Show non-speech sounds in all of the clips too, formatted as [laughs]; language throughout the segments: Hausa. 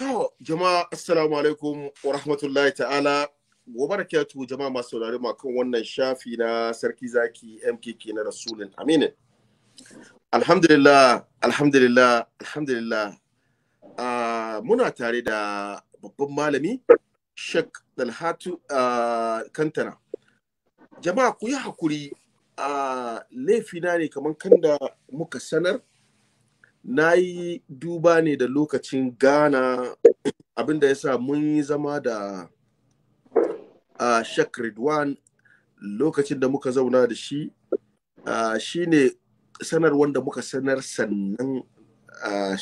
To, jama'a assalamu alaikum wa rahmatullahi ta'ala. Gobe da jama'a masu saurari kan wannan shafi na sarki zaki MKK na Rasulun Aminu. Alhamdulillah, alhamdulillah, alhamdulillah. Uh, muna tare da babban malami Sheikh Dalhatu uh, ah, Kantana. Jama'a ku yi hakuri a ah, laifina ne kamar kanda muka sanar na yi duba ne da lokacin ghana abinda ya sa mun yi zama da uh, ah, shek ridwan lokacin da muka zauna da shi uh, shi ne sanar wanda muka sanar sannan uh,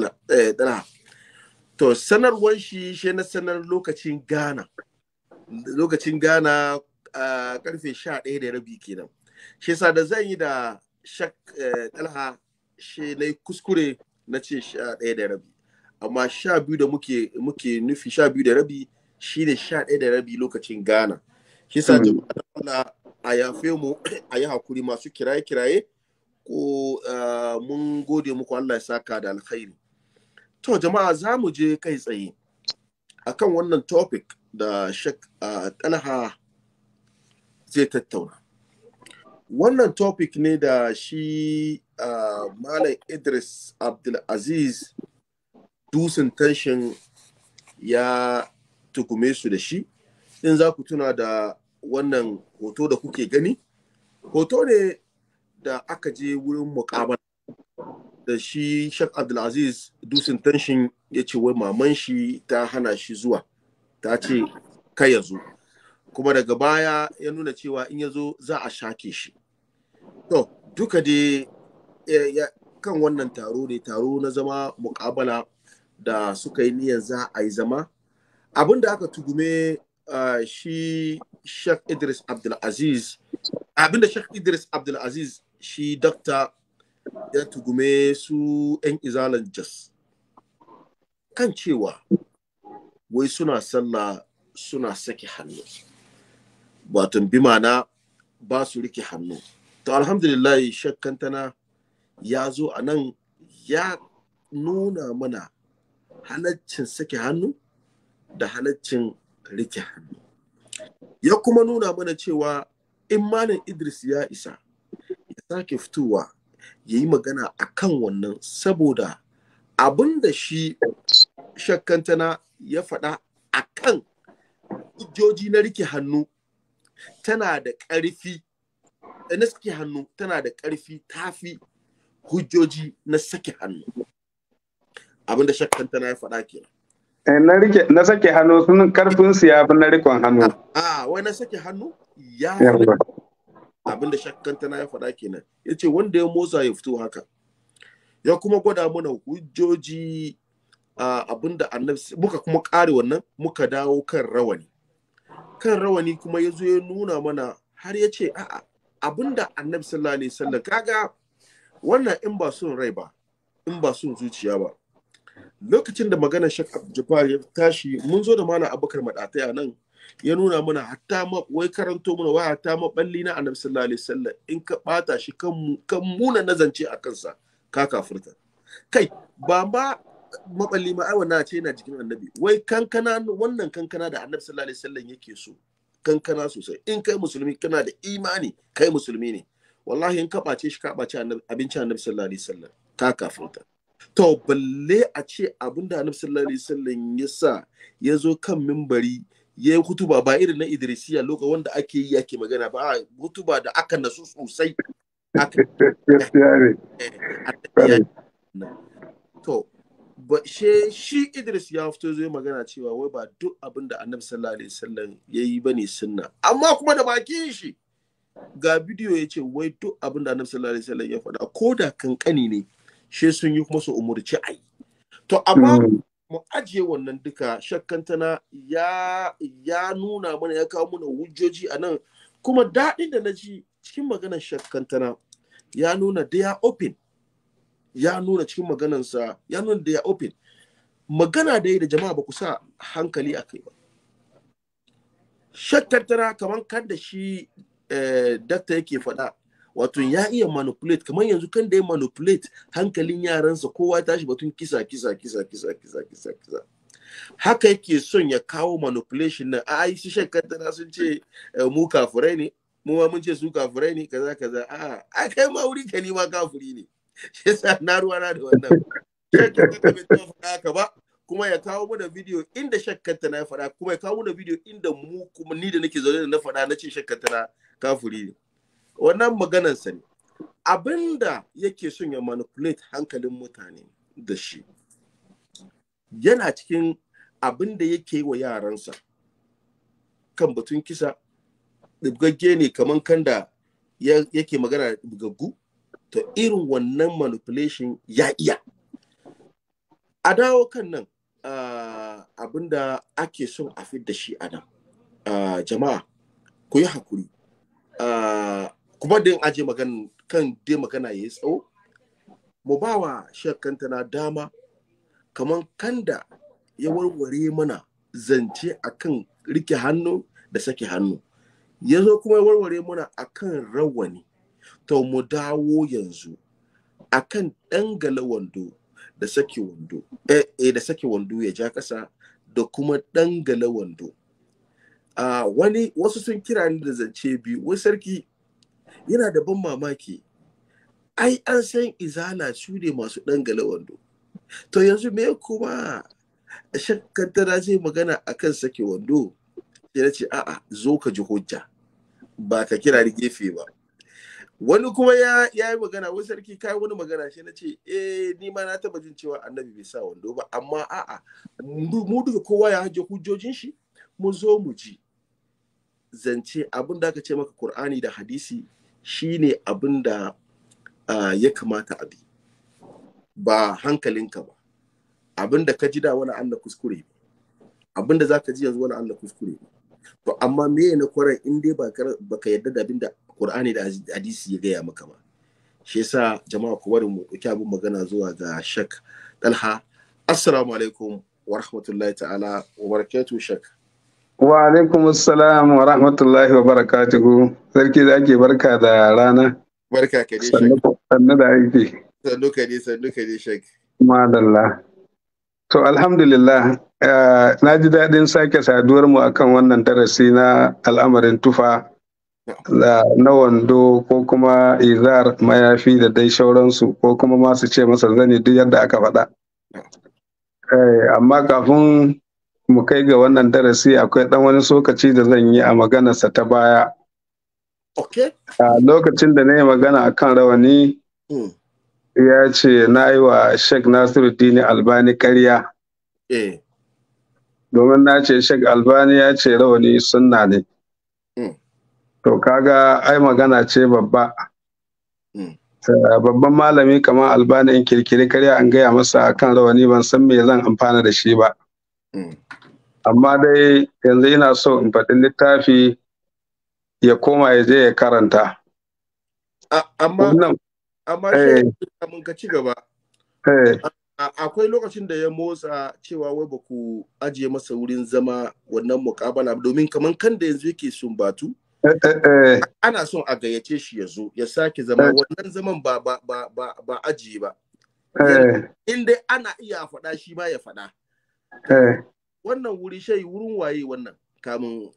uh, to sanarwar shi shi na sanar lokacin ghana lokacin ghana uh, karfe sha ɗaya da rabi kenan shi da zan yi da shek uh, eh, shi na kuskure na ce sha ɗaya da rabi amma sha biyu da muke muke nufi sha biyu da rabi shi ne sha ɗaya da rabi lokacin ghana shi sa hmm. jama'a Allah a yafe mu a yi hakuri masu kiraye kiraye ko mun gode muku Allah ya saka da alkhairi to jama'a za mu je kai tsaye akan wannan topic da shek talha zai tattauna wannan topic ne da shi Uh, Malam Idris Abdulaziz dusin tashin ya tukume su da shi in za ku tuna da wannan hoto da kuke gani hoto ne da aka je wurin mukamala, da shi Sheikh Abdulaziz dusin tashin ya ce wai maman shi ta hana shi zuwa ta ce kai ya kuma daga baya ya nuna cewa in ya zo za a shake shi to duka Eh, kan wannan taro ne taro na zama mukabala da suka yi niyan za a yi zama abin da aka tugume ah, shi Sheikh Idris Abdulaziz abin da Sheikh Idris Abdulaziz shi dakta ya tugume su 'yan izalan jas kan cewa wai suna sallah suna sake hannu watan bimana ba su rike hannu to alhamdulillah shakkantana ya zo a nan ya nuna mana halaccin sake hannu da halaccin rike hannu ya kuma nuna mana cewa imanin idris ya isa ya sake fitowa ya yi magana a kan wannan saboda abin da shi shakkantana ya faɗa a kan ijoji na rike hannu tana da ƙarfi na suke hannu tana da ƙarfi tafi hujjoji na sake hannu abin da shakkan tana ya faɗa eh, ke. na sake hannu sun karfin su ya fi na rikon hannu a wai na sake hannu ya abin da shakkan tana ya faɗa nan. ya ce wanda ya motsa ya fito haka ya kuma gwada mana hujjoji abin da annabi muka kuma ƙare wannan muka dawo kan rawani kan rawani kuma ya zo ya nuna mana har ya ce a'a abin da annabi sallallahu alaihi wasallam kaga wannan in ba son rai ba in ba sun zuciya ba lokacin da maganar shak jafar ya tashi mun zo da mana abubakar madatai a nan ya nuna mana hatta ma wai karanto mana wai hatta ma na annabi sallallahu alaihi wasallam in ka bata shi kan kan muna nazance a kansa ka kafirta kai ba ma maballi ma aiwa na ce yana jikin annabi wai kankana wannan kankana da annabi sallallahu alaihi wasallam yake so kankana sosai in kai musulmi kana da imani kai musulmi ne wallahi in ka ɓace shi ka ɓace abincin annabi sallallahu alaihi wasallam ka kafinta to balle a ce abin da annabi sallallahu alaihi wasallam ya sa ya zo kan mimbari ya yi hutuba ba irin na idrisiya loka wanda ake yi ake magana ba a hutuba da aka nasu sosai eh, to she shi idris ya fito zai magana cewa wai ba duk abin da annabi sallallahu alaihi wasallam ya yi bane sunna amma kuma da bakin shi ga bidiyo ya ce wai duk abin da annabi sallallahu alaihi wasallam ya faɗa ko da kankani ne she sun yi kuma su umurci ai to amma hmm. mu ajiye wannan duka shakkantana ya ya nuna mana ya kawo mana hujjoji a nan kuma daɗin da na ji cikin maganar shakkantana ya nuna da ya open ya nuna cikin maganansa ya nuna da ya open magana da yi da jama'a ba ku sa hankali a kai ba shakkantana kamar kan da shi Eh, dakta yake faɗa wato ya iya manipulate kamar yanzu kan da ya manipulate hankalin yaransa kowa tashi batun kisa kisa kisa kisa kisa kisa kisa haka yake son ya kawo manipulation na ai shi shakkar sun ce eh, mu kafurai ne mu ma mun ce su kafurai ne kaza kaza a a kai ma wuri ka ni ma kafuri ne shi sa na ruwa na da wannan shakkar bai taɓa faɗa haka ba kuma ya kawo mana bidiyo inda shakkar ta na faɗa kuma ya kawo mana bidiyo inda mu kuma ni da nake zaune da na faɗa na ce shakkar ta na kafuri ne wannan maganarsa ne abinda yake son ya manipulate hankalin mutane da shi yana cikin abinda yake yi wa yaransa kan batun kisa ɗibgagge ne kamar kan da yake magana da ɗibgaggu to irin wannan manipulation ya iya a dawo kan nan abinda ake son a fi da shi a nan jama'a ku yi hakuri Ah, kuma da yin aje magana kan dai magana ya yi tsawo mu ba wa shakanta na dama kamar kanda ya warware mana zance a kan rike hannu da sake hannu ya zo kuma ya warware mana a kan rawani to mu dawo yanzu a kan dangala wando da sake wando eh, eh, da sake wando ya ja ƙasa, da kuma dangala wando wani wasu sun kira ni da zance biyu wai sarki yana da ban mamaki ai an san izala su ne masu dangala wando to yanzu me kuma shakkantara zai magana a akan sake wando sai na ce a'a zo ka ji hujja ba ka kira ni gefe ba wani kuma ya yi magana wani sarki kai wani magana shi na ce eh ni ma na taba jin cewa annabi bai sa wando ba amma a'a mu duka kowa ya haje hujjojin shi mu zo mu ji zance abin da aka ce maka Kur'ani da hadisi shine abin da ya kamata a bi ba hankalinka ba abin da ka ji da wani Allah kuskure abin da za ji yanzu wani Allah kuskure to amma me na kwarar in dai ba ka yarda da abin da Kur'ani da hadisi ya gaya maka ba shi yasa jama'a ku bari mu ɗauki abin magana zuwa ga Shak Talha assalamu alaikum wa rahmatullahi ta'ala wa barakatuh Shak Wa alaikum assalam wa rahmatullahi wa barakatuhu. Sarki ake barka da rana. Barka ka dai shek. Sannu da aiki. Sannu ka dai sannu ka dai shek. Madalla. To alhamdulillah eh, na ji daɗin sake saduwar mu akan wannan darasi na al'amarin tufa na wando ko kuma izar mayafi da dai shauransu ko kuma masu ce masa zane duk yadda aka faɗa. Eh, amma kafin mu kai ga wannan darasi akwai dan wani sokaci da zan yi a maganarsa ta baya okay. lokacin da na yi magana a kan rawani hmm. ya ce na yi wa sheikh nasiruddin albani karya eh. domin na ce sheikh albani ya ce rawani sunna ne hmm. to kaga ai magana ce babba hmm. babban malami kamar albani in kirkiri karya an gaya masa akan rawani ban san me zan amfana da shi ba Mm. amma dai yanzu ina so in faɗi littafi ya koma ya je ya karanta amma mun eh. ka ci gaba eh. akwai lokacin da ya motsa cewa wai ba ku ajiye masa wurin zama wannan mukabala domin kamar kan da yanzu yake sumbatu eh, ana son a gayyace shi ya zo ya sake zama wannan zaman ba ajiye ba in dai ana iya faɗa shi ma ya faɗa Eh. wannan wuri shai wurin waye wannan kamun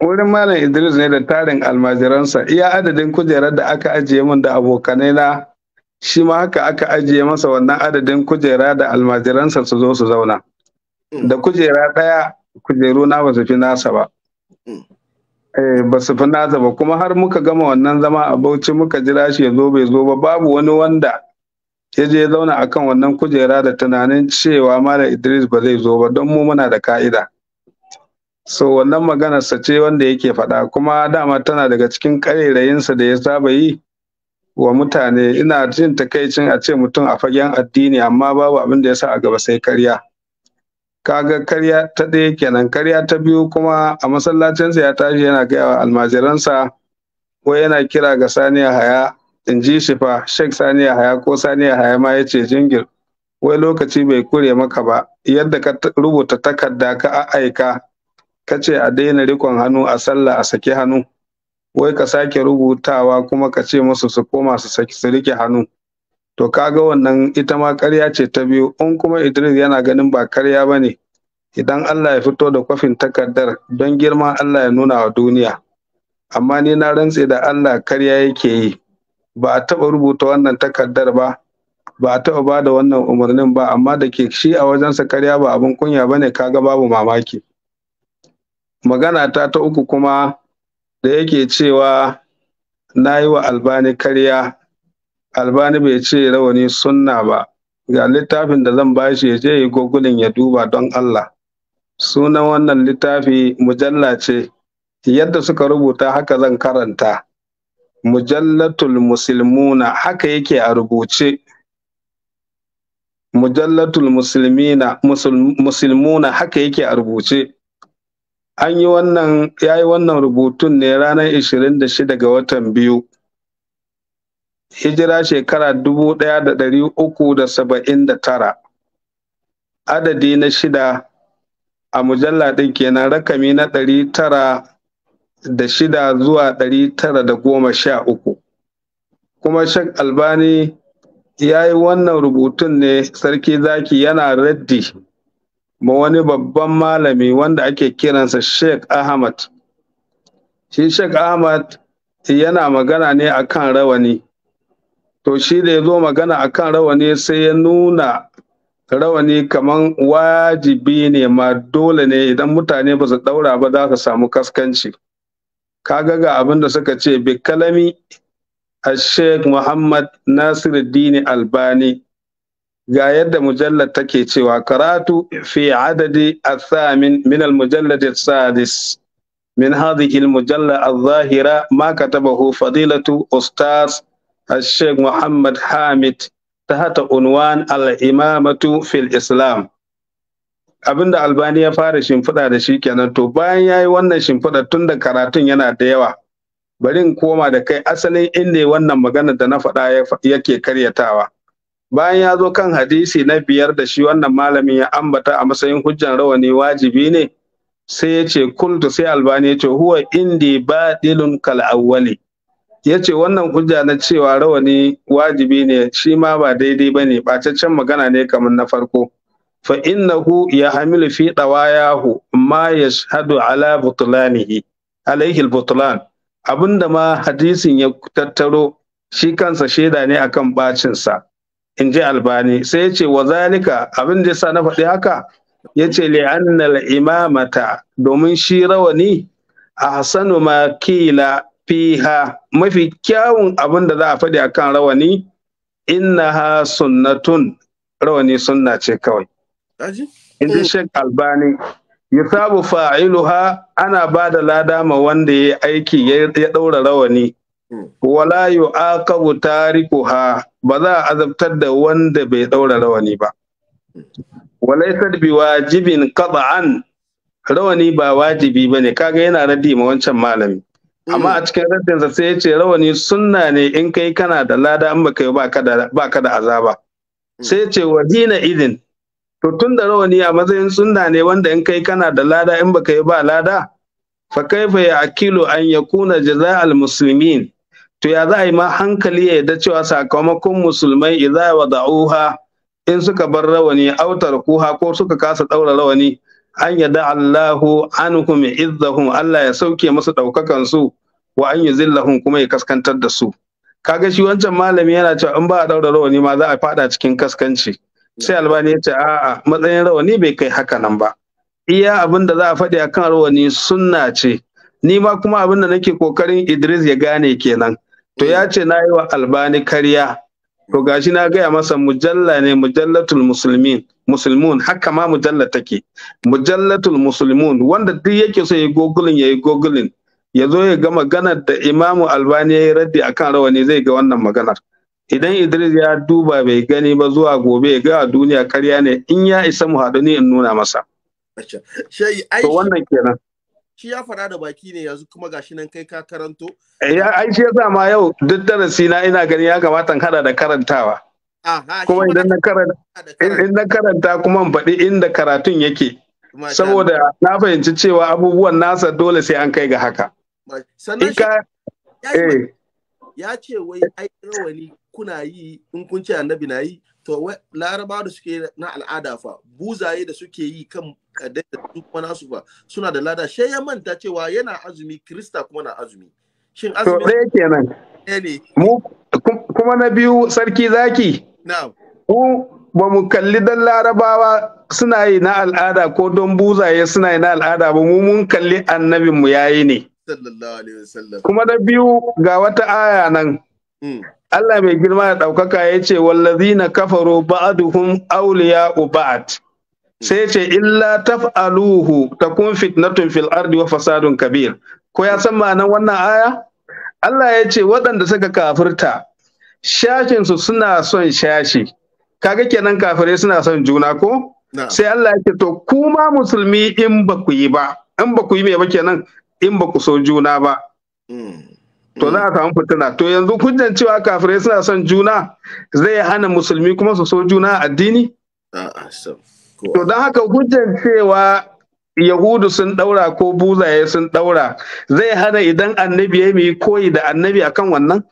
wurin malam idris ne da tarin almajiransa iya adadin kujerar da aka ajiye min da abokanai na shi ma haka aka ajiye masa wannan adadin kujera da almajiransa su zo su zauna mm. da kujera ɗaya kujeru na ba su fi nasa ba mm. eh, ba su fi nasa ba kuma har muka gama wannan zama a bauchi muka jira shi ya zo bai zo ba babu wani wanda ya je zauna akan wannan kujera da tunanin cewa Malam Idris ba zai zo ba don mu muna da ka'ida. So wannan maganarsa ce wanda yake faɗa kuma dama tana daga cikin ƙarerayinsa da ya saba yi wa mutane ina jin takaicin a ce mutum a fagen addini amma babu abin da ya sa a gaba sai karya. kaga karya ta ɗaya kenan karya ta biyu kuma a masallacinsa ya tashi yana gaya wa almajiransa ko yana kira ga saniya haya in ji shi fa shek sani haya ko sani haya ma ya ce jingir wai lokaci bai kure maka ba yadda ka rubuta takarda ka aika ka ce a daina rikon hannu a sallah a saki hannu wai ka sake rubutawa kuma ka ce musu su koma su saki su rike hannu to kaga wannan ita ma karya ce ta biyu in kuma idris yana ganin ba karya ba ne idan allah ya fito da kwafin takardar don girma allah ya nuna wa duniya amma ni na rantse da allah karya yake yi ba a taɓa rubuta wannan takardar ba ba a taɓa ba da wannan umarnin ba amma da ke shi a wajensa karya ba abin kunya ba ne kaga babu mamaki magana ta ta uku kuma da yake cewa na yi wa albani karya albani bai ce rawani sunna ba ga littafin da zan bashi ya je yi gogulin ya duba don Allah sunan wannan littafi mujalla ce yadda suka rubuta haka zan karanta mujallatul Musulmuna haka yake a rubuce mujallatul musulmina musulmuna haka yake a rubuce an yi wannan ya yi wannan rubutun ne ranar 26 ga watan biyu hijira shekara 1379 adadi na shida a mujalla ɗin kenan rakami na 900 tara da shida zuwa ɗari tara da goma sha uku kuma shek albani ya yi wannan rubutun ne sarki zaki yana raddi ma wani babban malami wanda ake kiransa sheikh ahmad shi sheikh ahmad yana magana ne kan rawani to shi da ya zo magana a kan rawani sai ya nuna rawani kamar wajibi ne ma dole ne idan mutane ba su daura ba za su samu kaskanci kaga ga abin da suka ce bi kalami Sheikh Muhammad Dini Albani ga yadda mujallar take cewa karatu fi adadi athamin min al sadis min hadhihi al-mujalla adh-dhahira ma katabahu fadilatu ustaz Sheikh Muhammad Hamid تحت عنوان الإمامة في الإسلام abin da albani ya fara shimfiɗa da shi kenan to bayan ya yi wannan shimfiɗa tun da karatun yana da yawa bari in koma da kai asalin inda wannan magana da na faɗa yake karyatawa bayan ya zo kan hadisi na biyar da shi wannan malamin ya ambata a matsayin hujjan rawani wajibi ne sai ya ce kultu sai albani ya ce huwa indi baɗilun kal awwali ya ce wannan hujja na cewa rawani wajibi ne shi ma ba daidai ba ne ɓataccen magana ne kamar na farko fa innahu yahmilu fi dawayahu ma yashhadu ala butlanihi alaihi butulan. abinda ma hadisin ya tattaro shi kansa shaida ne akan bacinsa In inji albani sai ya ce wa zalika abin da yasa na faɗi haka ya ce li'annal imamata domin shi rawani ahsanu ma kila ha. mafi kyawun abin da za a faɗi akan rawani innaha sunnatun rawani sunna ce kawai in eh. shek albani yusabu fa'iluha ana ba da lada ma wanda ya aiki ya ɗaura rawani hmm. wala yu'aqabu tarikuha ba za a azabtar da wanda bai ɗaura rawani ba hmm. walaisar bi wajibin an rawani ba wajibi ba ne, kaga yana raddi ma wancan malami amma a hmm. cikin raddinsa sai ya ce rawani sunna ne in kai kana da lada in baka yi ka da azaba sai ya ce wa dina idin to tun da rawani a matsayin sunna ne wanda in kai kana da lada in baka yi ba lada fa kaifa ya akilu an yakuna jaza'al muslimin to ya za a yi ma hankali ya yarda cewa sakamakon musulmai idza wada'uha in suka bar rawani autar kuha ko suka kasa daura rawani an yada Allahu anhum izzahum Allah ya sauke musu daukakan su wa an yuzillahum kuma ya kaskantar da su kaga shi wancan malami yana cewa in ba a daura rawani ma za a fada cikin kaskanci sai albani ya ce a'a matsayin rawani bai kai haka nan ba iya abin da za a faɗi akan rawani sunna ce ni ma kuma abin da nake kokarin Idris ya gane kenan to ya ce na yi wa albani karya to gashi na gaya masa mujalla ne mujallatul musulmin musulmun haka ma mujalla take mujallatul musulmun wanda duk yake so ya gogulin ya yi gogulin ya zo ya ga maganar da imamu albani ya yi raddi akan rawani zai ga wannan maganar Idan Idris ya duba bai gani ba zuwa gobe ga a duniya karya ne in ya isa mu haɗu ne in nuna masa. To wannan kenan. Shi ya fara da baki ne yanzu kuma gashi nan kai ka karanto. Eh, ya ai shi yasa ma yau duk darasi na ina gani ya kamata in hada da karantawa. Kuma idan na karanta in na karanta kuma in faɗi inda karatun yake. Saboda na fahimci cewa abubuwan nasa dole sai an kai ga haka. Sannan eh. ya ce wai ai rawani kuna yi in kun ce annabi na yi to laraba da suke na al'ada fa buzaye da suke yi kan kadai da wani su fa suna da lada shi ya manta cewa yana azumi krista kuma na azumi shin azumi to kenan ne mu kuma na biyu sarki zaki na'am ko ba mu kalli dan larabawa suna yi na al'ada ko don buzaye suna yi na al'ada ba mu mun kalli annabin mu yayi ne sallallahu alaihi wasallam kuma na biyu ga wata aya nan mm. Allah mai girma da ɗaukaka ya ce na kafaro ba'aduhum auliya ba'd sai ce illa taf'aluhu takun fitnatun fil ardi wa fasadun kabir ko ya san ma'anar wannan aya Allah ya ce waɗanda suka kafirta shashinsu suna son shashi kaga kenan kafirai suna son juna ko sai Allah ya ce to kuma musulmi in ba ku yi ba in ba ku yi me ba kenan in ba ku so juna ba hmm. to za a samu fitina to yanzu hujjan cewa kafirai suna son juna zai hana musulmi kuma su so juna addini to don haka hujjan cewa yahudu sun daura ko buzaye sun daura zai hana idan annabi ya yi koyi da annabi akan wannan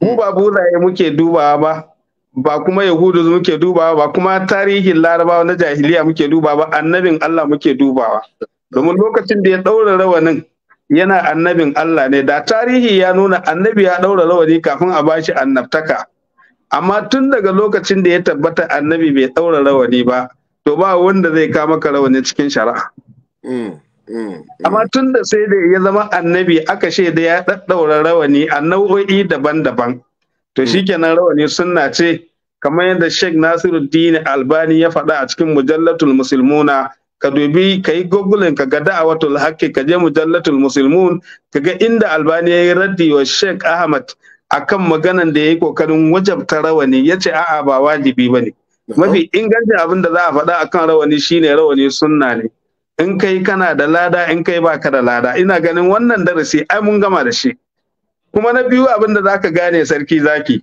mu ba buzaye muke dubawa ba ba kuma yahudu muke dubawa ba kuma tarihin larabawa na jahiliya muke dubawa ba annabin allah muke dubawa domin lokacin da ya daura rawanin yana annabin Allah ne da tarihi ya nuna annabi ya ɗaura rawani kafin a bashi annabtaka amma tun daga lokacin da ya tabbata annabi bai ɗaura rawani ba to ba wanda zai kama ka rawani cikin shari'a mm, mm, mm. amma tun da sai da ya zama annabi aka ce da ya ɗaɗɗaura rawani a nau'o'i daban-daban to shi shikenan rawani sunna ce kamar yadda Sheikh Nasiruddin Albani ya faɗa a cikin mujallatul musulmuna ka dubi ka yi gogulin ka ga da'awatul haqqi ka je mujallatul muslimun ka ga inda albani ya yi raddi wa sheikh ahmad akan maganan da ya yi kokarin wajabta rawani ya ce a'a ba wajibi ba ne mafi ingancin abin da za a faɗa akan rawani shine rawani sunna ne in kai kana da lada in kai baka da lada ina ganin wannan darasi ai mun gama da shi kuma na biyu abin da zaka gane sarki zaki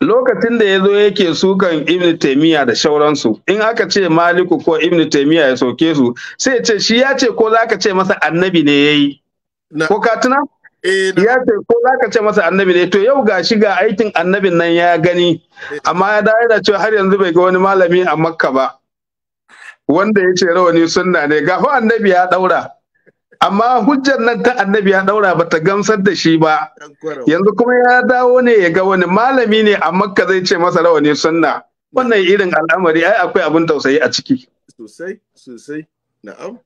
lokacin da ya zo yake sukan ibn taimiyya da shauransu in aka ce maliku ko ibn taimiyya ya soke su sai ce shi ya ce ko za ka ce masa annabi ne ya yi ko ka tuna eh, ya ce ko za ka ce masa annabi ne to yau ga shi ga aikin annabin nan ya gani amma ya dawo da cewa har yanzu bai ga wani malami a makka ba wanda ya ce rawani sunna ne ga annabi ya daura amma hujjar nan ta annabi ya daura bata gamsar da shi ba yanzu kuma ya dawo ne ya ga wani malami ne a makka zai ce masa rawani sunna wannan irin al'amari ai akwai abin tausayi a ciki sosai sosai na'am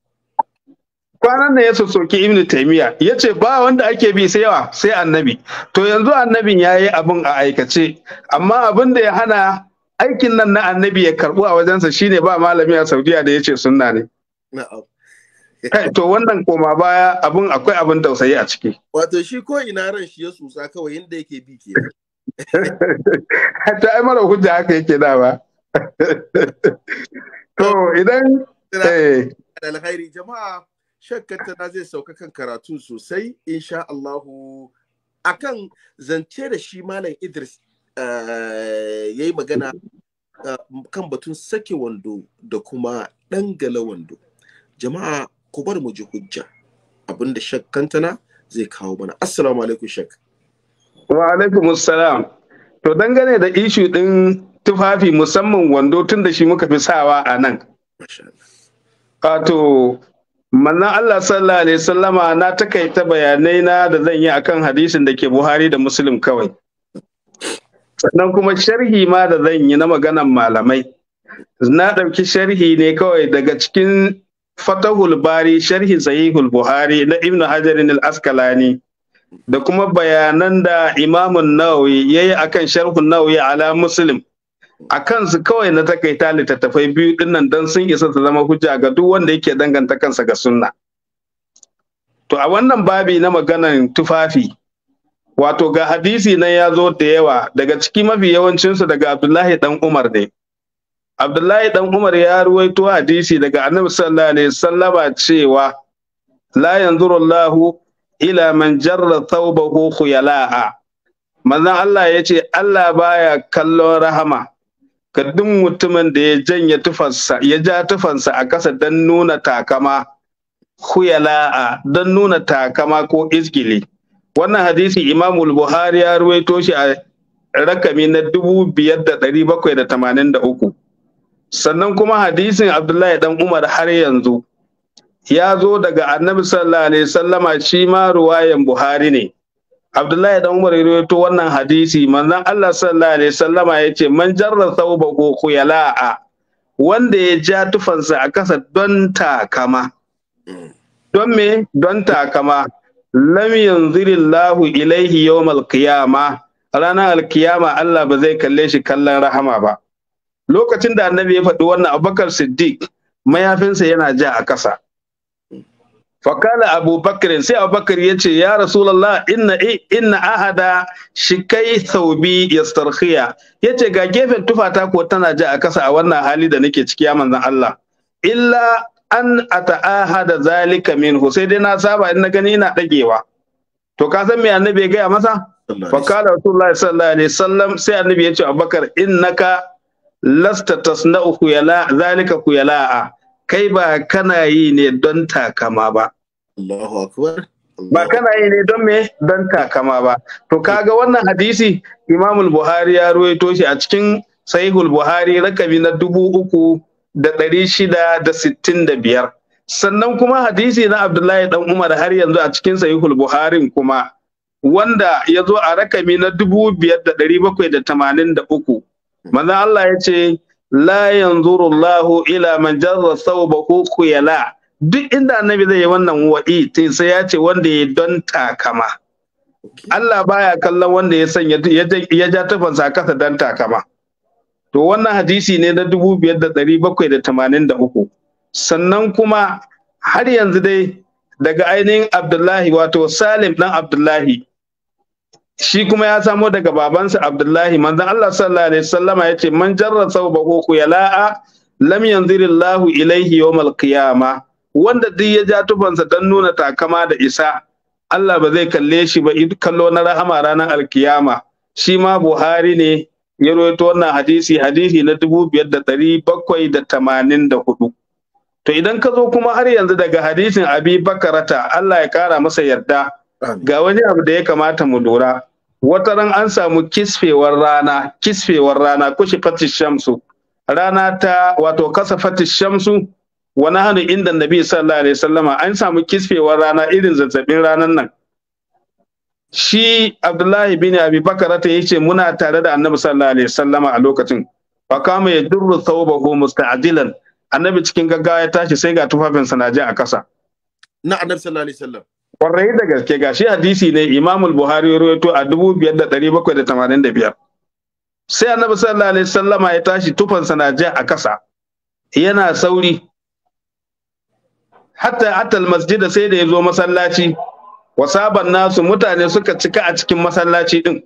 kwanan nan ya sosoki ibnu taymiya ya ce ba wanda ake bi sai yawa sai annabi to yanzu annabin ya yi abin a aikace amma abin da ya hana aikin nan na annabi ya karbu a wajensa shine ba malami a saudiya da ya ce sunna ne na'am to wannan koma baya abun akwai abin tausayi a ciki wato shi ko ina ran shi ya tsutsa kawai yadda yake bi ke [laughs] ta ai mara hujja haka yake da ba [laughs] to idan eh alkhairi jama'a shakkar zai sauka kan karatu sosai insha Allahu akan zance da shi malam Idris eh, yayi magana eh, kan batun sake wando da kuma dangala wando jama'a ku bar mu ji hujja abinda shak kantana zai kawo mana assalamu alaikum shak wa alaikum assalam to dangane da ishu din tufafi musamman wando tun da shi muka fi sawa a nan wato Allah sallallahu alaihi sallama na takaita bayanai na da zan yi akan hadisin da ke Buhari da Muslim kawai sannan kuma sharhi ma da zan yi na maganan malamai na ɗauki sharhi ne kawai daga cikin fatahul bari sharhi sahihul buhari na ibn Hajar al-askalani da kuma bayanan da imamun nawawi ya yi akan sharhun nawawi ala muslim a su kawai na takaita littattafai biyu dinnan don sun isa su zama hujja ga duk wanda yake danganta kansa ga sunna to a wannan babi na maganan tufafi wato ga hadisi nan ya zo da yawa daga ciki mafi yawancinsu daga abdullahi dan umar ne Abdullahi dan Umar ya ruwaito hadisi daga Annabi sallallahu alaihi wasallama cewa la yanzuru Allahu ila man jarra thawbahu khuyala'a manzon Allah ya ce Allah baya kallon rahama ga duk mutumin da ya janye tufansa ya ja tufansa a ƙasa don nuna takama khuyala'a don nuna takama ko izgili wannan hadisi Imam al Buhari ya ruwaito shi a rakami na 5783 sannan kuma hadisin abdullahi dan umar har yanzu ya zo daga annabi sallallahu alaihi sallama shi ma ruwayan buhari ne abdullahi dan umar ya wannan hadisi manzon allah sallallahu alaihi sallama ya ce man jarra thawba ko khuyala'a wanda ya ja tufansa a kasa don takama don me don takama lam Lahu ilaihi yawmal qiyama ranar alkiyama allah ba zai kalle shi kallon rahama ba lokacin da annabi ya faɗi wannan abubakar siddiq mayafinsa yana ja a ƙasa fakala abubakar sai abubakar ya ce ya rasulallah inna inna ahada shikai saubi yastarkhiya ya ce ga gefen tufata ko tana ja a ƙasa a wannan hali da nake ciki ya manzan Allah illa an ata'ahada zalika minhu sai dai na saba in na gani ina dagewa to ka san me annabi ya gaya masa fakala rasulullah sallallahu alaihi wasallam sai annabi ya ce abubakar innaka lasta tasna'u zalika kuyalaa kai ba kana yi ne don takama ba ba kana yi ne don me don takama ba to kaga wannan hadisi Imam Buhari ya ruwaito shi a cikin Sahihul Buhari rakabi na dubu uku da ɗari shida da sittin da biyar sannan kuma hadisi na Abdullahi dan Umar har yanzu a cikin Sahihul Buhari kuma wanda ya zo a rakami na dubu biyar da ɗari bakwai da tamanin da uku manzon Allah ya ce la Allah ila man jarra thawba khuyala duk inda annabi zai yi wannan wa'i sai ya ce wanda ya don takama Allah baya kallon wanda ya sanya ya ja tufansa kasa don takama to wannan hadisi ne na 5783 sannan kuma har yanzu dai daga ainihin Abdullahi wato Salim ɗan Abdullahi shi kuma ya samo daga babansa Abdullahi manzon Allah sallallahu alaihi wasallama yace man jarra thawbahu khuyala'a lam yanzirillahu ilaihi yawmal qiyama wanda duk ya ja tufansa dan nuna takama da isa Allah ba zai kalle shi ba kallo na rahama ranar alkiyama shi ma Buhari ne ya rawaito wannan hadisi hadisi na dubu biyar da ɗari bakwai da tamanin da hudu to idan ka zo kuma har yanzu daga hadisin abi bakarata Allah ya kara masa yarda Ga wani abu da ya kamata mu lura, wata ran an samu kisfewar rana, kisfewar rana, kushi fatis shamsu, rana ta wato kasa fatis shamsu, wani hannu inda nabi sallallahu alaihi sallama an samu kisfewar rana irin zazzabin ranan nan. Shi Abdullahi bin Abi Bakar ta yace muna tare da Annabi sallallahu alaihi sallama a lokacin. Fa kama ya durru thawbahu musta'jilan. Annabi cikin gaggawa ya tashi sai ga tufafinsa na je a kasa. Na Annabi sallallahu alaihi sallam. kwarai da gaske gashi hadisi ne imamul buhari ya rawaito a 5785 sai annabi sallallahu alaihi sallama ya tashi tufansa na ja a kasa yana sauri hatta atal masjida sai da ya zo masallaci wasaban nasu mutane suka cika a cikin masallaci din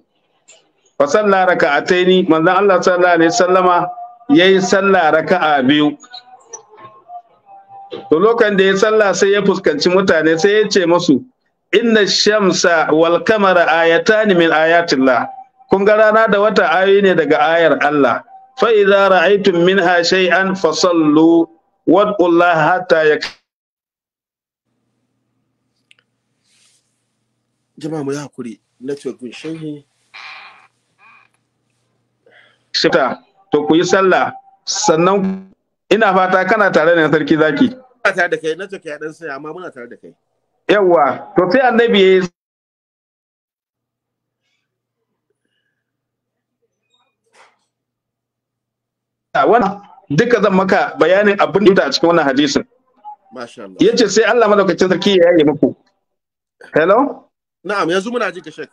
fa sallah raka'ataini manzon Allah sallallahu alaihi sallama yayi salla raka'a biyu to lokacin da ya sallah sai ya fuskanci mutane sai ya ce masu, inna shamsa wal kamara ayatani min ayatillah kun ga rana da wata ayoyi ne daga ayar Allah fa idza ra'aytum minha shay'an fasallu wad'ullaha hatta yak jama'a mu hakuri network gun shehi shita to ku yi sallah sannan ina fata kana tare da sarki zaki ina tare da kai na take ya dan sai amma muna tare da kai Yawwa, to sai annabi ya ah, wannan duka zan maka bayanin abin da a cikin wannan hadisin ya ce sai Allah madaukakin sarki ya yi muku hello na'am yanzu muna ji ka shek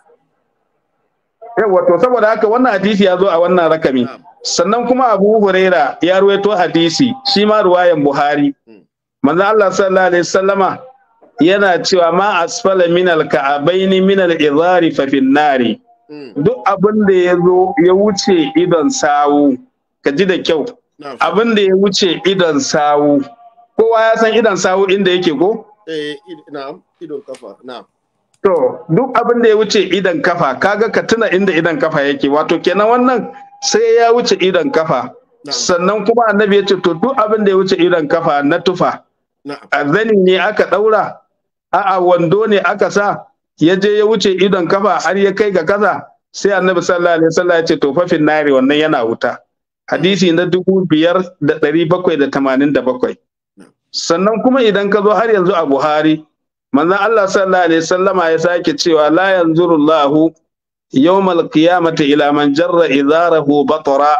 Yawwa, to saboda haka wannan hadisi ya zo a wannan rakami na'am sannan kuma abu huraira ya ruwaito hadisi shi ma ruwayan buhari hmm. manzo Allah sallallahu alaihi wasallama yana cewa ma asfala min alka'abaini min al-izari fa fin nari hmm. duk abin da ya zo ya wuce idon sawu ka ji da kyau abin da ya wuce idon sawu kowa ya san idon sawu inda yake ko eh na'am kafa na'am to duk abin da ya wuce idan kafa kaga ka tuna inda idan kafa yake wato kenan wannan sai ya wuce idan kafa sannan kuma annabi ya ce to duk abin da ya wuce idan kafa na tufa a zani ne aka daura a'a wando ne aka sa ya je ya wuce idan kafa har ya kai ga kaza sai annabi sallallahu alaihi wasallam ya ce to fafin nari wannan yana wuta hadisi na dubu biyar da ɗari bakwai da tamanin da bakwai sannan kuma idan ka zo har yanzu a buhari manzon allah sallallahu alaihi wasallama ya sake cewa la yanzurullahu yawmal qiyamati ila man jarra idarahu batara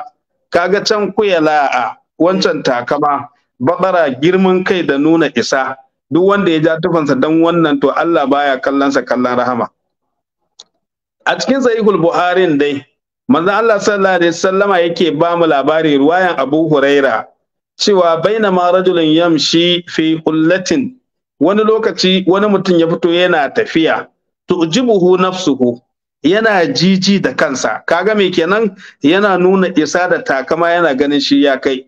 kaga can kuyala'a wancan takama batara girman kai da nuna isa duk wanda ya ja tufansa dan wannan to Allah baya kallonsa kallon rahama a cikin sahihul buharin dai manzo Allah sallallahu alaihi wasallama yake ba mu labari ruwayan Abu Huraira cewa bainama rajulun yamshi fi qullatin wani lokaci wani mutum ya fito yana tafiya tu'jibuhu nafsuhu yana jiji da kansa kaga mai kenan yana nuna isa da takama yana ganin shi ya kai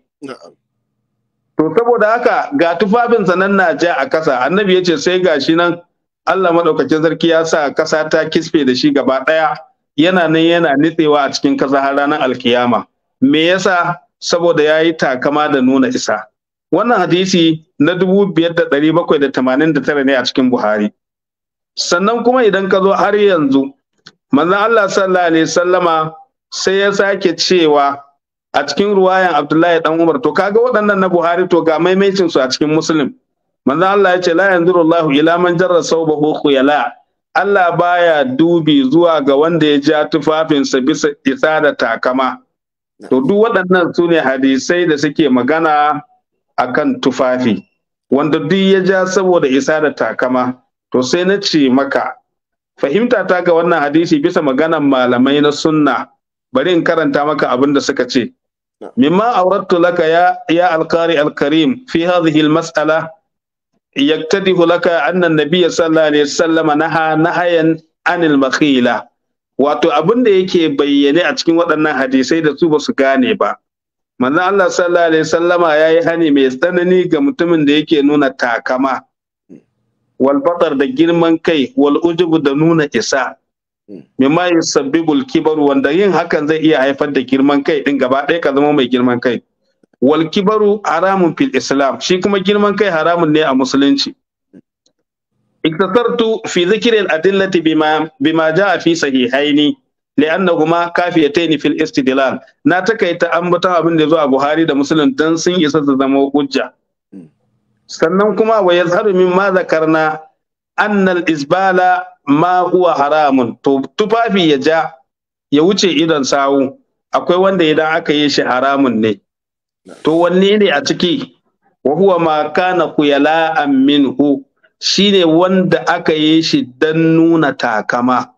to saboda haka ga tufafin nan na ja a kasa annabi ya ce sai ga shi nan Allah maɗaukacin sarki ya sa kasa ta kisfe da shi gaba ɗaya yana nan yana nitsewa a cikin kasa har ranar alkiyama me yasa saboda yayi takama da nuna isa wannan hadisi na 5789 ne a cikin buhari sannan kuma idan ka zo har yanzu manzon Allah sallallahu alaihi sallama sai ya sake cewa a cikin ruwayan Abdullahi dan Umar to kaga waɗannan na Buhari to ga maimaitin su a cikin Muslim manzon Allah ya ce la yanzuru Allah ila man jarra sawbahu khuyala Allah baya dubi zuwa ga wanda ya ja tufafinsa bisa isa da takama to duk waɗannan su ne hadisai da suke magana akan tufafi wanda duk ya ja saboda isa da takama to sai na ce maka fahimta ta ga wannan hadisi bisa maganan malamai na sunna bari in karanta maka abin da suka ce mimma aurattu laka ya ya alqari alkarim fi hadhihi almas'ala yaktadihu laka anna an-nabiy sallallahu alaihi wasallam naha nahayan anil makhila wato abin da yake bayyane a cikin waɗannan hadisai da su ba su gane ba manzon Allah sallallahu alaihi wasallama yayi hani mai tsanani ga mutumin da yake nuna takama walbatar da girman kai wal'ujubu da nuna isa hmm. mimma yusabbibul kibaru wanda yin hakan zai iya haifar da girman kai din gaba ɗaya ka zama mai girman kai Walkibaru kibaru haramun fil islam shi kuma girman kai haramun ne a musulunci iktasartu fi zikri al adillati bima bima jaa fi sahihaini li'annahuma kafiyatayn fil istidlal na takaita ambata abin da a buhari da muslim dan sun isa su zama hujja sannan kuma wa yazharu ma zakarna annal isbala ma huwa haramun to tufafi ya ja ya wuce idan sawu akwai wanda idan aka yi shi haramun ne to wanne ne a ciki wa huwa ma kana kuyala'an minhu shine wanda aka yi shi don nuna takama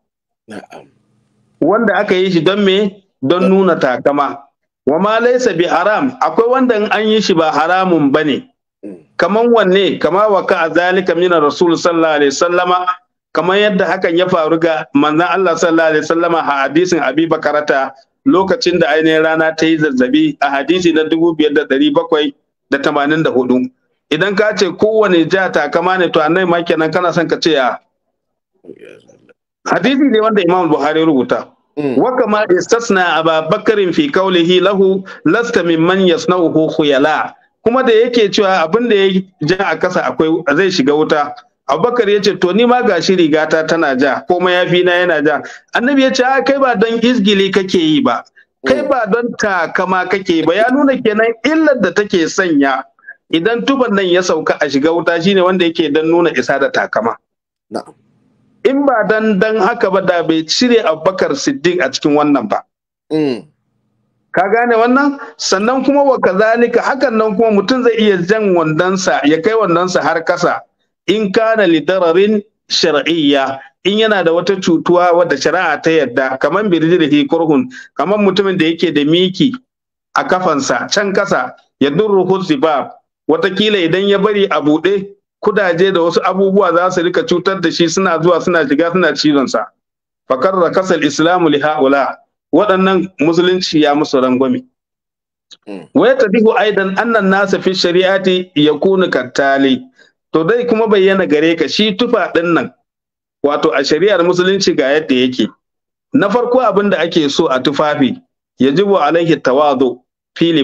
wanda aka yi shi don me don nuna takama wa ma laisa bi haram akwai wanda an yi shi ba haramun bane kaman wanne kama waka a zalika mina rasul sallallahu alaihi sallama kamar yadda hakan ya faru ga manzon Allah sallallahu alaihi sallama a hadisin Abi Bakarata lokacin da ainihin rana ta yi zazzabi a hadisi na dubu biyar da dari bakwai da tamanin da hudu idan ka ce kowane ja kama ne to annai ma kenan kana son ka ce ya hadisi ne wanda Imam Buhari rubuta وكما استثنى أبا بكر fi kaulihi lahu lasta mimman yasnauhu khuyala kuma da yake cewa abin da ya ja a kasa akwai zai shiga wuta abubakar ya ce to ni ma gashi rigata tana ja ya fi na yana ja annabi ya ce a kai ba don izgili kake yi ba kai ba don takama kake ba ya nuna kenan illar da take sanya idan tuban nan ya sauka a shiga wuta shine wanda yake don nuna isa da takama in ba dan dan haka ba da bai cire abubakar siddiq a cikin wannan ba mm. ka gane wannan sannan kuma wa kazalika hakan nan kuma mutum zai iya jan wandonsa ya kai wandonsa har kasa in kana lidararin shar'iyya in yana da wata cutuwa wadda shari'a ta yadda kamar hi kurhun kamar mutumin da yake da miki a kafansa can kasa ya durruhu wata watakila idan ya bari a buɗe kudaje da wasu abubuwa za su rika cutar da shi suna zuwa suna shiga suna cizon sa fakarra kasal islamu li ha'ula waɗannan musulunci ya musu rangwame ta hmm. tabihu aidan annan nasa fi shari'ati kuna kattali to dai kuma bayyana gare ka shi tufa ɗin nan wato a shari'ar musulunci ga yadda yake na farko abin da ake so a tufafi ya yajibu alaihi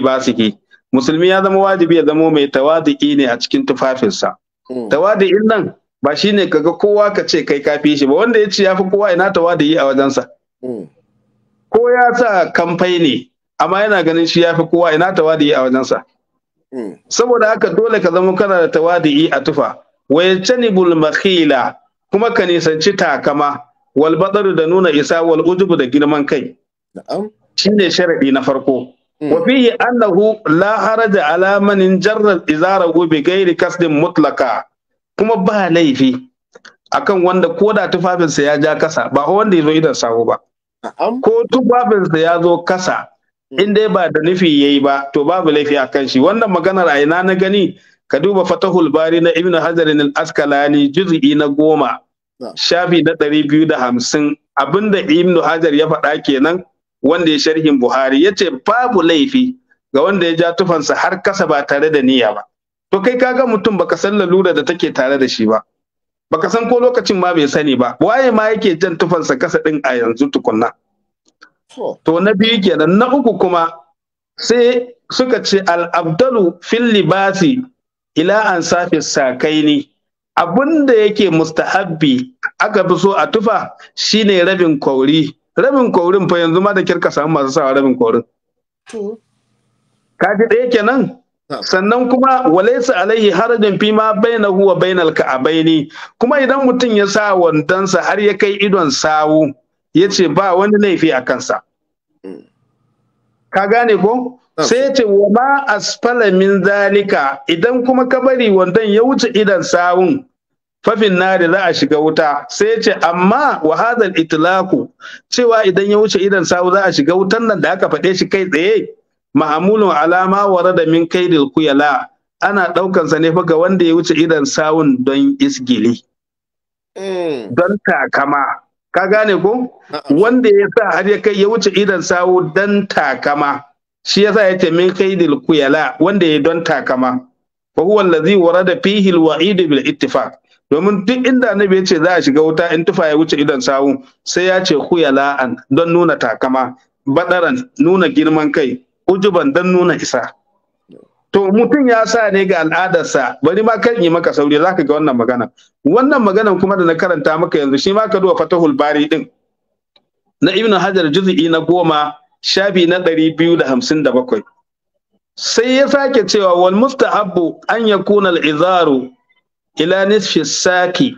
ba fi ke. musulmi ya zama wajibi ya zama mai tawadi'i ne a cikin tufafinsa hmm. tawadu'in nan ba shi shine kaga kowa ka ce kai kafi shi ba wanda ya ce ya fi kowa ina tawadi'i a wajensa hmm. ko ya sa kamfai ne amma yana ganin shi ya fi kowa ina tawadi a wajensa hmm. saboda haka dole ka zama kana da tawadi a tufa wayatanibul makhila kuma ka nisanci takama wal da nuna isa wal ujubu da girman kai Shi ne sharaɗi na farko hmm. wa fihi annahu la haraja ala man jarra izara bi ghairi kasdin mutlaka kuma ba laifi akan wanda ko da tufafinsa ya ja kasa ba wanda ya zo idan sahu ba ko tufafinsa ya zo kasa hmm. in dai ba da nufi ya yi ba to babu laifi a kan shi wannan maganar a ina na gani ka duba fatahul bari na ibn hajarin al-askalani juz'i na goma shafi na ɗari biyu da hamsin abinda ibn hajar ya faɗa kenan wanda ya sharhin buhari ya ce babu laifi ga wanda ya ja tufansa har kasa ba tare da niyya ba to kai kaga mutum baka san lalura da take tare da shi ba baka san ko lokacin ma bai sani ba waye ma yake jan tufansa kasa din a yanzu tukunna to na biyu kenan na uku kuma sai suka ce al-abdalu fil libasi ila an safi sakaini da yake mustahabbi aka fi so a tufa shine rabin kauri rabin kaurin fa yanzu ma da kirka samu masu sawa rabin ka da ɗaya kenan sannan kuma walaisa alaihi harajin fi ma bainahu huwa bainal ka'abaini kuma idan mutum ya sa wandonsa har ya kai idon sawu ya ce ba wani laifi a kansa mm. ka gane ko sai ya ce wa ma asfala min zalika idan kuma ka bari wandon ya wuce idon sawun fafin nari za a shiga wuta sai ya ce amma wa hadal itlaku cewa idan ya wuce idon sawu za a shiga wutan nan da aka faɗe shi kai tsaye ma'amulun alama warada min kaidil kuyala ana ɗaukansa ne fa ga wanda ya wuce idan sawun don isgili eh. don takama ka gane ko wanda ya sa har ya kai ya wuce idan sawu don takama shi yasa ya ce min kaidil kuyala wanda ya don takama fa huwa allazi da fihil wa'idu bil ittifaq domin duk inda na ya ce za a shiga wuta in tufa ya wuce idan sawu sai ya ce kuyala'an don nuna takama badaran nuna girman kai ujuban don nuna isa to mutum ya sa ne ga al'adarsa bari ma kan yi maka sauri ka ga wannan magana wannan maganan kuma da na karanta maka yanzu shi ma ka duba fatahul bari din na ibn hajar juz'i na goma shafi na ɗari biyu da hamsin da bakwai sai ya sake cewa wal mustahabbu an yakuna al-izaru ila nisfi saki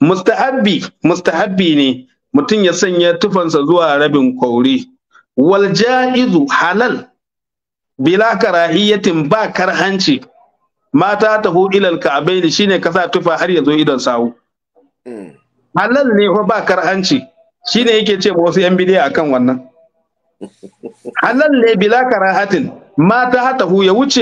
mustahabbi mustahabbi ne mutum ya sanya tufansa zuwa rabin kwauri wal ja'izu halal bila karahiyatin ba karhanci mata ta hu ilal ka'abaini shine kasa tufa har ya zo idon sawu hmm. halal ne fa ba karhanci shine yake ce wasu yan bidiya akan wannan [laughs] halal ne bila karahatin mata hata hu ya wuce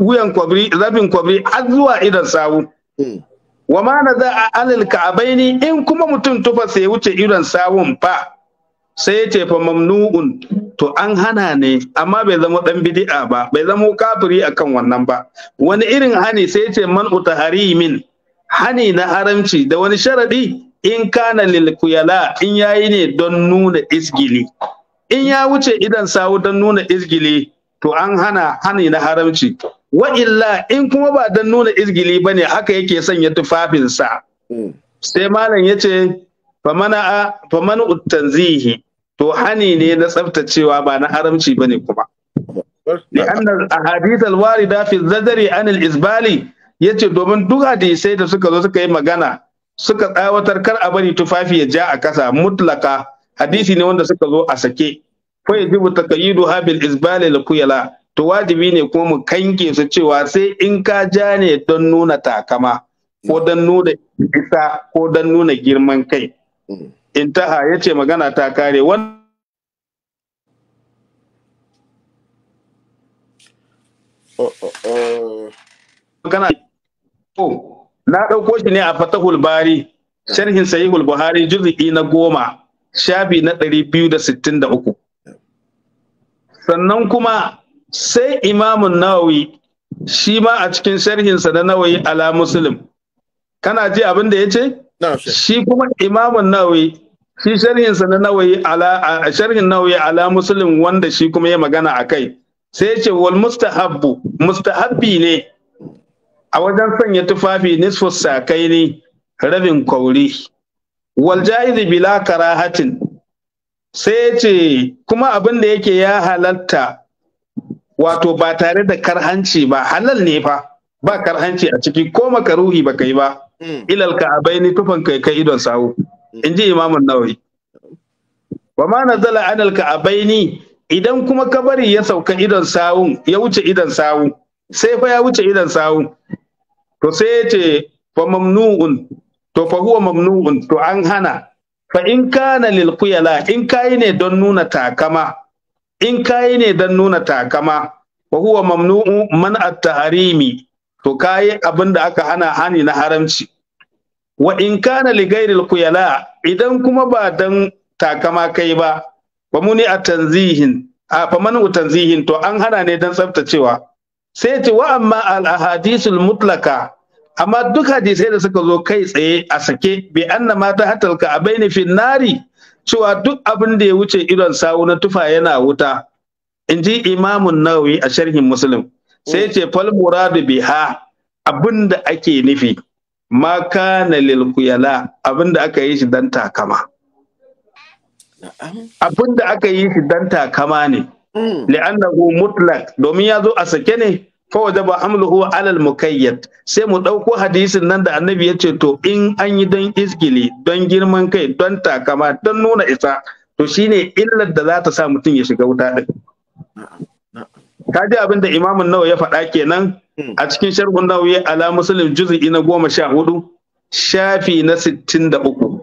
wuyan kwabri rabin kwabri har zuwa idon sawu hmm. wa ma na za a alil ka'abaini in kuma mutum tufa sai ya wuce idon sawun fa sai ce fa mamnu'un to an hana ne amma bai zama dan bid'a ba bai zama kafiri akan wannan ba wani irin hani sai ce man utaharimin hani na haramci da wani sharadi in kana lil kuyala in yayi ne don nuna isgili in ya wuce idan sawu don nuna isgili to an hana hani na haramci wa illa in kuma ba don nuna isgili bane haka yake sanya tufafinsa mm. sai malam yace fa man uTanzihi. to hani ne na tsaftacewa ba na haramci ba ne kuma. Li'annar a wari warida fi zadari anil isbali ya ce domin duk hadisai da suka zo suka yi magana suka tsawatar kar a bari tufafi ya ja a kasa mutlaka hadisi ne wanda suka zo a sake. Fa yajibu taqayidu habil isbali Kuyala to wajibi ne kuma mu kanke su cewa sai in ka ja ne don nuna takama ko don nuna isa ko don nuna girman kai. Mm. intaha ya ce magana ta kare wannan magana na ɗauko shi ne a fatahul bari sharhin sahihul buhari jirgin na goma shafi na ɗari biyu da sittin da uku sannan kuma sai imamun nawawi shi ma a cikin sharhinsa na nawawi ala muslim kana ji abin da ya ce shi kuma imamun nawawi shi sharhin sa na nawayi ala sharhin nawayi ala muslim wanda shi kuma ya magana akai sai ce wal mustahabbu mustahabbi ne a wajen sanya tufafi nisfu sakai ne rabin kauri wal jaiz bila karahatin sai ce kuma abin da yake ya halatta wato ba tare da karhanci ba halal ne fa ba karhanci a ciki ko makaruhi ba kai ba hmm. ilal ka abaini tufan kai kai idon sawo in ji imamun nawawi wa ma nazala anal ka'abaini idan kuma kabari ya sauka idan sawun ya wuce idan sawun sai fa ya wuce idan sawun to sai ya ce fa mamnu'un to fa huwa mamnu'un to an hana fa in kana lil khuyala in kai ne don nuna takama in kai ne don nuna takama Fa huwa mamnu'un man at-tahrimi to kai abin da aka hana hani na haramci wa in kana li gairil kuyala idan kuma ba dan takama kai ba ba muni a tanzihin a fa manu tanzihin to an hana ne dan tsaftacewa sai ce wa amma al ahadithul mutlaka amma duk hadisai da suka zo kai tsaye a sake bi anna mata hatalka a baini fi nari cewa duk abin da ya wuce idon sawu na tufa yana wuta in ji imamun nawawi a sharhin muslim sai ce fal muradu biha Abinda da ake nufi ma kana lil abinda aka yi shi dan takama abinda aka yi shi dan takama ne mm. li'annahu mutlaq domin ya zo a sake ne fa wajaba amluhu alal mukayyad sai mu ɗauko hadisin nan da annabi ya ce to in an yi don iskili don girman kai don takama don nuna isa to shine illar da za ta sa mutum ya shiga wuta din ka ji abin da imamun nawa ya faɗa kenan hmm. a cikin sharhun nawawi ala muslim juz'i na goma sha hudu shafi na sittin da uku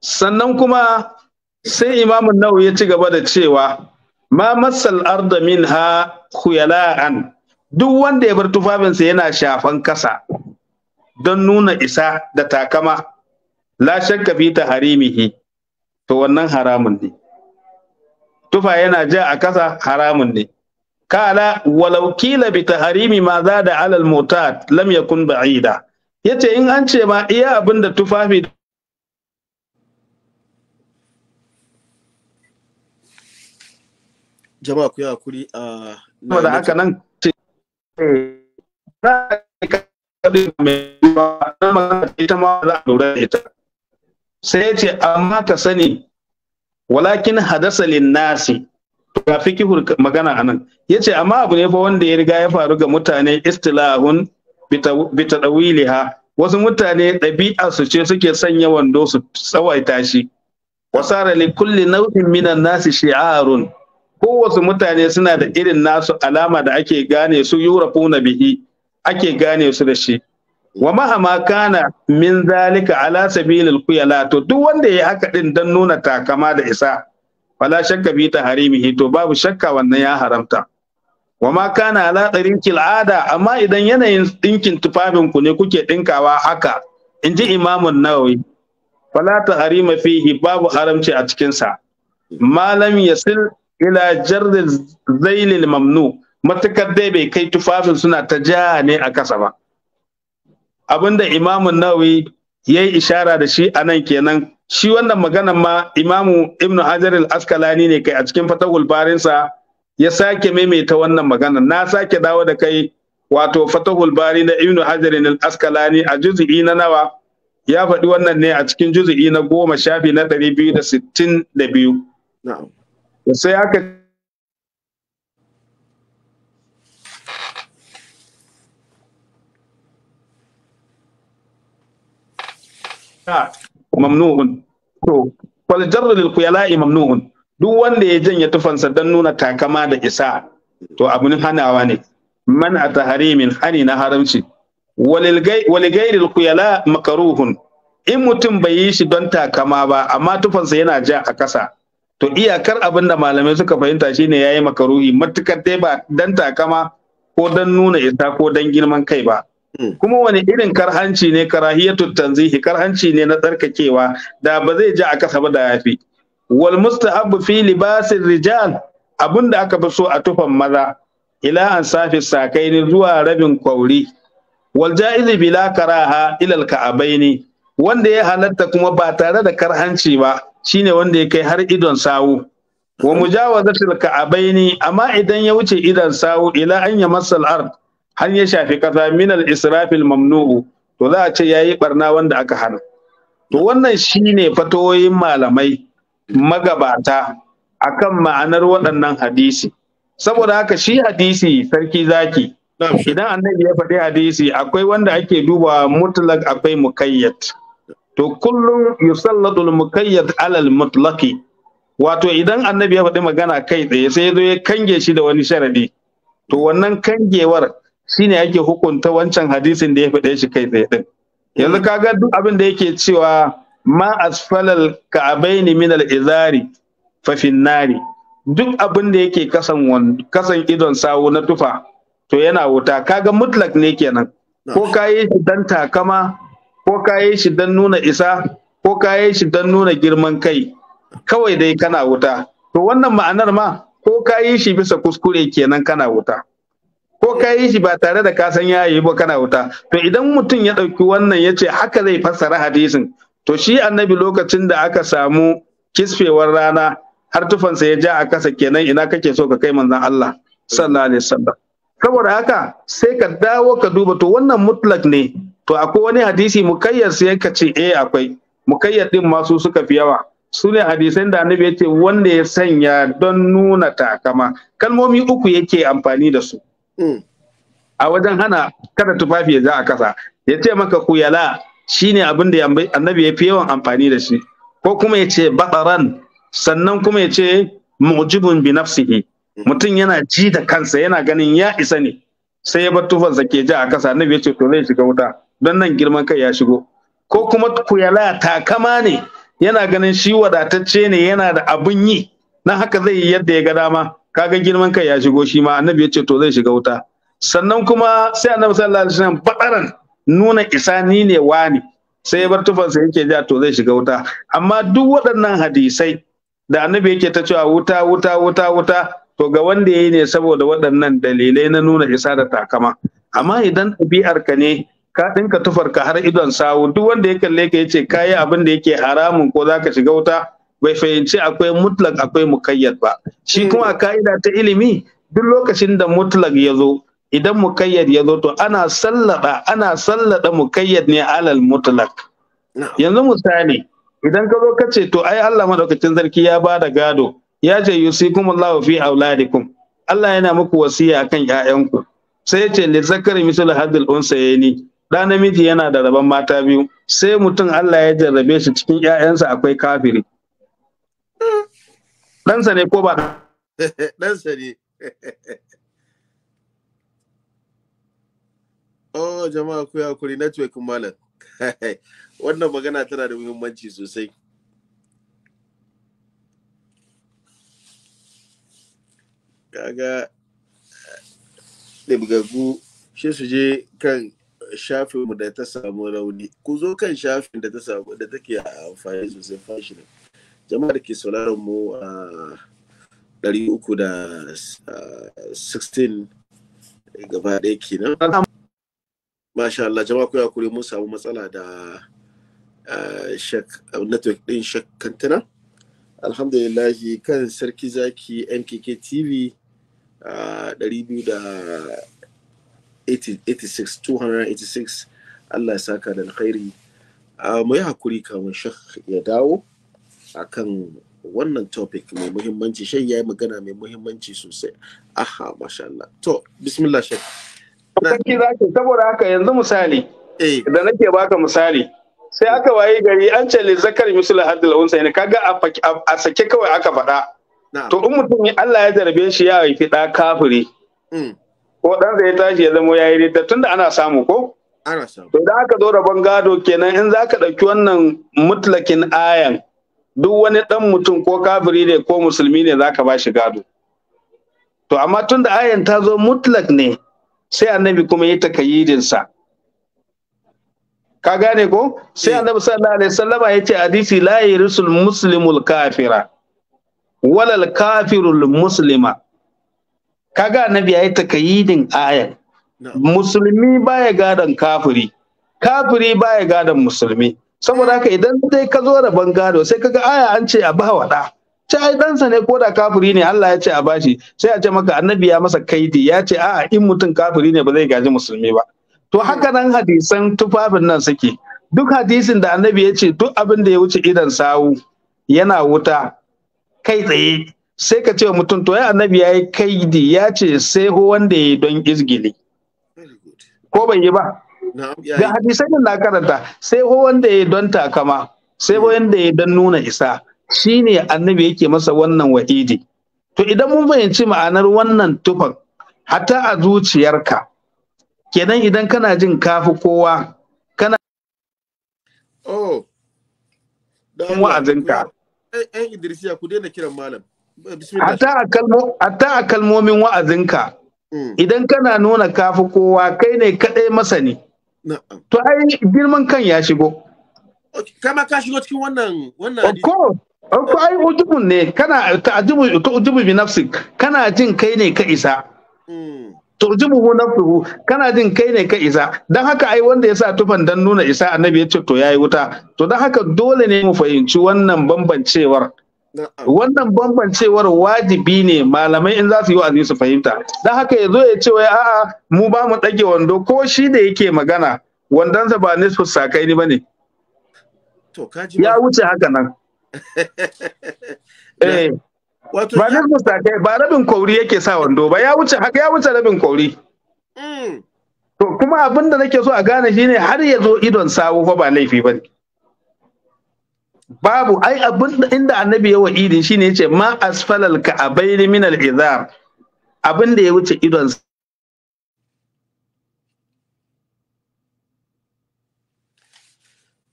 sannan kuma sai imamun nawa ya ci gaba da cewa ma masal arda ha khuyala'an duk wanda ya bar tufafinsa yana shafan kasa don nuna isa da takama la shakka fi harimihi to wannan haramun ne tufa yana ja a kasa haramun ne kala walau kila bi taharimi ma za da alal mutad lam yakun ba'ida yace in an ce ma iya abin da tufafi jama'a ku yi hakuri a da haka nan ce ita ma za a lura da ita sai ce amma ka sani walakin hadasa to ga fikihul magana anan yace amma abu ne fa wanda ya riga ya faru ga mutane istilahun ha. wasu mutane ɗabi'a su ce suke sanya wando su tsawaita shi wasara li kulli nau'in minan nasi shi'arun kowace mutane suna da irin nasu alama da ake gane su yurafuna bihi ake gane su da shi wa mahama kana min zalika ala sabilil khuyala to duk wanda yi haka din dan nuna takama da isa fala shakka bi taharimihi to babu shakka wannan ya haramta wa ma kana ala tariqil ada amma idan yanayin dinkin tufafin ku ne kuke dinkawa haka inji imamun nawawi ta Harima fihi babu haramci a cikin sa malam yasil ila jarril zailil mamnu matakar dai bai kai tufafin suna ta ja ne a kasa ba abinda imamun nawi ya yi ishara da shi a nan kenan shi wannan maganan ma imamu ibnu hajar al-askalani ne kai a cikin fatahul barinsa ya sake maimaita wannan maganan na sake dawo da kai wato fatahul bari na Ibn hajar al-askalani a juz'i na nawa ya faɗi wannan ne a cikin juz'i na goma shafi na ɗari biyu da sittin da biyu sai aka mamnu'un to wal jarru mamnu'un duk wanda ya janye tufansa dan nuna takama da isa to abun hanawa ne man a hani na haramci waligairil kuyala makaruhun in mutum bai yi shi don takama ba amma tufansa yana ja a kasa to iyakar abin da malamai suka fahimta shine yayi makaruhi matukar dai ba don takama ko don nuna isa ko don girman kai ba Hmm. kuma wani irin karhanci ne karahiyatu tanzihi karhanci ne na tsarkakewa da ba zai ji a kasa ba da yafi wal Fili fi libasir rijal abinda aka fi so a tufan maza ila an safi sakaini zuwa rabin kwauri wal ja'izi bila karaha ila al ka'abaini wanda ya halatta kuma ba tare da karhanci ba shine wanda ya kai har idon sawu wa mujawazatil ka'abaini amma idan ya wuce idon sawu ila an yamassal har ya shafi ƙasa minal israfil mamnu'u to za a ce yayi barna wanda aka hana to wannan shine fatoyin malamai magabata akan ma'anar waɗannan hadisi saboda haka shi hadisi sarki zaki idan annabi ya faɗi hadisi akwai wanda ake duba mutlak akwai mukayyad to kullum al mukayyad alal mutlaki wato idan annabi ya faɗi magana kai tsaye sai ya zo ya kange shi da wani sharadi to wannan kangewar Shi shine yake hukunta wancan hadisin da ya faɗe shi kai tsaye din yanzu kaga duk abin da yake cewa ma asfalal ka'abaini min al-izari fa finnari duk abin da yake kasan idon sawu na tufa to yana wuta kaga mutlak ne kenan ko kayi shi dan takama ko kayi shi dan nuna isa ko kayi shi dan nuna girman kai kawai dai kana wuta to wannan ma'anar ma ko kayi shi bisa kuskure kenan kana wuta ka yi shi ba tare da kasan san ya yi ba kana wuta to idan mutum ya ɗauki wannan ya ce haka zai fassara hadisin to shi annabi lokacin da aka samu kisfewar rana har tufansa ya ja a kasa kenan ina kake so ka kai manzon Allah sallallahu alaihi wasallam saboda haka sai ka dawo ka duba to wannan mutlak ne to akwai wani hadisi mukayyar sai ka ce eh akwai mukayyar din masu suka fi yawa su ne hadisan da annabi yace wanda ya sanya don nuna takama kalmomi uku yake amfani da su hmm. a wajen hana kada tufafi ya za a kasa ya ce maka kuyala shine abin da annabi ya fi yawan amfani da shi ko kuma ya ce batsaran sannan kuma ya ce mujibun bi nafsihi mutum yana ji da kansa yana ganin ya isa ne sai ya bar tufansa ke ja a kasa annabi ya ce to zai shiga wuta don nan girman kai ya shigo ko kuma kuyala takama ne yana ganin shi wadatacce ne yana da abin yi na haka zai yi yadda ya ga dama kaga girman kai ya shigo shi ma annabi ya ce to zai shiga wuta sannan kuma sai annabi sallallahu alaihi wasallam badaran nuna isa ni ne wani sai ya bar tufansa yake ja to zai shiga wuta amma duk waɗannan hadisai da annabi yake ta cewa wuta wuta wuta wuta to ga wanda yayi ne saboda waɗannan dalilai na nuna isa da takama amma idan ɗabi'ar ka ne ka ɗinka tufarka har idon sawu duk wanda ya kalle ka yace kayi abin da yake haramun ko zaka shiga wuta bai fahimci akwai mutlak akwai mukayyad ba shi eh. kuma ka'ida ta ilimi duk lokacin da mutlak ya zo idan mukayyad ya zo to ana sallada ana sallada mukayyad ne alal mutlak yanzu misali idan ka zo ka ce to ai Allah madaukakin sarki ya bada gado ya ce yusikumullahu fi auladikum Allah yana muku wasiya akan ƴaƴanku sai ya ce li zakari misal hadil unsayni da namiji yana da rabon mata biyu sai mutum Allah ya jarrabe shi cikin ƴaƴansa akwai kafiri hmm. ɗansa ne ko ba [laughs] ɗansa ne [laughs] oh jama'a ku kuri network malam wannan magana tana da muhimmanci sosai kaga eh, ɗibgagu shi su je kan shafinmu da ta samu rauni ku zo kan shafin da ta samu da take amfani sosai fashin, jama'a da ke sauraron mu a uku da ah, sixteen, gaba ɗaya kenan masha Allah jama'a ku hakuri mun samu matsala da eh, eh, network din shek kantana alhamdulillah kan sarki zaki mkk tv 286 286 Allah ya saka da alkhairi ah, mu yi hakuri kamun shek ya dawo akan wannan topic mai muhimmanci shan ya yi magana mai muhimmanci sosai aha masha Allah to bismillah shek sarki ka saboda haka yanzu misali eh. da nake baka misali sai aka waye gari an ce li zakar misal hadil unsa ne kaga a sake kawai aka faɗa to in mutum Allah ya jarabe shi ya haifi ɗa kafiri mm. ko ɗan ya tashi ya zama yayi rita tunda ana samu ko to da aka zo rabon gado kenan in zaka ɗauki wannan mutlakin ayan duk wani ɗan mutum ko kafiri ne ko musulmi ne zaka ba shi gado to amma tunda ayan ta zo mutlak ne sai annabi kuma ya takayidin sa ka gane ko sai eh. annabi sallallahu alaihi wasallama yace hadisi la yirsul muslimul kafira walal kafirul muslima kaga annabi yayi takayidin ayan musulmi baya gadan kafiri kafiri baya gadan musulmi saboda eh. haka idan dai ka zo da bangaro sai kaga aya an ce a bawa da ce ai ɗansa ne ko da kafiri ne Allah ya ce a bashi sai a ce maka annabi ya masa kaidi ya ce a'a in mutum kafiri ne ba zai gaji musulmi ba to haka nan hadisan tufafin nan suke duk hadisin da annabi ya ce duk abin da ya wuce idan sawu yana wuta kai tsaye sai ka ce wa mutum to ya annabi ya yi kaidi ya ce sai ho wanda ya yi don izgili ko bai yi ba ga hadisai na karanta sai ho wanda ya yi don takama sai ho hmm. wanda ya yi don nuna isa shi ne annabi yake masa wannan wa'idi to idan mun fahimci ma'anar wannan tufan hata a zuciyarka kenan idan kana jin kafi kowa kana oh dan wa'azinka ɗan eh, eh, Idrisiya ku daina kiran malam Hata a kalmo hatta a kalmomin wa'azinka mm. idan kana nuna kafi kowa kai ne kaɗai masani to ai girman kan ya shigo kama ka shigo cikin wannan wannan of course ko ai ujubun ne kana ta'jubu bi kana jin kai ne ka isa turjubuhu nafsuhu kana jin kai ne ka isa dan haka ai wanda ya sa tufan dan nuna isa annabi ya ce to yayi wuta to dan haka dole ne mu fahimci wannan bambancewar wannan bambancewar wajibi ne malamai in za su yi wa'azi su fahimta dan haka ya zo ya ce wai a'a mu ba mu dage wando ko shi da yake magana wandonsa ba nisfu sakai ni bane ya wuce haka nan [laughs] eh ba nufin sa kai ba rabin kauri yake sa wando ba ya wuce haka ya wuce rabin kauri mm. to kuma abin da nake so a gane shine har ya zo idon sawu fa ba laifi bane babu ai abin inda annabi ya wa'idin shine yace ma asfalal ka'abaini min al-izam abin da ya wuce idon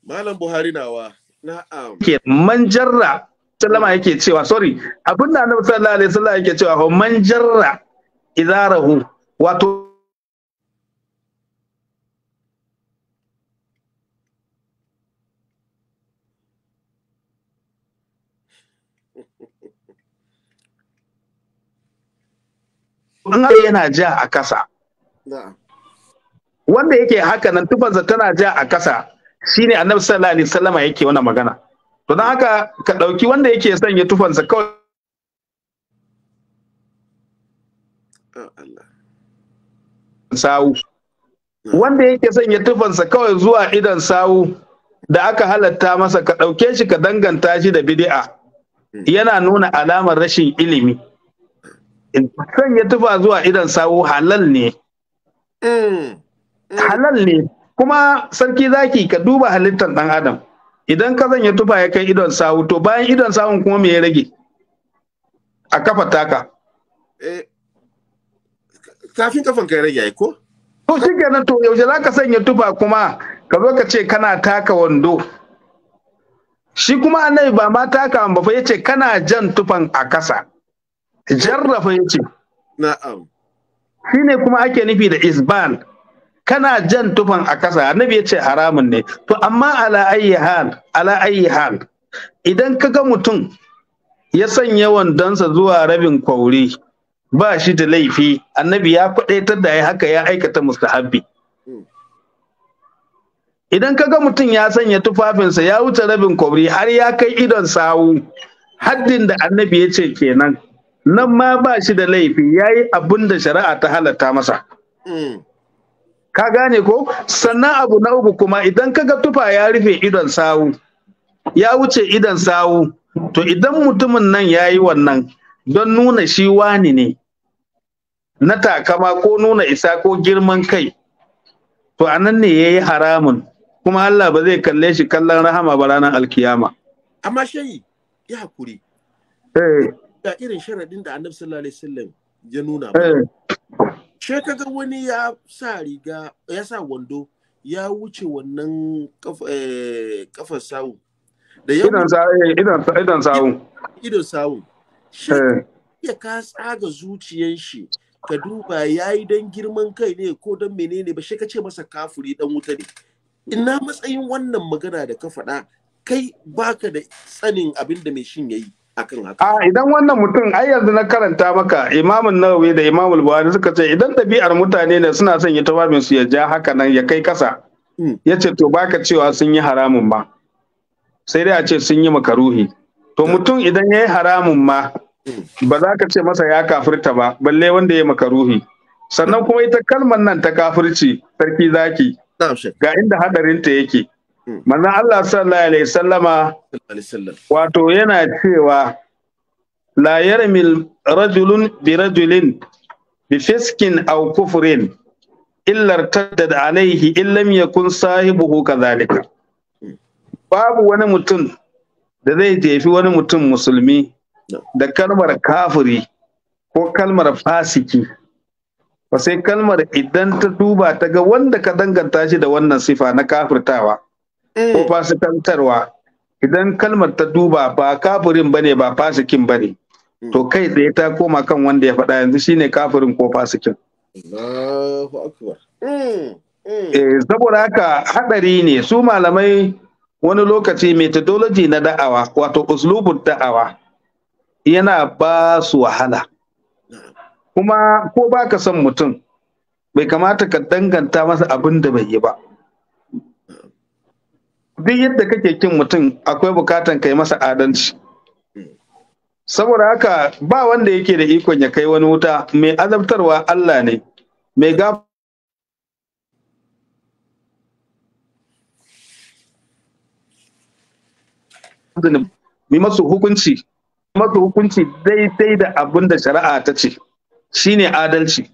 Malam Buhari nawa. ke manjarra sallama yake cewa sorry abin da annabi sallallahu alaihi wasallam yake cewa man manjarra idarahu wato in yana ja a kasa wanda yake haka nan tufansa tana ja a kasa Shi ne annabi sallallahu alaihi wasallama yake wannan magana to dan haka ka ɗauki wanda yake sanya tufansa kawai sawu wanda yake sanya tufansa kawai zuwa idan sawu da aka halatta masa ka ɗauke shi ka danganta shi da bid'a yana nuna alamar rashin ilimi sanya tufa zuwa idan sawu halal ne mm. Mm. halal ne kuma sarki zaki ka duba halittar ɗan adam idan ka zanya tufa ya kai idon sawu to bayan idon sawun kuma me ya rage a kafa taka eh, kafin kafan ka rage ko to shikenan kenan to yaushe za ka sanya tufa kuma ka zo ka ce kana taka wando shi kuma annabi ba ma taka ba fa yace kana jan tufan a kasa jarrafa yace na'am shine kuma ake nufi da isban kana jan tufan a ƙasa, annabi ya ce haramun ne to amma ala ayyi hal ala ayyi hal idan ka ga mutum ya sanya wandonsa zuwa rabin kwauri ba shi da laifi annabi ya kwadaitar da ya haka ya aikata mustahabbi idan ka ga mutum ya sanya tufafinsa ya wuce rabin kwauri har ya kai idon sawu haddin da annabi ya ce kenan nan ma ba shi da laifi ya yi abin da shari'a ta halatta masa mm. ka gane ko sannan abu na uku kuma idan kaga tufa ya rufe idon sawu ya wuce idon sawu to idan mutumin nan ya yi wannan don nuna shi wani ne na takama ko nuna isa ko girman kai to a nan ne ya yi haramun kuma Allah ba zai kalle shi kallon rahama ba ranar alkiyama. Amma shayi ya hakuri. Da eh. irin sharaɗin da annabi sallallahu alaihi wasallam ya nuna ba. Eh. She kaga wani ya sa riga, ya sa wando, ya wuce wannan eh, kafar sawu. Da ya idan eh, sawu. Idan sawu. Shi eh. ya ka tsaga zuciyan shi, ka duba ya yi don girman kai ne ko don menene ba shi ka ce masa kafuri dan wuta ne. Ina matsayin wannan magana da ka faɗa kai baka da tsanin abinda mai shin ya yi. akan haka a ah, idan wannan mutum ai yanzu na karanta maka imamun nawawi da imamul buhari suka ce idan ɗabi'ar mutane ne suna son ya su ya ja haka nan ya kai kasa hmm. ya ce to baka cewa sun yi haramun ma sai dai a ce sun yi makaruhi to hmm. mutum idan ya yi haramun ma hmm. ba za ka ce masa ya kafirta ba balle wanda ya makaruhi sannan kuma ita kalmar nan ta kafirci sarki zaki ga inda hadarinta yake manzon Allah sallallahu alaihi sallama wato yana cewa la yarmil rajulun bi rajulin bi fiskin aw kufrin illa tadad alaihi illam yakun sahibuhu kadhalika babu wani mutum da zai jefi wani mutum musulmi da kalmar kafiri ko kalmar fasiki ba sai kalmar idan ta duba ta ga wanda ka danganta shi da wannan sifa na kafirtawa ko eh. fasikantarwa idan kalmar ta duba ba kafirin bane ba fasikin bane hmm. to kai tsaye ta koma kan wanda ya faɗa yanzu shine kafirin ko fasikin hmm, hmm. Eh, saboda haka haɗari ne su malamai wani lokaci methodology na da'awa wato uslubun da'awa yana ba su wahala kuma ko baka son mutum bai kamata ka danganta masa abin da bai yi ba duk yadda kake kin mutum akwai bukatan kai masa adalci saboda haka ba wanda yake da ikon ya kai wani wuta mai azabtarwa Allah ne mai mi masu hukunci masu hukunci daidai da abin da shari'a ta ce shine adalci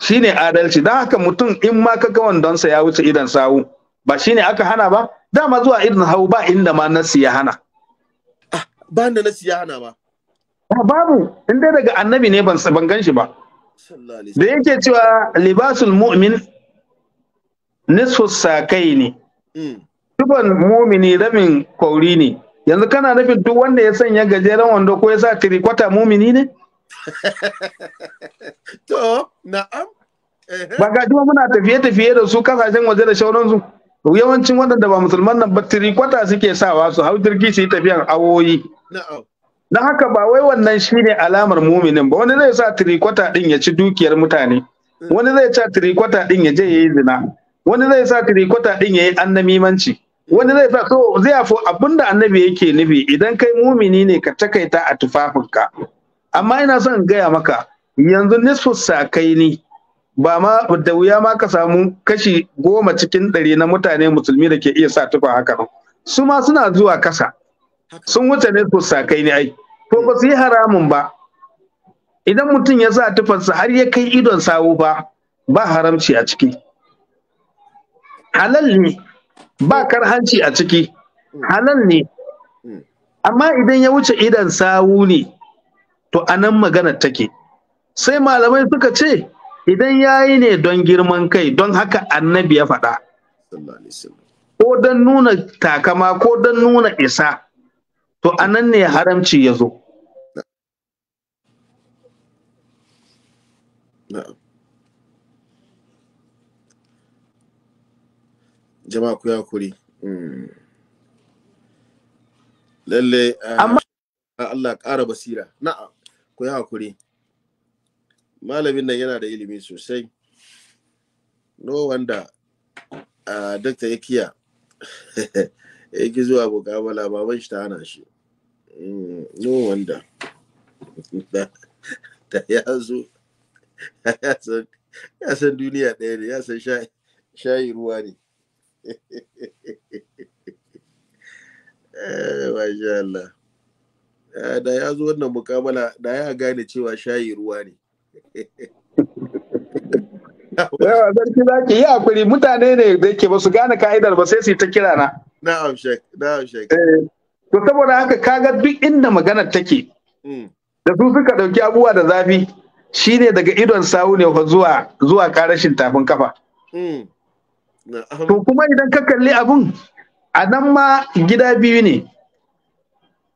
shine adalci don haka mutum in ma ka ga wandonsa ya wuce idan sawu ba shi ne aka hana ba dama zuwa irin hau ba inda ma nasi ah, ya hana ba inda ah, nasi ya hana ba babu inda daga annabi ne ban ban gan shi ba da yake cewa libasul mu'min nisfu sakai ne mm. tuban mumini rabin kauri ne yanzu kana nufin duk wanda ya sanya gajeren wando ko ya sa tirikwata mumini ne [laughs] to na'am ba ga muna tafiye-tafiye da su kasashen waje da shauransu yawancin waɗanda ba musulman nan ba tirikwata suke sawa su hau jirgi su yi tafiyan awoyi na haka ba wai wannan shine alamar muminin ba wani zai sa tirikwata din ya ci dukiyar mutane mm. wani zai sa tirikwata din ya je ya yi zina wani zai sa tirikwata din ya yi annamimanci wani zai sa so zai afo abinda annabi yake nufi idan kai mumini ne ka takaita a tufafinka amma ina son gaya maka yanzu nisfu sakai ni ba ma da wuya ma ka samu kashi goma cikin ɗari na mutane musulmi da ke iya sa tufa haka ba? su ma suna zuwa kasa sun wuce ne su sakai ne ai to ba su yi haramun ba idan mutum ya sa tufansa har ya kai idon sawu ba ba haramci a ciki halal ne ba karhanci a ciki halal ne amma idan ya wuce idon sawu ne to anan magana take sai malamai suka ce idan ya yi ne don girman kai don haka annabi ya faɗa ko don nuna takama ko don nuna isa to anan ne haramci ya zo jama'a ku hmm. ah, ya kuri lalle Allah ƙara basira na'a ku ya kuri malamin nan yana da ilimi sosai no wanda a dakta ya kiya [laughs] ya ki zuwa mukabala baban shi ta hana shi mm, no wanda [laughs] da ya zo ya san duniya ɗaya ne ya san shayi ruwa ne eh, Allah. Eh, da ya zo wannan mukamala da ya gane cewa shayi ruwa ne. Yawa sarki za ki yi hakuri mutane ne da ke ba su gane ka'idar ba sai su yi ta kira na. Na'am shek, na'am shek. Eh, to saboda haka kaga duk inda maganar take. Hmm. Da su suka ɗauki abubuwa da zafi shine daga idon sawu ne zuwa zuwa karashin tafin kafa. Hmm. To kuma idan ka kalli abun a nan ma gida biyu ne.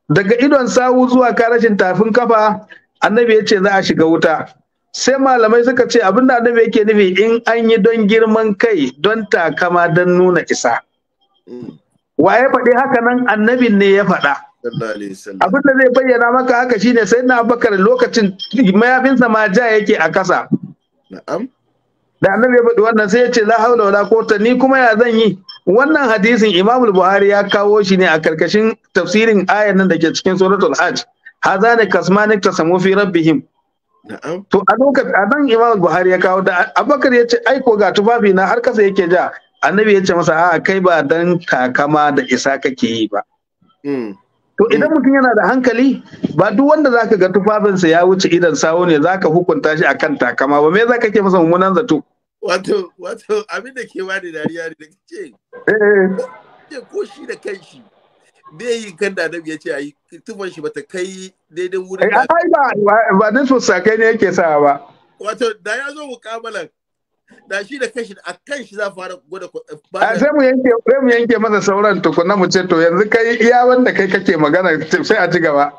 Daga idon sawu zuwa karashin tafin kafa annabi ya ce za a shiga wuta. sai malamai suka ce abin da annabi yake nufi in an yi don girman kai don takama don nuna isa hmm. wa ya faɗi haka nan annabin ne ya faɗa abin da zai bayyana maka haka shine sai na bakar lokacin mayafinsa ma ja yake a kasa da annabi ya faɗi wannan sai ya ce la haula wala quwwata ni kuma ya zan yi wannan hadisin imamul buhari ya kawo shi ne a karkashin tafsirin ayan nan da ke cikin suratul hajj hazani kasmanik tasamu fi rabbihim To a lokacin a nan Imam Buhari ya kawo da Abubakar ya ce ai ga tufafi na har kasa yake ja annabi ya ce masa a kai ba dan takama da isa kake yi ba. Mm. To idan mm. mutum yana da hankali ba duk wanda zaka ga tufafinsa ya wuce idan sawo ne zaka hukunta shi akan takama ba me ka ke masa mummunan zato. Wato wato abin da ke wani dariya ne da ce. Eh. eh. Ko shi da kanshi bai yin kan da annabi ya ce ayi tufan shi bata kai daidai wurin da ai ba ba din su sakai ne yake sa ba wato da ya zo mukamalan da shi da kashi a kan shi za fara gwada eh, a sai mu yanke sai mu yanke masa sauran tukuna mu ce to yanzu kai iya wanda kai kake magana sai a ci gaba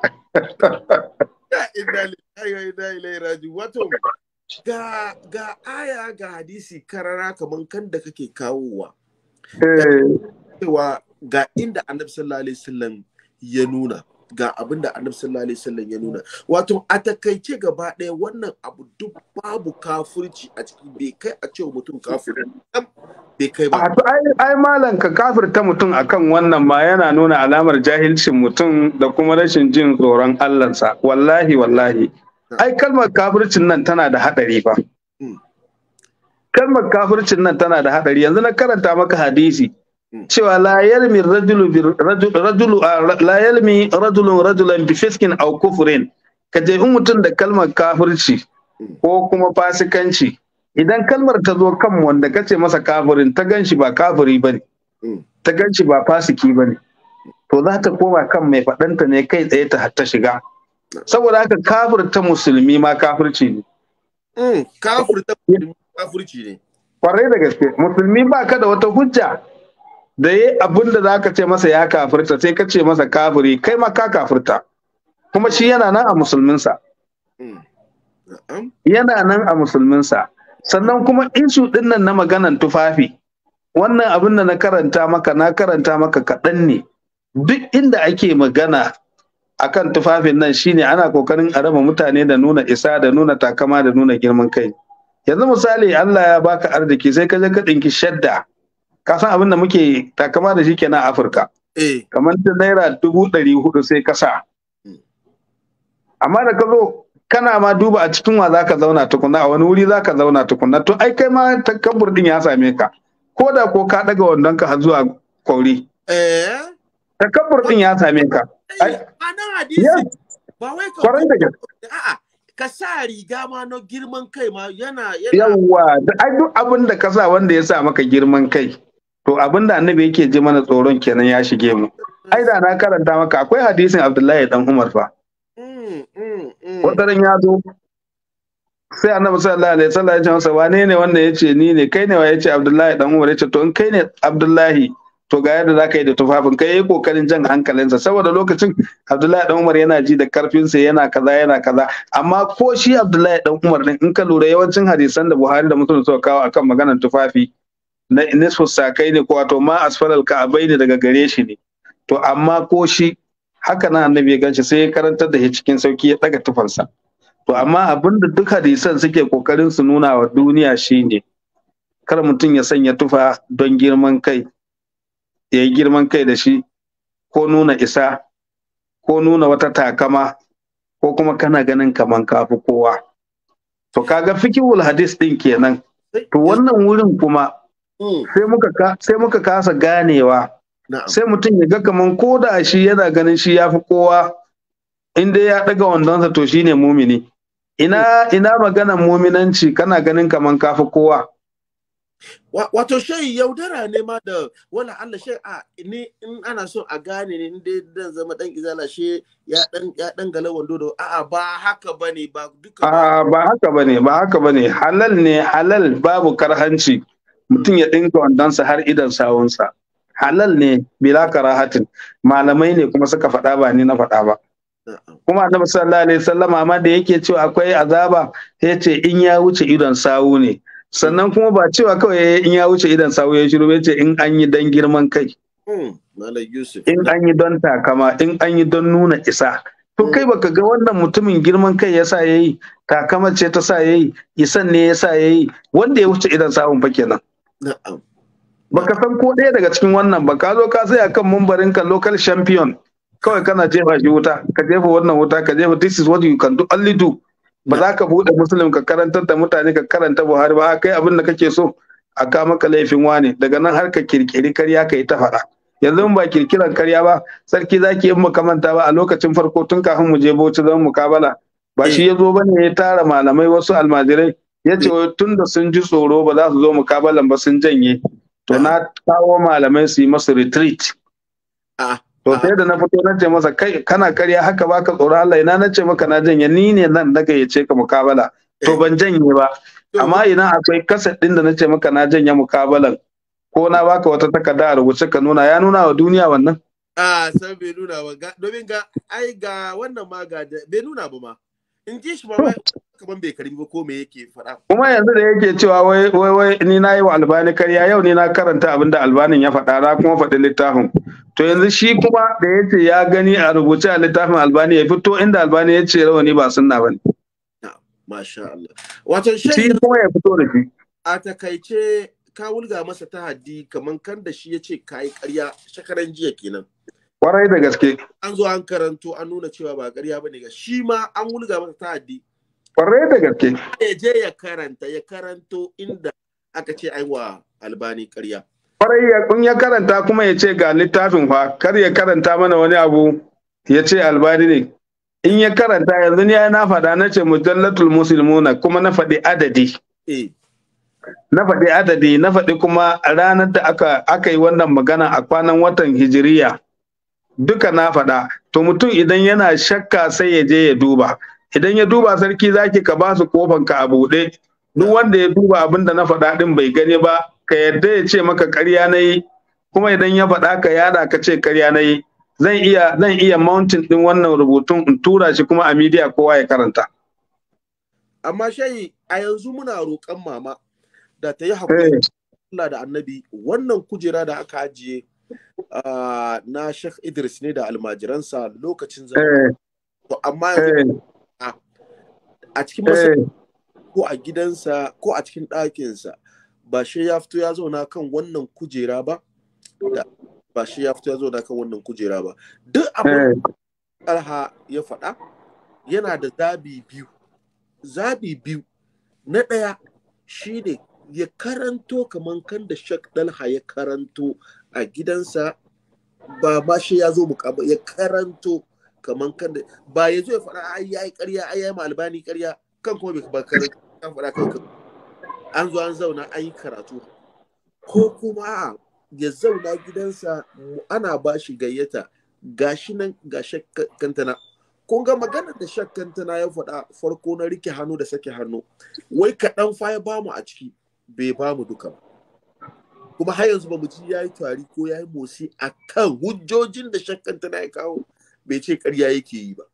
wato ga ga aya ga hadisi karara kaman kan da kake kawowa eh. cewa ga inda annabi sallallahu alaihi wasallam ya nuna ga abin da annabi sallallahu alaihi wasallam ya nuna wato a takaice gaba ɗaya wannan abu duk babu kafirci a cikin bai kai a cewa mutum kafir bai kai ba to ai malam ka kafir ta mutum akan wannan ma yana nuna alamar jahilcin mutum da kuma rashin jin tsoron Allahnsa wallahi wallahi ai kalmar kafircin nan tana da hadari fa hmm. kalmar kafircin nan tana da hadari yanzu na karanta maka hadisi Mm. cewa la yalmi rajulu rajulu ah, la yalmi rajulun rajulan bi fiskin aw kufrin ka je in mutum da kalmar kafirci mm. ko kuma fasikanci idan kalmar ta zo kan wanda ka ce masa kafirin ta ganshi ba kafiri bane mm. ta ganshi ba fasiki bane to za ta koma kan mai faɗanta ne kai tsaye ta hatta shiga saboda haka ta musulmi ma kafirci ne ta musulmi kafirci ne kwarai da gaske musulmi ba ka da wata hujja da yi abin da za ka ce masa ya kafirta sai ka ce masa kafiri kai ma ka kafirta kuma shi yana nan a musulminsa mm. yana nan a musulminsa sannan kuma ishu din nan na maganan tufafi wannan abin da na karanta maka na karanta maka kaɗan ne duk inda ake magana akan tufafin nan shine ana kokarin a raba mutane da nuna isa da nuna takama da nuna girman kai yanzu misali Allah ya baka arziki sai ka je ka ɗinki shadda ka san abin da muke takama da shi kenan a Afirka eh. kamar ta naira dubu ɗari hudu sai kasa hmm. amma da ka zo kana ma duba a cikin wa zaka zauna tukunna a wani wuri zaka zauna tukunna to ai kai ma takabbur din ya same ka ko da ko ka daga wandon ka zuwa kwauri Ta eh. takabbur din ya same ka eh, ba wai ka sa riga ma na girman kai ma yana yana yawa ai duk abin da ka sa wanda ya sa maka girman kai to abin da annabi yake ji mana tsoron kenan ya shige mu ai da na karanta maka akwai hadisin abdullahi dan umar fa wadaran ya zo sai annabi sallallahu alaihi wasallam ya ce masa wane ne wanda yace ni ne kai ne wa yace abdullahi dan umar yace to in kai ne abdullahi to ga yadda zaka yi da tufafin kai yayi kokarin jan hankalinsa saboda lokacin abdullahi dan umar yana ji da karfinsa yana kaza yana kaza amma ko shi abdullahi dan umar din in ka lura yawancin hadisan da buhari da muslim suka kawo akan maganar tufafi na nisfu sakai ne ko wato ma asfalal ka'abai ne daga gare shi ne to amma ko shi haka nan annabi ya ganshi sai ya karantar da shi cikin sauki ya daga tufarsa. to amma abin da duk hadisan suke kokarin su nuna wa duniya shi ne, kar mutum ya sanya tufa don girman kai ya yi girman kai da shi ko nuna isa ko nuna wata takama ko kuma kana ganin kaman kafi kowa to kaga fikihul hadis din kenan to wannan wurin kuma Mm. sai muka kasa ganewa sai mutum ya ga kaman ko da shi yana ganin shi ya fi kowa in dai ya ɗaga wandonsa to shi ne mumini ina ina maganan muminanci kana ganin kaman ka fi kowa wato shai yaudara ne ma da wala Allah shai a ni in ana so a gane ne inda dan zama dan izala shi ya dan ya dan gala wando da a'a ba haka bane ba duka ba haka bane ba haka bane halal ne halal babu karhanci mutum ya ɗinka wandonsa har idan sawunsa halal ne bila karahatin malamai ne kuma suka faɗa ba ni na faɗa ba kuma annabi sallallahu alaihi wasallam amma da yake cewa akwai azaba ya ce in ya wuce idon sawu ne sannan kuma ba cewa kawai in ya wuce idon sawu ya shiru ya ce in an yi dan girman kai hmm, in an yi don takama in an yi don nuna isa to hmm. kai baka ga wannan mutumin girman kai ya yasa yayi takama ce ta sa yayi isan ne ya yasa yayi wanda ya wuce idon sawun fa kenan baka san ko ɗaya daga cikin wannan ba ka zo ka tsaya kan mumbarin ka local champion kawai kana jefa shi wuta ka jefa wannan wuta ka jefa this is what you can do only do ba za ka buɗe musulun ka karantar da mutane ka karanta buhari ba kai abin da kake so a ka maka laifin wane daga nan har ka kirkiri karya ka yi ta faɗa yanzu ba kirkiran karya ba sarki zaki in muka manta ba a lokacin farko tun kafin mu je bauchi zan mukabala ba shi ya zo bane ya tara malamai wasu almajirai ya ce tun da sun ji tsoro ba za su zo mukabalan ba sun janye to na kawo malamai su yi masu retreat ah, to ah. sai da na fito na ce masa kai kana karya haka baka tsoron Allah ina na ce maka na janye ni ne nan na gayyace ka mukabala to eh. ban janye ba amma ina akwai kasar din da na ce maka na janye mukabalan ko na baka wata takarda a rubuce ka nuna ya nuna wa duniya wannan a ah, san bai nuna ba domin ga ai ga wannan ma ga bai nuna ba ma in ji shi ba kaman bai karbi ba ko me yake faɗa. Kuma yanzu da yake cewa wai wai wai ni na yi wa albani karya yau ni na karanta abin da albanin ya faɗa na kuma faɗi littafin. To yanzu shi kuma da ya ce ya gani a rubuce a littafin albani ya fito inda albani ya ce rawani ba sunna ba ne. Masha Allah. Wato shi kuma ya fito da shi. A takaice ka wulga masa haddi kaman kan da shi ya ce kayi karya shekaran jiya kenan. Kwarai da gaske. An zo an karanto an nuna cewa ba karya ba ne ga shi ma an wulga masa haddi. Kwarai da gaske. Ya je ya karanta, ya karanto inda aka ce aiwa albani karya. Kwarai ya in ya karanta kuma ya ce ga littafin fa, kar ya karanta mana wani abu ya ce albani ne. In ya karanta yanzu ya na faɗa na ce mujallatul musulmuna kuma na faɗi adadi. Eh. Na faɗi adadi, na faɗi kuma ranar da aka yi wannan magana a kwanan watan hijiriya. Duka na faɗa, to mutum idan yana shakka sai ya je ya duba. idan ya duba sarki zaki ka ba su kofan ka a buɗe duk wanda ya duba abin da na faɗa din bai gani ba ka yadda ya ce maka ƙarya na yi kuma idan ya faɗa ka yada ka ce ƙarya na yi zan iya zan iya mountain din wannan rubutun in tura shi kuma a media kowa ya karanta amma shayi a yanzu muna roƙon mama da ta yi hakuri eh. Allah da annabi wannan kujera da aka ajiye na Sheikh Idris ne da almajiransa lokacin zama eh. amma eh. a cikin masa eh. ko a gidansa ko a cikin ɗakinsa ba shi ya fito ya zauna kan wannan kujera ba ba shi ya fito ya zauna kan wannan kujera ba duk abin eh. alha ya faɗa yana da zabi biyu zabi biyu na ɗaya shi ne ya karanto kamar kan da shak dalha ya karanto a gidansa ba ba shi ya zo ya karanto kaman kan da ba ya zo ya faɗa ai yayi ƙarya ai yayi malbani ƙarya kan kuma bai bakar kan faɗa kan an zo an zauna an yi karatu ko kuma ya zauna gidansa ana ba shi gayyata gashi nan ga shakkantana kun ga magana da shakkantana ya faɗa farko na rike hannu da sake hannu wai kaɗan fa ya bamu a ciki bai bamu duka kuma har yanzu ba mu ji ya yi tari ko yayi yi motsi a kan hujjojin da shakkantana ya kawo bai ce ƙarya yake yi ba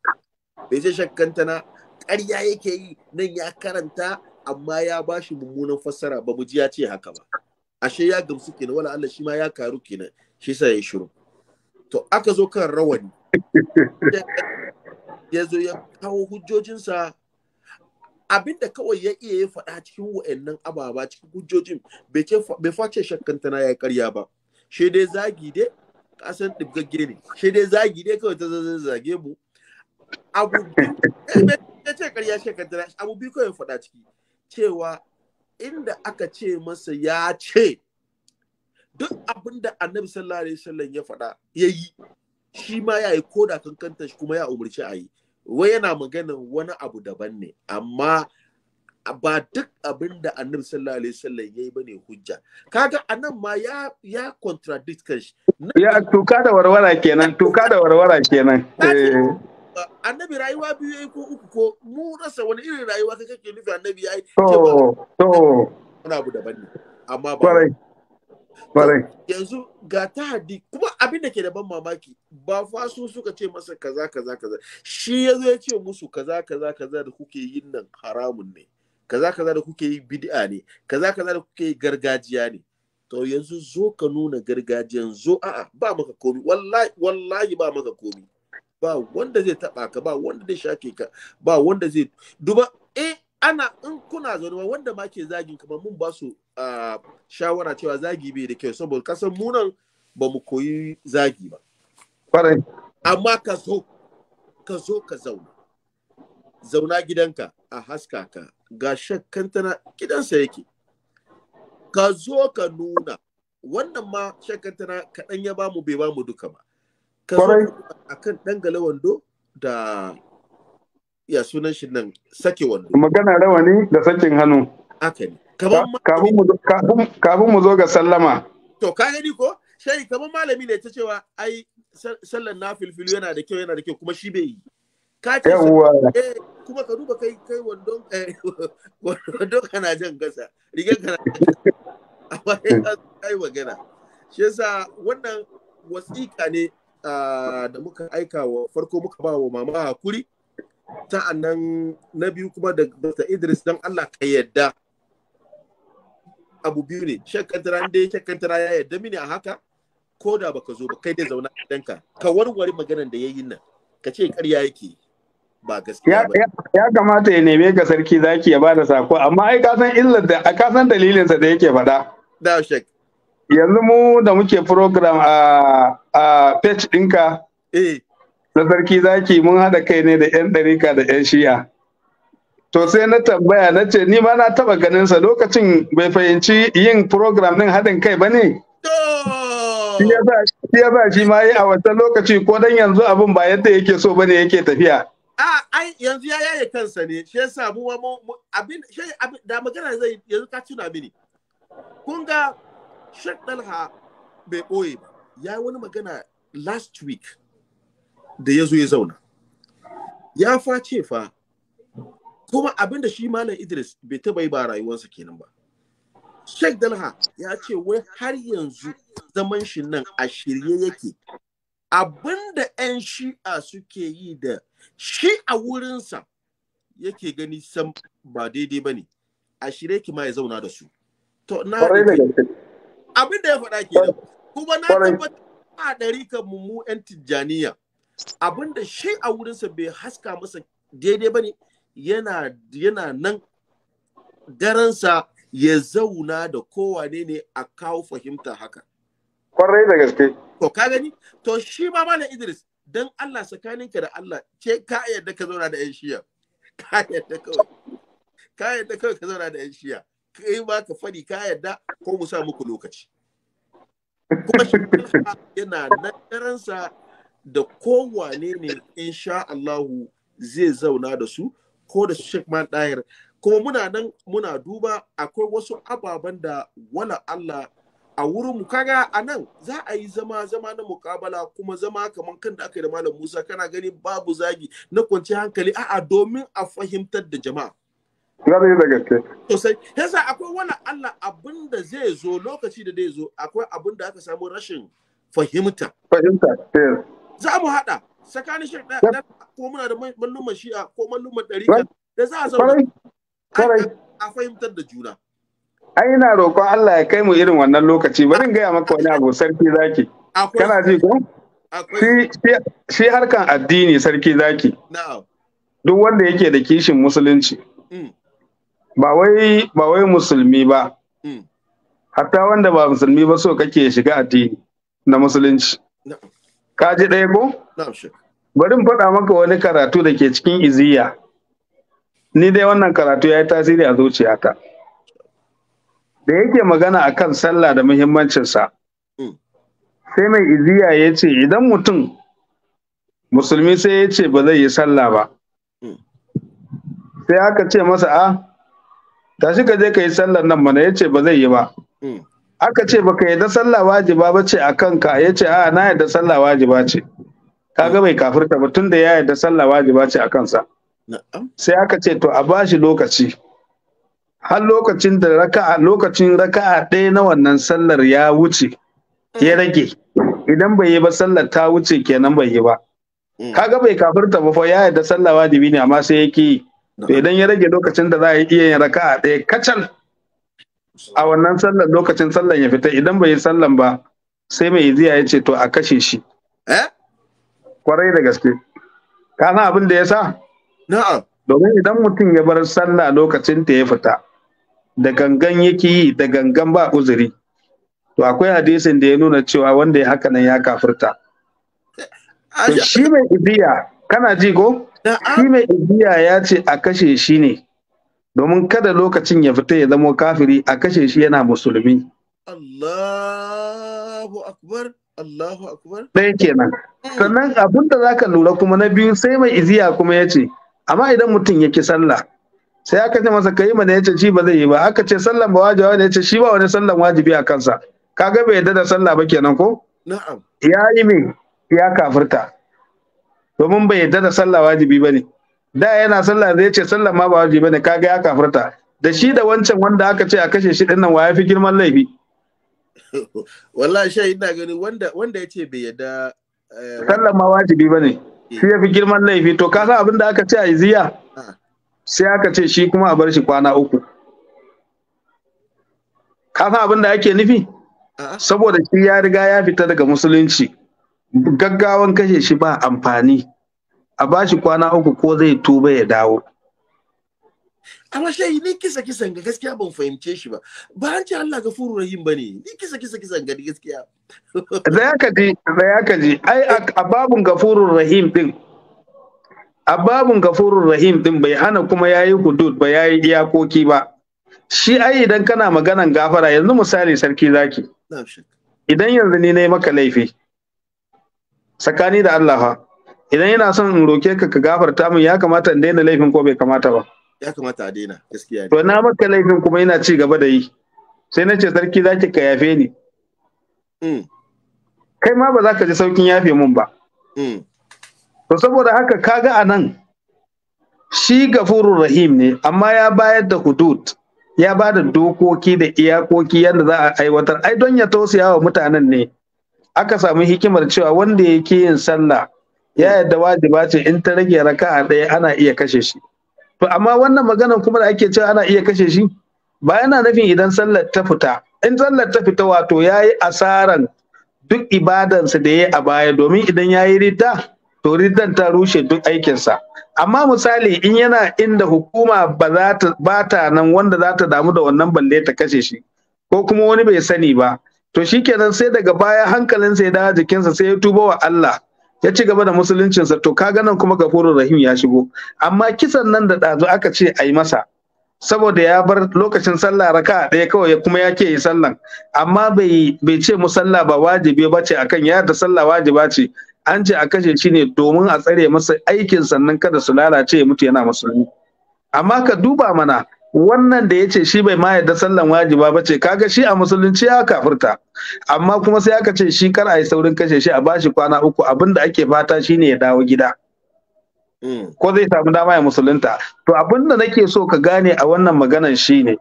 bai ce shakkantana ƙarya yake yi nan ya karanta amma ya ba shi mummunan fassara ba mu ji ya ce haka ba ashe ya gamsu kenan wala Allah shi ma ya karu kenan shi sa ya shiru to aka zo kan rawani [laughs] ya zo ya kawo hujjojinsa abinda kawai ya iya ya faɗa cikin wa'annan ababa cikin hujjojin bai face shakkantana ya karya ba shi dai zagi dai kasan ɗibgagge ne shi dai zagi dai kawai ta zage mu abu eh, ya ce karya shekar abu biyu kawai faɗa ciki cewa inda aka ce masa ya ce duk abin da annabi sallallahu alaihi wasallam ya faɗa ya yi shi ma ya yi koda kankanta shi kuma ya umarci a yi wai yana maganin wani abu daban ne amma ba duk abin da annabi sallallahu alaihi wasallam yayi bane hujja kaga anan ma ya ya contradict kanshi ya tuka da warwara kenan tuka da warwara kenan eh. annabi rayuwa biyu yayi ko uku ko mu rasa wani irin rayuwa kai kake nufi annabi yayi to to Muna abu daban ne amma ba kwarai kwarai yanzu ga ta hadi kuma abin da ke da ban mamaki ba fa su suka ce masa kaza kaza kaza shi yazo ya ce musu kaza kaza kaza da kuke yin nan haramun ne kaza kaza da kuke yi bid'a ne kaza kaza da kuke yi gargajiya ne to yanzu zo ka nuna gargajiyan zo a'a ba maka komi wallahi wallahi ba maka komi ba wanda zai taba ka ba wanda zai shake ka ba wanda zai duba eh ana in kuna zaune wanda ma ke zagin kamar mun ba su shawara cewa zagi bai da kyau saboda kasan munan ba mu koyi zagi ba amma ka zo ka zo ka zauna zauna gidanka a haska ka ga tana gidansa yake ka zo ka nuna wannan ma tana kaɗan ya bamu bai bamu duka ba ka zo a kan ɗangale wando da ya sunan shi nan sake wando magana rawani da sakin hannu aka ne kafin mu zo ga sallama to ka gani ko shari kamar malami ne ta cewa ai sallan na filfilu yana da kyau yana da kyau kuma shi bai yi ka ce eh, kuma ka duba kai kai wandon eh, [laughs] wandon kana jan gasa rigar kana [laughs] amma kai ka kai magana shi yasa wannan wasiƙa ne da muka aika wa farko muka ba wa mama hakuri annan na biyu kuma da Dr. Idris dan Allah ka yadda abu biyu ne shakkantara dai shakkantara ya yadda mini a haka ko da baka zo ba kai dai zauna a danka ka warware maganar da yayin nan ka ce ƙarya yake ba gaskiya ba ya kamata ya neme ka sarki zaki ya bada sako amma ai ka san illar da ka san dalilin sa da yake faɗa da shek yanzu mu da muke program a a page ɗinka eh na sarki zaki mun haɗa kai ne da yan ɗarika da yan shi'a to sai na tambaya na ce ni ma na taɓa ganin sa lokacin bai fahimci yin program ɗin haɗin kai ba ne shi ya sa shi ma yi a wata lokaci ko dan yanzu abin ba yadda yake so bane yake tafiya a ai yanzu ya yaye kansa ne shi yasa mu abin shi da magana zai yanzu ka tuna mini kun ga Sheikh Dalha bai boye ba ya wani magana last week da ya zo ya zauna ya fa ce fa kuma abin da shi malam Idris bai taba yi ba rayuwarsa kenan ba Sheikh Dalha ya ce wai har yanzu zaman shi nan a shirye yake abinda 'yan shi'a suke yi da shi a wurinsa yake gani sam ba daidai ba ne a shirye ki ma ya zauna da su to na abin da ya faɗa ke kuma na tabbata a ɗari kan mu 'yan tijjaniya abin da shi a wurinsa bai haska masa daidai ba ne yana yana nan daransa ya zauna da kowane ne a kawo fahimta haka. Kwarai da gaske. To ka gani? To shi ma Malam Idris dan Allah tsakaninka da Allah ce ka yadda ka zauna da yan shiya ka yadda kawai ka yadda kawai ka zauna da yan shiya kai ma ka fadi ka yadda ko mu sa muku lokaci kuma shi yana nan da kowane ne insha Allahu zai zauna da su ko da Sheikh Man Dahir kuma muna nan muna duba akwai wasu ababen da wala Allah a wurin mu kaga a nan za a yi zama zama na mukabala kuma zama kamar kan da aka yi da malam Musa kana gani babu zagi na kwanci hankali a'a domin a fahimtar da jama'a Zan da gaske. Sosai, yasa akwai wani Allah abin da zai zo lokaci da zai zo akwai abin da aka samu rashin fahimta. Fahimta, Za mu haɗa tsakanin shi ɗaya ko muna da malluman shi'a ko malluman ɗari da za a zama a fahimtar da juna. ai ina roƙon Allah ya kai mu irin wannan lokaci bari gaya maka wani abu sarki zaki kana ji ko shi harkan addini sarki zaki duk wanda yake da kishin musulunci mm. ba wai ba wai musulmi ba mm. hatta wanda ba musulmi ba so kake shiga addini na musulunci ka ji ɗaya ko bari mu faɗa maka wani karatu da ke cikin iziya ni dai wannan karatu ya yi tasiri a zuciyata. da yake magana a kan sallah da muhimmancinsa mm. sai mai iziya ya ce idan mutum musulmi sai ya ce ba zai yi sallah ba mm. sai aka ce masa a ah, tashi ka je ka yi sallar nan mana ya ce ba zai yi ba mm. aka ce baka da sallah wajiba ba ce a kanka ya ce a ah, na yadda sallah wajiba ce Ka ga bai kafirta ba tunda ya yadda sallah wajiba ce a kansa sai aka ce to a bashi lokaci har lokacin da raka'a lokacin raka'a ɗaya na wannan sallar ya wuce ya rage idan bai yi ba sallar ta wuce kenan bai yi ba mm. kaga bai kafirta ba fa ya yarda sallah wajibi ne amma sai yake yi to idan ya rage lokacin da za a iya yin raka'a ɗaya kacal a wannan sallar lokacin sallar ya fita idan bai yi sallan ba sai mai iziya ya ce to a kashe shi eh? kwarai da gaske kana abin da ya sa na'am domin idan mutum ya bar sallah lokacin ta ya fita da gangan yake yi da gangan ba uzuri to akwai hadisin da ya nuna cewa wanda ya haka nan ya kafirta shi mai ibiya kana ji ko shi mai ibiya ya ce a kashe shi ne domin kada lokacin ya fita ya zamo kafiri a kashe shi yana musulmi Allahu akbar Allahu akbar ɗaya kenan sannan abin da zaka lura kuma na biyu sai mai iziya kuma ya ce amma idan mutum ya ki sallah sai aka ce masa kai mana ya ce, shi ba zai yi ba aka ce sallan ba wajibi ne ce, shi ba wani sallan wajibi a kansa kaga bai yadda da sallah ba kenan ko na'am ya yi me ya kafirta domin bai yadda da sallah wajibi ba ne. da yana sallah zai ce sallan ma ba wajibi ka kaga ya kafirta da shi da wancan wanda aka ce a kashe shi dinnan wa ya fi girman laifi [laughs] wallahi shi ina gani wanda wanda bai yadda eh, sallan ma wajibi ba ne, eh. shi ya fi girman laifi to ka san abin da aka ce a iziya sai aka ce shi kuma a bar shi kwana uku ka san abin da ake nufi saboda shi ya riga ya fita daga musulunci gaggawan kashe shi ba amfani a ba shi kwana uku ko zai tuba ya dawo amma shayi ni kisa kisan ga gaskiya ban fahimce shi ba ba an ce Allah gafuru rahim ba ne. ni kisa kisa kisan ga gaskiya Zai ya kaji da ai a babun gafurur rahim din a babun gafurur rahim din bai hana kuma ya yi hudud ba ya yi iyakoki ba shi ai idan kana maganan gafara yanzu misali sarki zaki idan yanzu ni yi maka laifi tsakani da Allah fa idan yana son in roke ka ka gafarta min ya kamata in daina laifin ko bai kamata ba ya kamata a daina gaskiya to na maka laifin kuma yana ci gaba da yi sai na ce sarki zaki ka yafe ni mm. kai ma ba za ka ji saukin yafe mun ba mm. to saboda haka kaga anan shi gafurur rahim ne amma ya bayar da hudud ya ba da dokoki da iyakoki yadda za a aiwatar ai don ya tausaya wa mutanen ne aka samu hikimar cewa wanda yake yin sallah ya yadda wajiba ce in ta rage raka'a ɗaya ana iya kashe shi to amma wannan maganar kuma da ake cewa ana iya kashe shi ba yana nufin idan sallar ta fita in sallar ta fita wato ya yi asaran duk ibadansa da ya yi a baya domin idan ya yi rita to riddan ta rushe duk aikinsa amma misali in yana inda hukuma ba ta nan wanda za ta damu da wannan balle ta kashe shi ko kuma wani bai sani ba to shikenan sai daga baya hankalinsa ya dawo jikinsa sai ya tuba wa Allah ya ci gaba da musuluncinsa to ka nan kuma gafurur rahim ya shigo amma kisan nan da dazu aka ce a yi masa saboda ya bar lokacin sallah raka ɗaya kawai kuma ya ke yi sallan amma bai ce musalla ba wajibi ba ce akan ya da sallah wajiba ce an ce a kashe shi ne domin a tsare masa aikin sannan kada su lalace ya mutu yana musulmi amma ka duba mana wannan da ya ce shi bai ma yadda sallan wajiba ba ce kaga shi a musulunci ya kafirta amma kuma sai aka ce shi kar a yi saurin kashe shi a bashi kwana uku abinda ake fata shi ne ya dawo gida hmm. ko zai samu dama ya musulunta to abin abinda nake so ka gane a wannan maganan ne.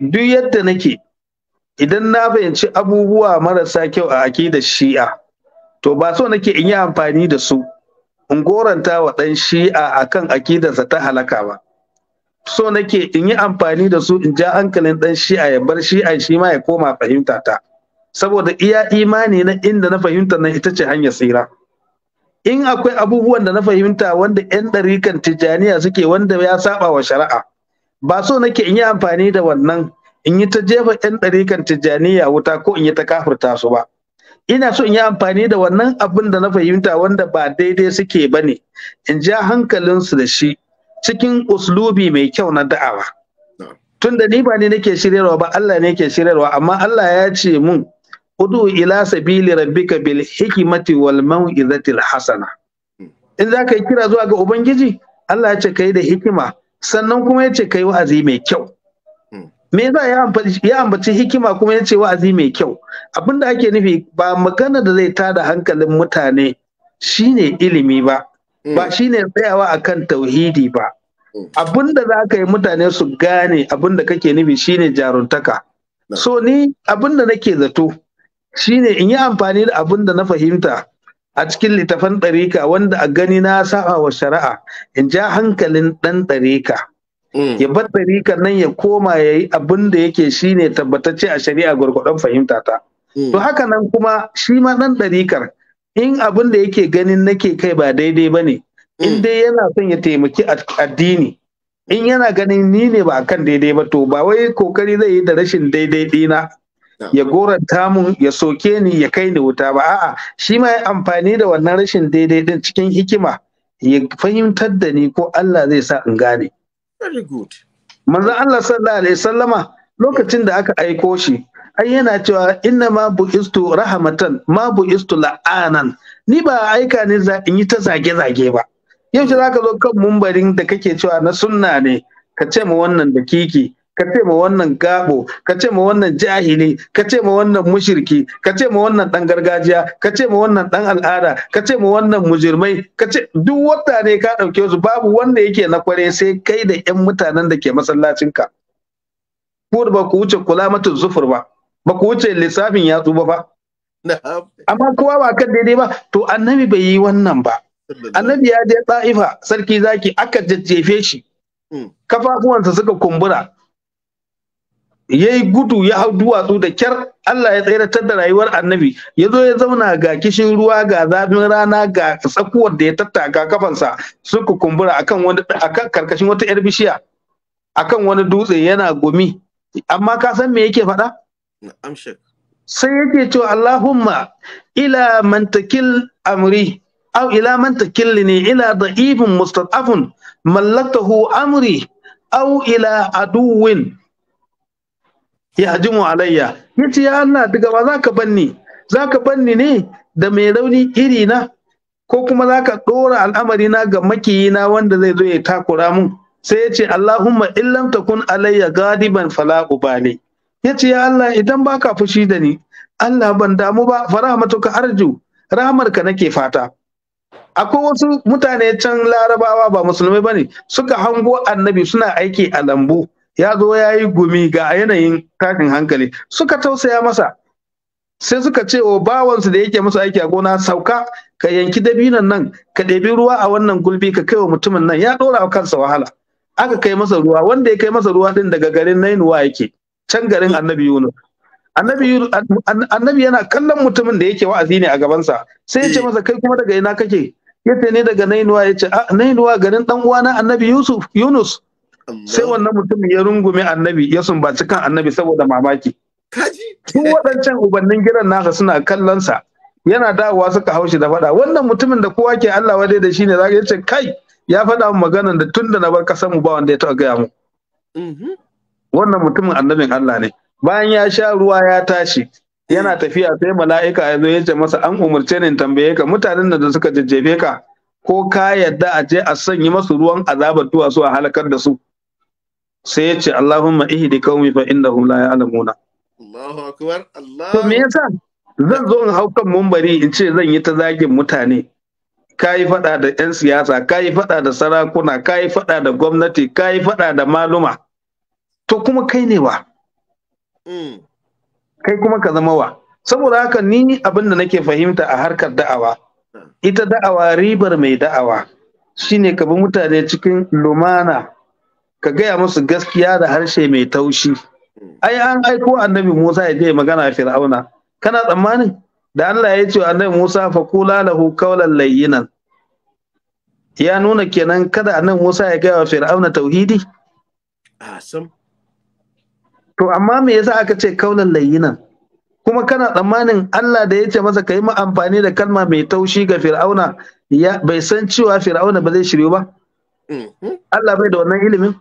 duk yadda nake idan na fahimci abubuwa marasa kyau a akidar shi'a to ba so nake in yi amfani da su in goranta wa ɗan shi'a a kan akidarsa ta halaka ba so nake in yi amfani da su in ja hankalin ɗan shi'a ya bar shi'a shi ma ya koma fahimta ta saboda iya imani na inda na fahimta nan ita ce hanyar tsira in akwai abubuwan da na fahimta wanda 'yan ɗarikan tijjaniya suke wanda ya saba wa shari'a ba so nake in yi amfani da wannan in yi ta jefa 'yan ɗarikan tijjaniya wuta ko in yi ta kafirta su ba ina so in yi amfani da wannan abin da na fahimta wanda ba daidai suke ba ne in ja hankalinsu da shi cikin uslubi mai kyau na da'awa Tunda ni ba ne nake shiryarwa ba Allah ne ke shiryarwa amma Allah ya ce mun udu ila sabili rabbika bil hikmati wal mau'izatil hasana hmm. in za ka yi kira zuwa ga ubangiji Allah ya ce kai da hikima sannan kuma ya ce kai wa'azi mai kyau me za ya ambaci ya ambaci hikima kuma ya ce wa'azi mai kyau abinda ake nufi ba magana da zai tada hankalin mutane shine ilimi ba mm. ba shine tsayawa kan tauhidi ba mm. abinda za ka yi mutane su gane abinda kake nufi shine jaruntaka so ni abinda nake zato shine in yi amfani da abinda na fahimta a cikin littafan ɗarika wanda a gani na saba wa shari'a in ja hankalin ɗan ɗarika Mm. ya bar ɗariƙar nan ya koma ya yi abin da yake ne tabbatacce a shari'a gwargwadon fahimta ta. Mm. To haka nan kuma shi ma ɗan ɗarikar in abin da yake ganin nake kai ba daidai ba ne mm. in dai yana son ya taimaki addini in yana ganin ni ne ba kan daidai ba to ba wai kokari zai yi da rashin daidai ɗina ya goranta mun ya soke ni ya kai ni wuta ba a'a shi ma ya amfani da wannan rashin daidai ɗin cikin hikima ya fahimtar da ni ko Allah zai sa in gane. Very good. Manzon Allah sallallahu alaihi sallama lokacin da aka aiko shi ai yana cewa inna ma bu'istu rahmatan ma bu'istu la'anan ni ba aika ne in yi ta zage-zage ba. Yau shi zaka zo kan mumbarin da kake cewa na sunna ne ka ce mu wannan da kiki ka ce ma wannan gabo ka ce ma wannan jahili ka ce ma wannan mushirki ka ce ma wannan dan gargajiya ka ce ma wannan dan al'ada ka ce ma wannan mujirmai ka ce duk wata ne ka dauke su babu wanda yake na kware sai kai da yan mutanen da ke masallacin ka ko ba ku wuce kula mata zufur ba ba ku wuce lissafin yatsu ba ba amma kowa ba kan daidai ba to annabi bai yi wannan ba annabi ya je ta'ifa sarki zaki aka jajjefe shi mm. kafafuwansa suka kumbura ya yi gudu ya hau duwatsu da kyar Allah ya tsayar da rayuwar annabi ya zo ya zauna ga kishin ruwa ga zafin rana ga tsakuwar da ya tattaka kafansa suka kumbura akan wani karkashin wata yar bishiya akan wani dutse yana gumi amma ka san me yake faɗa sai yake cewa Allahumma ila mantakil amri aw ila mantakil ne ila da'ifin mustad'afun mallaktahu amri aw ila aduwin ya ajimu alayya ya ce ya Allah daga ba za ka banni za ka banni ne da mai rauni iri na ko kuma za ka ɗora al'amari na ga na wanda zai zo ya takura mun sai ya ce Allahumma illam takun alayya gadiban fala ubali ya ce ya Allah idan baka fushi da ni Allah ban damu ba farahmatuka arju ka nake fata akwai wasu mutane can larabawa ba musulmai bane suka hango annabi suna aiki a lambu ya zo ya yi gumi ga a yanayin tashin hankali suka tausaya masa sai suka ce wa bawansu da yake musu aiki a gona sauka ka yanki dabinan nan ka ɗebi ruwa a wannan gulbi ka kai wa mutumin nan ya ɗora wa kansa wahala aka kai masa ruwa wanda ya kai masa ruwa din daga garin nainuwa yake can garin annabi yunus annabi yana kallon mutumin da yake wa'azi ne a gabansa sai ya ce masa kai kuma daga ina kake yace ne daga nainuwa yace a ah, nainuwa garin dan uwana annabi yusuf yunus sai wannan mutumin ya rungume annabi ya sumbaci kan annabi saboda mamaki tun waɗancan ubannin gidan nasa suna kallonsa yana dawowa suka haushi da faɗa wannan mutumin da kowa ke Allah wadai da shi ne zaka ce kai ya faɗa mu maganar da tun da na bar kasar mu ba wanda ya taɓa gaya mu mhm. wannan mutumin annabin Allah ne bayan ya sha ruwa ya tashi yana tafiya sai mala'ika ya zo ya ce masa an umarce ni tambaye ka mutanen da suka jajjefe ka ko ka yadda a je a sanya masu ruwan azabar duwatsu a halakar da su sai ya ce Allahumma ihdi qaumi fa innahum la ya'lamuna Allahu akbar Allah to me yasa zan zo in hau kan mumbari in ce zan yi ta zagin mutane kayi fada da yan siyasa kayi fada da sarakuna kayi fada da gwamnati kayi fada da maluma to kuma kai ne wa mm. kai kuma ka zama wa saboda haka ni abin da nake fahimta a harkar da'awa ah. ita da'awa ribar mai da'awa shine ka bi mutane cikin lumana ka gaya musu gaskiya da harshe mai taushi ai an aiko annabi Musa ya je magana a Fir'auna kana tsammani da Allah ya ce annabi Musa fa kula lahu kaulan layyinan ya nuna kenan kada annabi Musa ya gaya wa Fir'auna tauhidi asam to amma me yasa aka ce kaulan layyinan kuma kana tsammanin Allah da ya ce masa kai mu amfani da kalma mai taushi ga Fir'auna bai san cewa Fir'auna ba zai shiryu ba mhm. Allah bai da wannan ilimin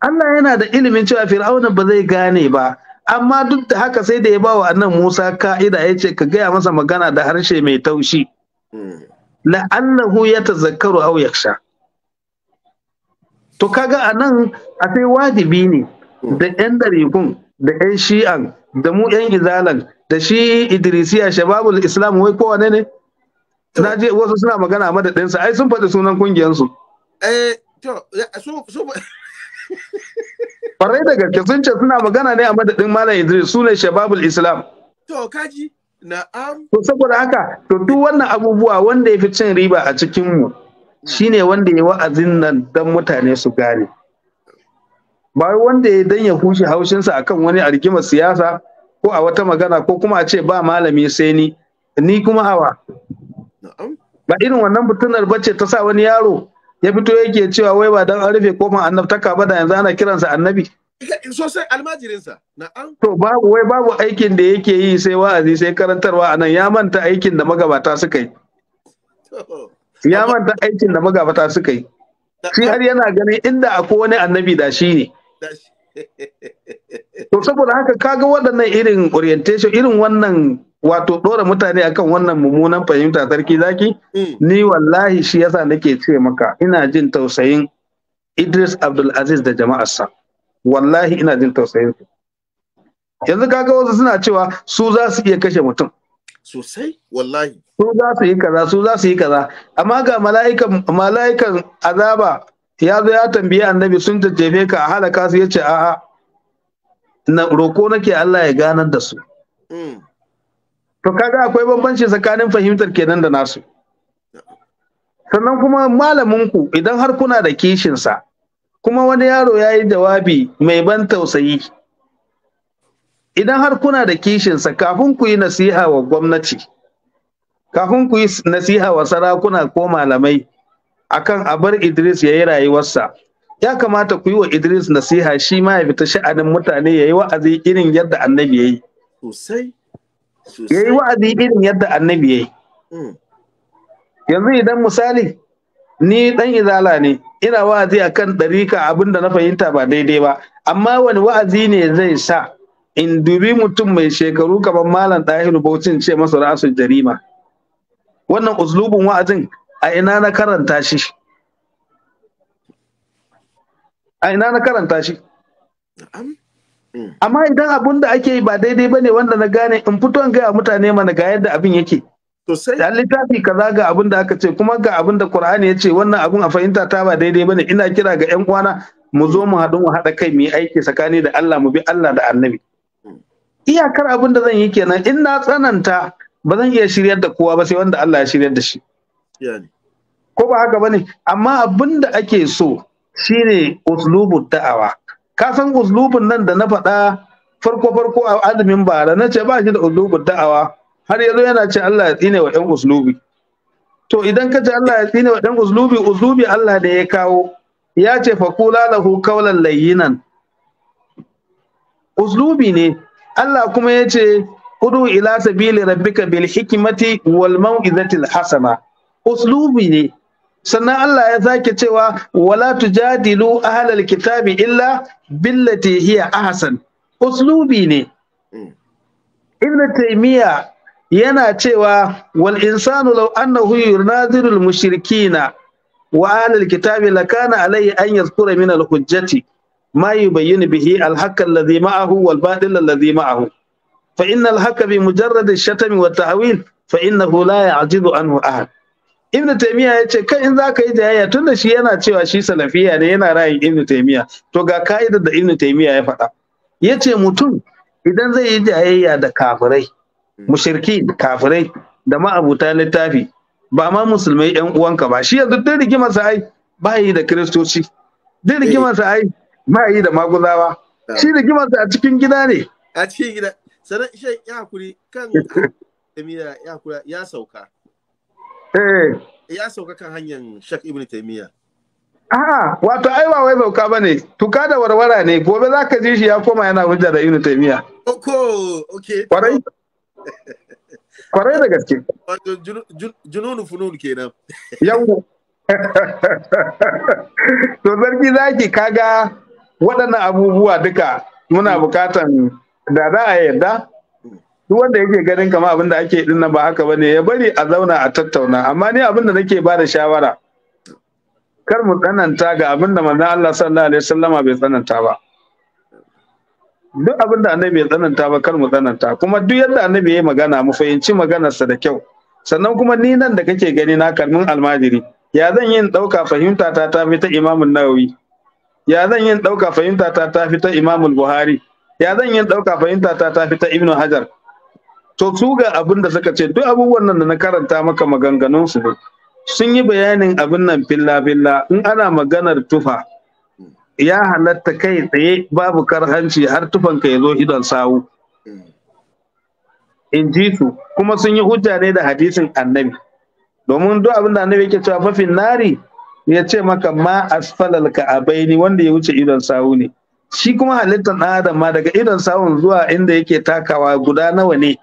Allah yana da ilimin cewa Fir'auna ba zai gane ba, amma duk da haka sai da ya ba wa annan Musa ka'ida ya ce ka gaya masa magana da harshe mai taushi. La'annahu ya tazakkaru au yaksha. To kaga anan a sai wajibi ne da 'yan darikun da 'yan shi'an da mu 'yan izalan da shi Idrisiya Shababul Islam wai kowane ne? Na je wasu suna magana madaɗinsa? madadinsa ai sun faɗi sunan kungiyarsu. Eh To, Farai da gaske sun ce suna magana ne a madadin Malam Idris su ne Shababul Islam. To, kaji, na'am. To, saboda haka, to duk wannan abubuwa wanda ya fi cin riba a cikinmu shi ne wanda ya wa'azin nan don mutane su gane. Ba wanda ya dan ya hushe haushinsa kan wani argimar siyasa ko a wata magana ko kuma a ce ba malami sai ni, ni kuma hawa. Ba irin wannan ba bace ta sa wani yaro ya fito yake cewa wai ba dan an rufe kofar annabtaka ba da yanzu ana kiransa annabi sosai to babu wai babu aikin da yake yi sai wa'azi sai karantarwa a nan ya manta aikin da magabata suka yi ya manta aikin da magabata suka yi shi har yana ganin inda akwai wani annabi da shi ne [laughs] to saboda haka kaga waɗannan irin orientation irin wannan wato ɗora mutane akan wannan mummunan fahimta sarki zaki mm. ni wallahi shi yasa nake ce maka ina jin tausayin Idris abdul aziz da jama'arsa wallahi ina jin tausayin su yanzu kaga wasu suna cewa su za su iya kashe mutum sosai wallahi su za su yi kaza su za su yi kaza amma ga mala'ikan mala'ikan azaba ya zo ya tambaye annabi sun jajjefe ka a halaka su ce a'a na roko nake Allah ya ganar da su mm. to kaga akwai bambanci tsakanin fahimtar kenan da nasu sannan kuma malaminku, idan har kuna da kishinsa, kuma wani yaro ya yi jawabi mai ban tausayi idan har kuna da kishinsa kafin ku yi nasiha wa gwamnati kafin ku yi nasiha wa sarakuna ko malamai akan abar Idris ya yi rayuwarsa ya kamata ku yi wa Idris nasiha shi ma ya fita sha'anin mutane ya yi wa'azi irin yadda annabi ya yi. Ya yi wa'azi irin yadda annabi ya yi. Mm. Yanzu idan misali, ni ɗan izala ne, ina wa'azi a kan ɗarika abin da na fahimta ba daidai ba, amma wani wa'azi ne zai sa in dubi mutum mai shekaru kamar Malam Ɗahiru Bauchin ce masa rasu jarima. Wannan uslubin wa'azin a ina na karanta shi. a ina na karanta shi hmm. amma idan abun da ake yi ba daidai bane wanda na gane in fito in gaya mutane mana ga yadda abin yake sosai da littafi kaza ga abin da aka ce kuma ga abin da Qur'ani ya ce wannan abin a fahimta ta ba daidai bane ina kira ga 'yan uwana mu zo mu haɗu mu haɗa kai mu yi aiki tsakani da Allah mu bi Allah da Annabi hmm. iyakar abin da zan yi kenan in na tsananta ba zan iya shiryar da kowa ba sai wanda Allah ya shiryar da shi ko ba haka bane amma abin da ake so Shi ne uslubu da'awa ka san uslubun nan da na faɗa farko farko a azumin bara na ce ba shi da uslubu da'awa har yanzu yana ce Allah ya tsine wa ɗan uslubi to idan ka ce Allah ya tsine wa ɗan uslubi uslubi Allah da ya kawo ya ce fa kula lahu qawlan layyinan uslubi ne Allah kuma ya ce udu ila sabili rabbika bil hikimati wal mau'izatil hasana uslubi ne sannan Allah ya zaki cewa wala tujadilu ahlal kitabi illa billati hiya ahsan uslubi ne ibn taymiya yana cewa wal insanu law annahu yunadiru al mushrikina wa ahlal kitabi lakana alayhi an yadhkura min al hujjati ma yubayyinu bihi al haqq alladhi ma'ahu wal batil alladhi ma'ahu fa inna al haqq bi mujarrad al shatm wa ta'wil fa innahu la ya'jizu anhu ahad Ibn Taymiyyah ya ce kai in za ka yi jayayya tunda shi yana cewa shi salafiya ne yana rayin Ibn Taymiyyah to ga ka'idar da Ibn Taymiyyah ya faɗa ya ce mutum idan zai yi jayayya da kafirai mushirki kafirai da ma'abuta littafi ba ma musulmai yan uwanka ba shi yanzu duk rigimar sa ai ba yi da kiristoci duk rigimar sa ai ba yi da maguzawa shi rigimar sa a cikin gida ne a cikin gida sanan shi ya hakuri kan [laughs] ya sauka Eh. ya sauka kan hanyar Sheikh Ibn Taymiyya. A'a, wato ai ba wai sauka ba ne, tuka da warwara ne, gobe za ka ji shi ya koma yana hujja da Ibn Taymiyya. Oko, okay. Kwarai. [laughs] Kwarai da gaske. Wato jununu funun kenan. [laughs] Yau. To zargi zaki kaga waɗannan abubuwa duka muna mm. bukatan da za a yarda duk wanda yake ganin kama abin da ake din nan ba haka bane ya bari a zauna a tattauna amma ni abin da nake ba da shawara kar mu tsananta ga abin da manzon Allah sallallahu alaihi wasallama bai tsananta ba duk abin da annabi ya tsananta ba kar mu tsananta kuma duk yadda annabi ya magana mu fahimci maganarsa da kyau sannan kuma ni nan da kake gani na kalmin almajiri ya zan yin ɗauka fahimta ta ta fi ta imamun nawawi ya zan yin ɗauka fahimta ta ta fi ta imamul buhari ya zan yin ɗauka fahimta ta ta fi ta ibnu hajar to su ga abin da suka ce duk abubuwan nan da na karanta maka maganganun su ne sun yi bayanin abin nan filla filla in ana maganar tufa ya halatta kai tsaye babu karhanci har tufanka ya zo idon sawu in ji su kuma sun yi hujja ne da hadisin annabi domin duk abin da annabi yake cewa fafin nari ya ce maka ma asfalal ka abaini wanda ya wuce idon sawu ne shi kuma halittar ɗan adam ma daga idon sawun zuwa inda yake takawa guda nawa ne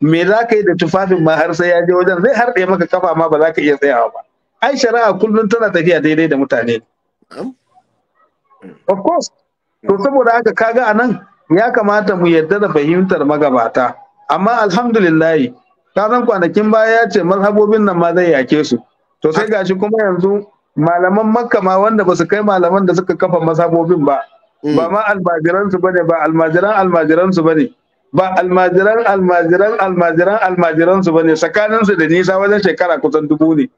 me za ka yi da tufafin ma har sai ya je wajen zai harɗe maka kafa ma ba za ka iya tsayawa ba ai shari'a kullum tana tafiya daidai da mutane of course to saboda haka kaga a nan ya kamata mu yarda da fahimtar magabata amma alhamdulillahi ka san kwanakin baya ya ce mazhabobin nan ma zai yake su to sai gashi kuma yanzu malaman makka ma wanda ba su kai malaman da suka kafa mazhabobin ba mm. ba ma almajiransu ba ne, ba almajiran almajiransu ba ne. ba almajiran almajiran almajiran almajiran su bane tsakanin su da nisa wajen shekara kusan dubu ne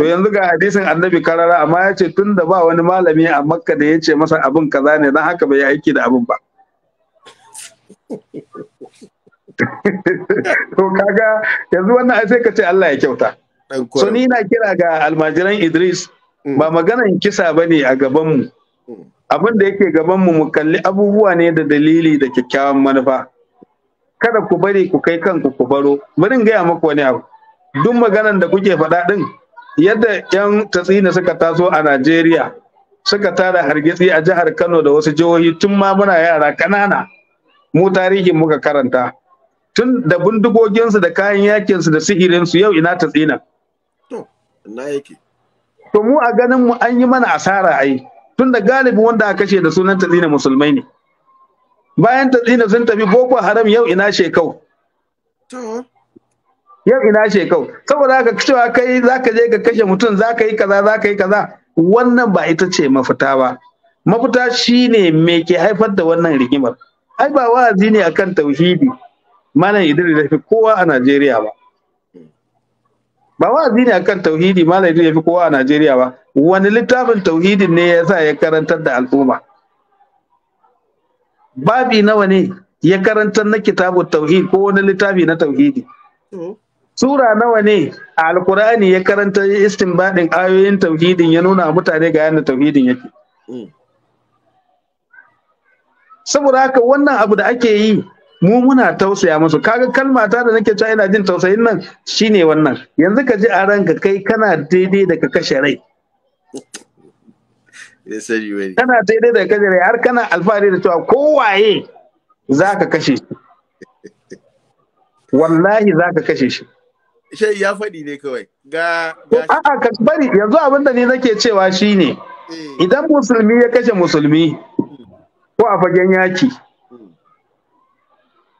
to yanzu ga hadisin annabi karara amma ya ce tunda ba wani malami a makka da ya ce masa abin kaza ne dan haka bai aiki da abin ba [laughs] to kaga yanzu wannan sai ka ce Allah ya kyauta so ni na kira ga almajiran Idris mm. ba maganan kisa bane a gaban mu mm. abin da yake gaban mu mu kalli abubuwa ne da dalili da kyakkyawan manufa kada ku bari ku kai kanku ku baro bari gaya maku wani abu duk maganan da kuke faɗa ɗin yadda 'yan tatsina suka taso a najeriya suka tara hargitsi a jihar kano da wasu jihohi tun ma muna yara ƙanana mu tarihi muka karanta tun da bindigoginsu da kayan yakinsu da sihirinsu yau ina tatsina to to mu a ganin mu an yi mana asara ai tun da galibin wanda aka kashe da sunan tatsina musulmai ne bayan ta tsina sun tafi boko haram yau ina shekau yau ina shekau saboda haka cewa kai zaka je ka kashe mutum za ka yi kaza za ka yi kaza wannan ba ita ce mafita ba mafita shine me ke haifar da wannan rigimar ai ba wa'azi ne akan tauhidi malam idris da fi kowa a najeriya ba ba wa'azi ne akan tauhidi malam idris da fi kowa a najeriya ba wani littafin tauhidin ne ya sa ya karantar da al'umma babi nawa ne ya karantar na kitabu tauhid ko wani littafi na tauhidi sura nawa ne a alkur'ani ya karanta istinbadin ayoyin tauhidin ya nuna mutane ga yadda tauhidin yake mm. saboda haka wannan abu da ake yi mu muna tausaya musu kaga kalmata da nake cewa ina jin tausayin nan shine wannan yanzu ka ji a ranka kai kana daidai da ka kashe rai [laughs] ya sani wani kana daidai da kaje har kana alfahari da cewa kowaye za ka kashe shi wallahi ka kashe shi shai ya faɗi ne kawai ga a'a ka bari yanzu abin da ni nake cewa shi ne. Eh. idan musulmi ya kashe musulmi ko a fagen yaki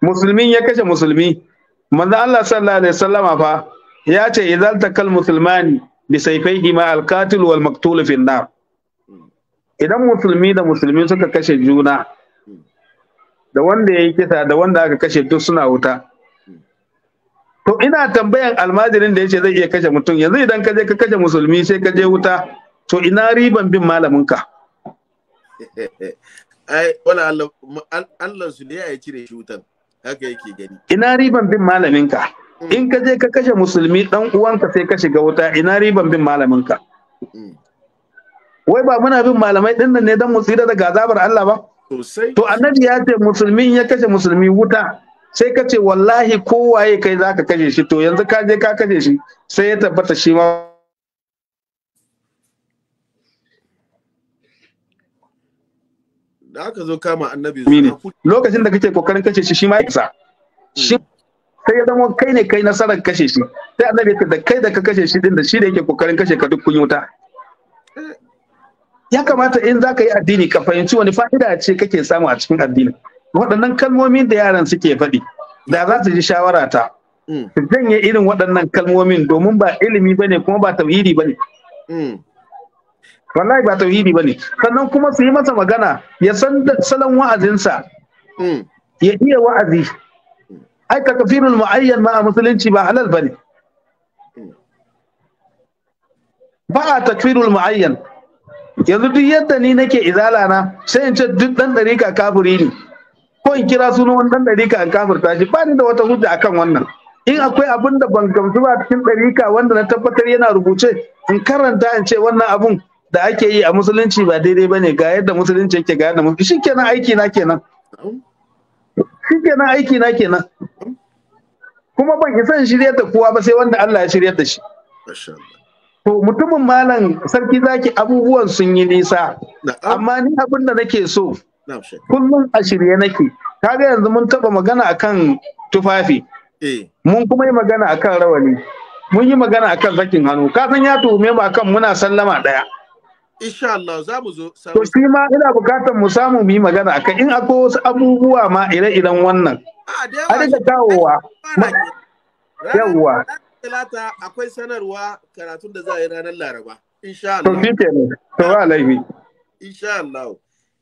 musulmin ya kashe musulmi manzo Allah sallallahu alaihi wasallama fa ya ce idan takal musulmani bi sayfaihi ma al-qatil wal maqtul fi nar idan musulmi da musulmi suka kashe juna da wanda ya yi kisa da wanda aka kashe duk suna wuta to ina tambayan almajirin da ya ce zai iya kashe mutum yanzu idan ka je ka kashe musulmi sai ka je wuta to ina riban bin malaminka [laughs] ai wala Allah Allah su ne ya cire shi wutan haka yake gani ina riban bin malaminka mm. in ka je ka kashe musulmi dan uwanka sai ka shiga wuta ina riban bin malaminka mm. wai ba muna bin malamai din nan ne dan mu tsira daga azabar Allah ba to annabi ya ce musulmi ya kashe musulmi wuta sai ka ce wallahi kowaye kai zaka kashe shi to yanzu ka je ka kashe shi sai ya tabbata shi ma da aka zo kama annabi lokacin da kake kokarin kashe shi shi ma yasa shi hmm. sai ya zama kai ne kai nasarar kashe shi sai annabi ya da kai da ka kashe shi din da shi da yake kokarin kashe ka duk kun yi wuta eh, ya kamata in za ka yi addini ka fahimci wani fa'ida ce kake samu a cikin addini waɗannan kalmomin da yaran suke faɗi da za su ji shawara ta janye mm. irin waɗannan kalmomin domin ba ilimi ba ne kuma ba tauhidi ba ne mm. wallahi ba tauhidi ba ne sannan kuma su yi masa magana ya san da salon wa'azinsa mm. ya iya wa'azi ai ka kafirul mu'ayyan ma a musulunci ba halal ba ne ba a takfirul mu'ayyan yanzu duk yadda ni nake izala na sai in ce duk dan dariƙa kafiri ne ko in kira sunan wani dan dariƙa an kafirta shi ba ni da wata hujja akan wannan in akwai abin da ban gamsu ba cikin dariƙa wanda na tabbatar yana rubuce in karanta in ce wannan abun da ake yi a musulunci ba daidai bane ga yadda musulunci yake ga yadda musulunci shikenan aiki na kenan shikenan aiki na kenan kuma ban isa in shirya da kowa ba sai wanda Allah ya shirya da shi To mutumin malam sarki zaki abubuwan sun yi nisa. Amma ni abin da nake so kullum a shirye nake. Kaga yanzu mun taba magana akan tufafi. Eh. Mun kuma yi magana akan rawani. Mun yi magana akan zakin hannu. Ka san ya tuhume mu akan muna sallama daya. Insha Allah za mu zo. To shi ma ina bukatar mu samu mu yi magana akan in akwai wasu abubuwa ma ire-iren wannan. A daga kawowa. Yawwa. talata akwai sanarwa karatun da za a yi ranar laraba insha Allah to shi kenan to ba laifi insha Allah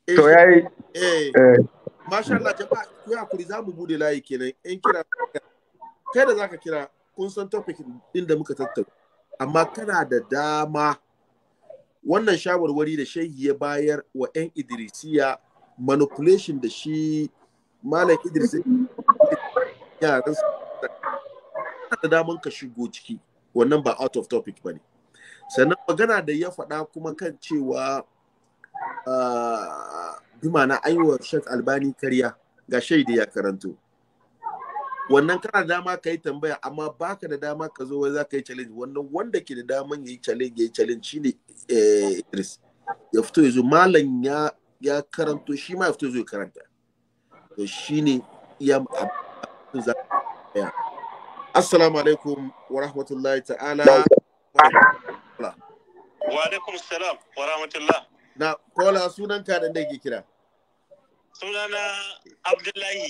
to eh. Eh. masha Allah ku hakuri za mu bude layi kenan in kira kai da zaka kira kun san topic din da muka tattauna amma kana da dama wannan shawarwari da shehi ya bayar wa 'yan idrisiya manipulation da shi malam idris kana da daman ka shigo ciki wannan ba out of topic ba ne sannan magana da ya faɗa kuma kan cewa ah, bi ma'ana aiwa shek albani karya ga shaida ya karanto wannan kana da dama ka yi tambaya amma baka da dama ka zo wai za ka yi challenge wannan wanda ke da daman ya yi challenge ya yi challenge shine eh, Idris ya fito ya zo malam ya ya karanto shi ma ya fito ya zo ya karanta to shine iya abin za ka Assalamu alaikum wa rahmatullahi ta'ala. Wa alaikum salam wa rahmatullah. Na kola sunan ka da ke kira. Sunana Abdullahi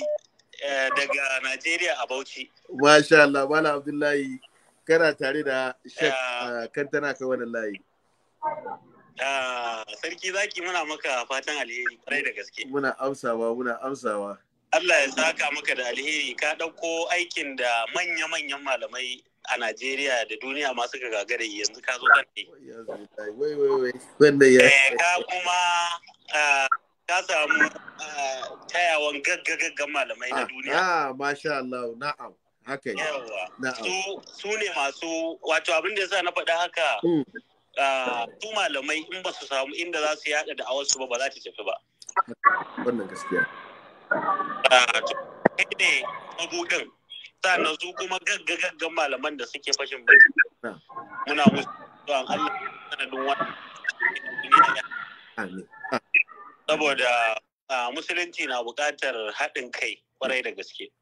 eh, daga Najeriya a Bauchi. Masha Allah, wala Abdullahi kana tare da shek eh, ah, kantana ka kai wannan layi. Ah, sarki zaki muna maka fatan alheri kwarai da gaske. Muna amsawa, muna amsawa. Allah ya saka maka da alheri ka ɗauko aikin da manya-manyan malamai a Najeriya da duniya masu ga gagare yanzu ka zo kan ne. Eh, ka kuma ah, ka samu ah, tayawan gaggagaggan malamai na ah, duniya. Ah, masha Allah, na'am. Haka yi. Su ne masu, wato abin da ya sa na faɗa haka, hmm. su malamai in ba su samu inda za su yaɗa da wasu ba ba za ta tafi ba. Wannan gaskiya. Ah, kai ne mabudin sannan su kuma gagga malaman da suke fashin baki muna musu zuwan Allah sanadin wannan saboda ah, musulunci na buƙatar haɗin kai kwarai da gaske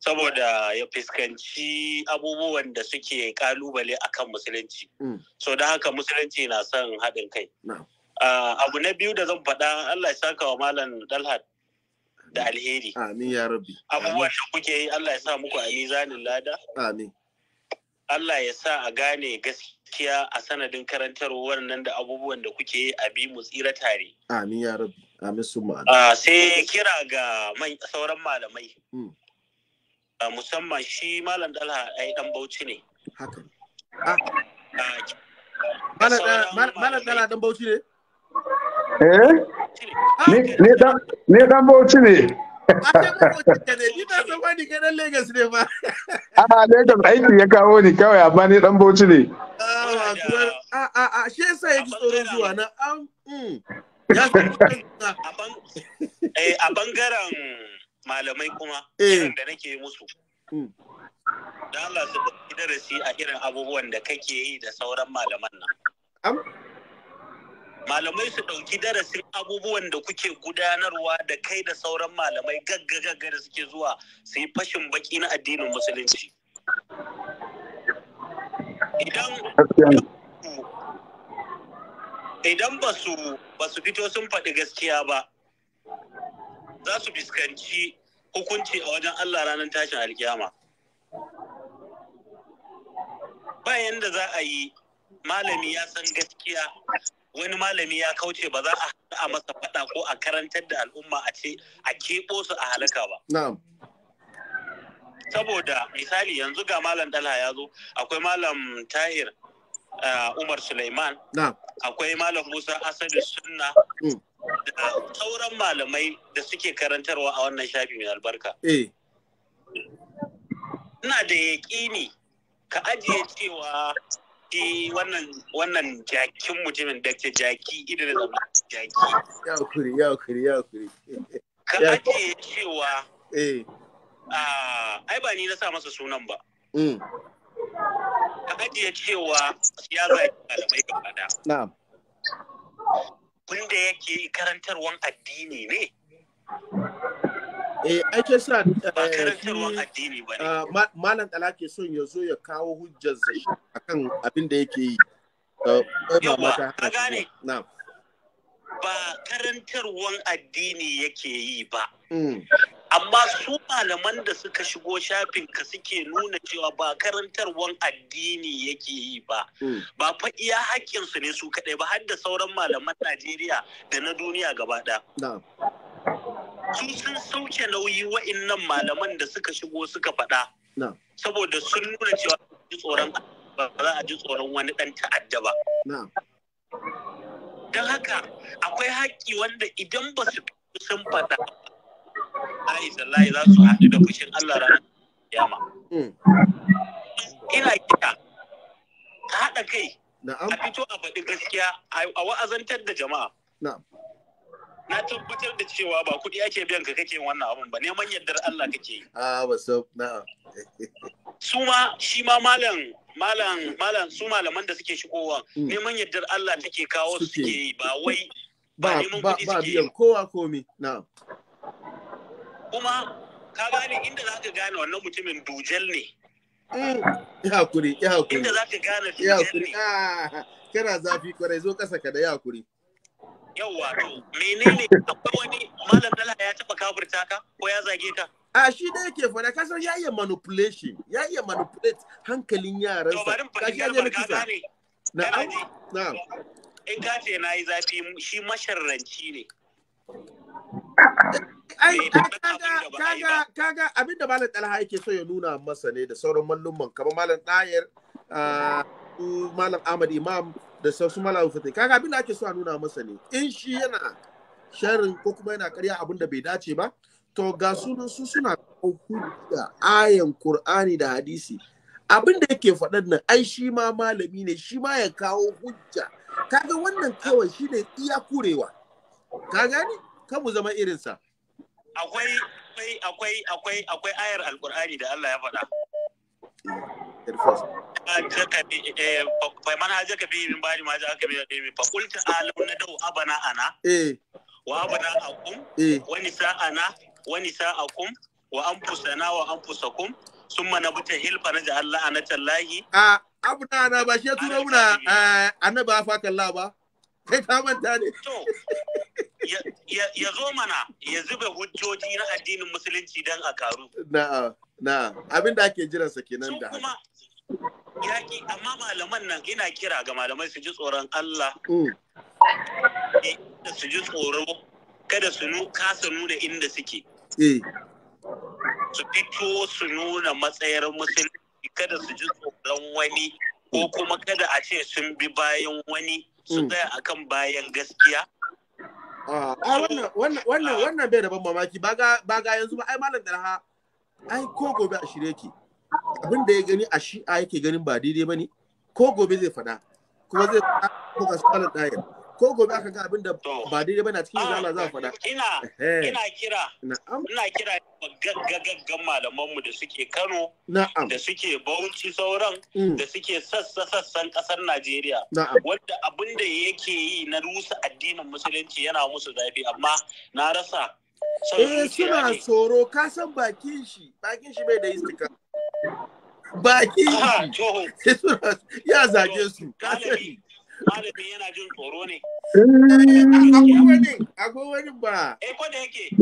saboda ya fuskanci abubuwan da suke a akan musulunci mm. so da haka musulunci na son haɗin kai ah, abu na biyu da zan faɗa Allah ya saka wa malam Dalhat da alheri. Amin ya rabbi. Abubuwan da kuke yi Allah ya sa muku a mizanin lada. Amin. Allah ya sa a gane gaskiya a sanadin karantarwar nan da abubuwan da kuke yi a bi mu tsira tare. Amin ya rabbi. Amin su ma'ana. Ah, sai kira ga sauran malamai. Hmm. Ah, musamman shi malam dalha ai dan bauchi ne. Haka. Ah, malam dalha dan bauchi ne? eh ah, ne dan bauchi ne ah, a Lagos ah, aiki ya kawo ni kawai amma ni dan bauchi ne a a a shi yasa yake mm. [laughs] tsoron zuwa na an eh, a bangaren malamai kuma eh. da nake musu mm. da Allah su darasi a irin abubuwan da kake yi da sauran malaman nan malamai su ɗauki darasin abubuwan da kuke gudanarwa da kai da sauran malamai gagga gagga da suke zuwa su yi fashin baki na addinin musulunci idan ba su fito sun faɗi gaskiya ba za su fuskanci hukunci a wajen Allah ranar tashin alkiyama bayan da za a yi malami ya san gaskiya wani malami ya kauce ba za a a masa faɗa ko a karantar da al'umma a ce a keɓo su a halaka ba. Saboda misali yanzu ga malam Dalha ya zo akwai malam Tahir uh, Umar Suleiman akwai malam Musa Asadu Sunna mm. da sauran malamai da suke karantarwa a wannan shafi mai albarka. Eh. Ina da yaƙini ka ajiye cewa jaki wannan wannan jakin mutumin da ke jaki idan da zama jaki ya kuri ya kuri ya kuri ka ake cewa eh ai ba ni na sa masa sunan ba mm. ka ake cewa ya zai malamai gaba da na'am wanda yake karantarwan addini ne Eh, ake sa eh, ah, malam ɗala ke son ya zo ya kawo hujjar zai akan abin da yake yi. Yawa, a gane. Ba karantarwan addini yake yi ba. Hmm. Amma su malaman da suka shigo shafin ka suke nuna cewa ba karantarwan addini yake yi ba. Hmm. Ba fa iya haƙƙinsu ne su kaɗai ba har da sauran malaman Najeriya da na duniya gaba ɗaya. su sun sauke nauyi wa'innan malaman da suka shigo suka faɗa saboda sun nuna cewa ji tsoron ba za a ji tsoron wani ɗan ta'adda ba don haka akwai haƙƙi wanda idan ba su sun faɗa ai zallahi za su haɗu da fushin Allah ranar kiyama hmm. ina kira haɗa kai a fito a faɗi gaskiya a wa'azantar da jama'a na tabbatar da cewa ba kuɗi ake biyan ka kake wannan abun ba neman yardar Allah kake yi a ba so na'am su ma shi ma malam malam malam su malaman da suke shigowa hmm. neman yardar Allah take kawo su suke yi ba wai ba neman kuɗi suke yi kowa komi na kuma ka gane inda za ka gane wannan mutumin dujel ne hmm. ya hakuri ya hakuri inda za ka gane dujel ne ah, kana zafi kwarai zo kasa ka da ya hakuri Yawwa, menene akwai wani malam dala ya taba kafirta ka ko ya zage ka? A shi da yake fada kasan ya yayi manipulation, ya manipulate hankalin yaransa. Ka shi aje kisa. na na. In ka ce na yi zafi shi masharranci ne. Ai, kaga kaga abin da malam Talha yake so ya nuna masa ne da sauran mallumman kamar malam Dayar, ah, malam Ahmad Imam da sausu malawi fatai kaga abin da ake so a nuna masa ne in shi yana sharin ko kuma yana karya abin da bai dace ba to ga sunan su suna da ayan qur'ani da hadisi abin da yake faɗan nan ai shi ma malami ne shi ma ya kawo hujja kaga wannan kawai shi ne iya kurewa ka gani kan mu zama irinsa akwai akwai akwai akwai ayar alqur'ani da Allah ya faɗa الفصل manhajar ka biyu min bari ma za ka biya ɗaya fa kulta alau na dau abana ana wa abana akum wa nisa ana wa nisa akum wa anfusana wa anfusakum summa nabta hilfa na ja'alla anata lahi a abuna ana ba shi ya turo muna eh, annabi afa kallah ba kai ka manta ne ya zo mana ya zuba hujjoji na addinin musulunci dan a karu na'a na'a abinda ake jiransa kenan da haka yaki amma malaman nan ina kira ga malamai su ji tsoron Allah mm. eh, da su ji tsoro kada su kasa nuna inda suke eh. su fito su nuna matsayar musulunci kada su ji tsoron wani ko mm. kuma kada a ce sun bi bayan wani su mm. tsaya akan bayan gaskiya ah, ah. wannan bai da ban mamaki ba ga yanzu ba ai malam da ai ko gobe a shirye ki abin da ya gani a shi'a yake ganin ba daidai ba ne ko gobe zai faɗa kuma zai faɗa ko ga salar ɗayar ko gobe aka ga abin da ba daidai ba na cikin zala za a faɗa. Ina kira ina kira gaggan malamanmu da suke Kano da suke Bauchi sauran mm. da suke sassa sassan ƙasar Najeriya wanda abin da yake yi na rusa addinin musulunci yana musu zafi amma na rasa. Eh suna tsoro ka san bakin shi bakin shi bai da istikama. baki [laughs] ya zage su malami yana jin tsoro ne eh, mm. akwai wani ba eh,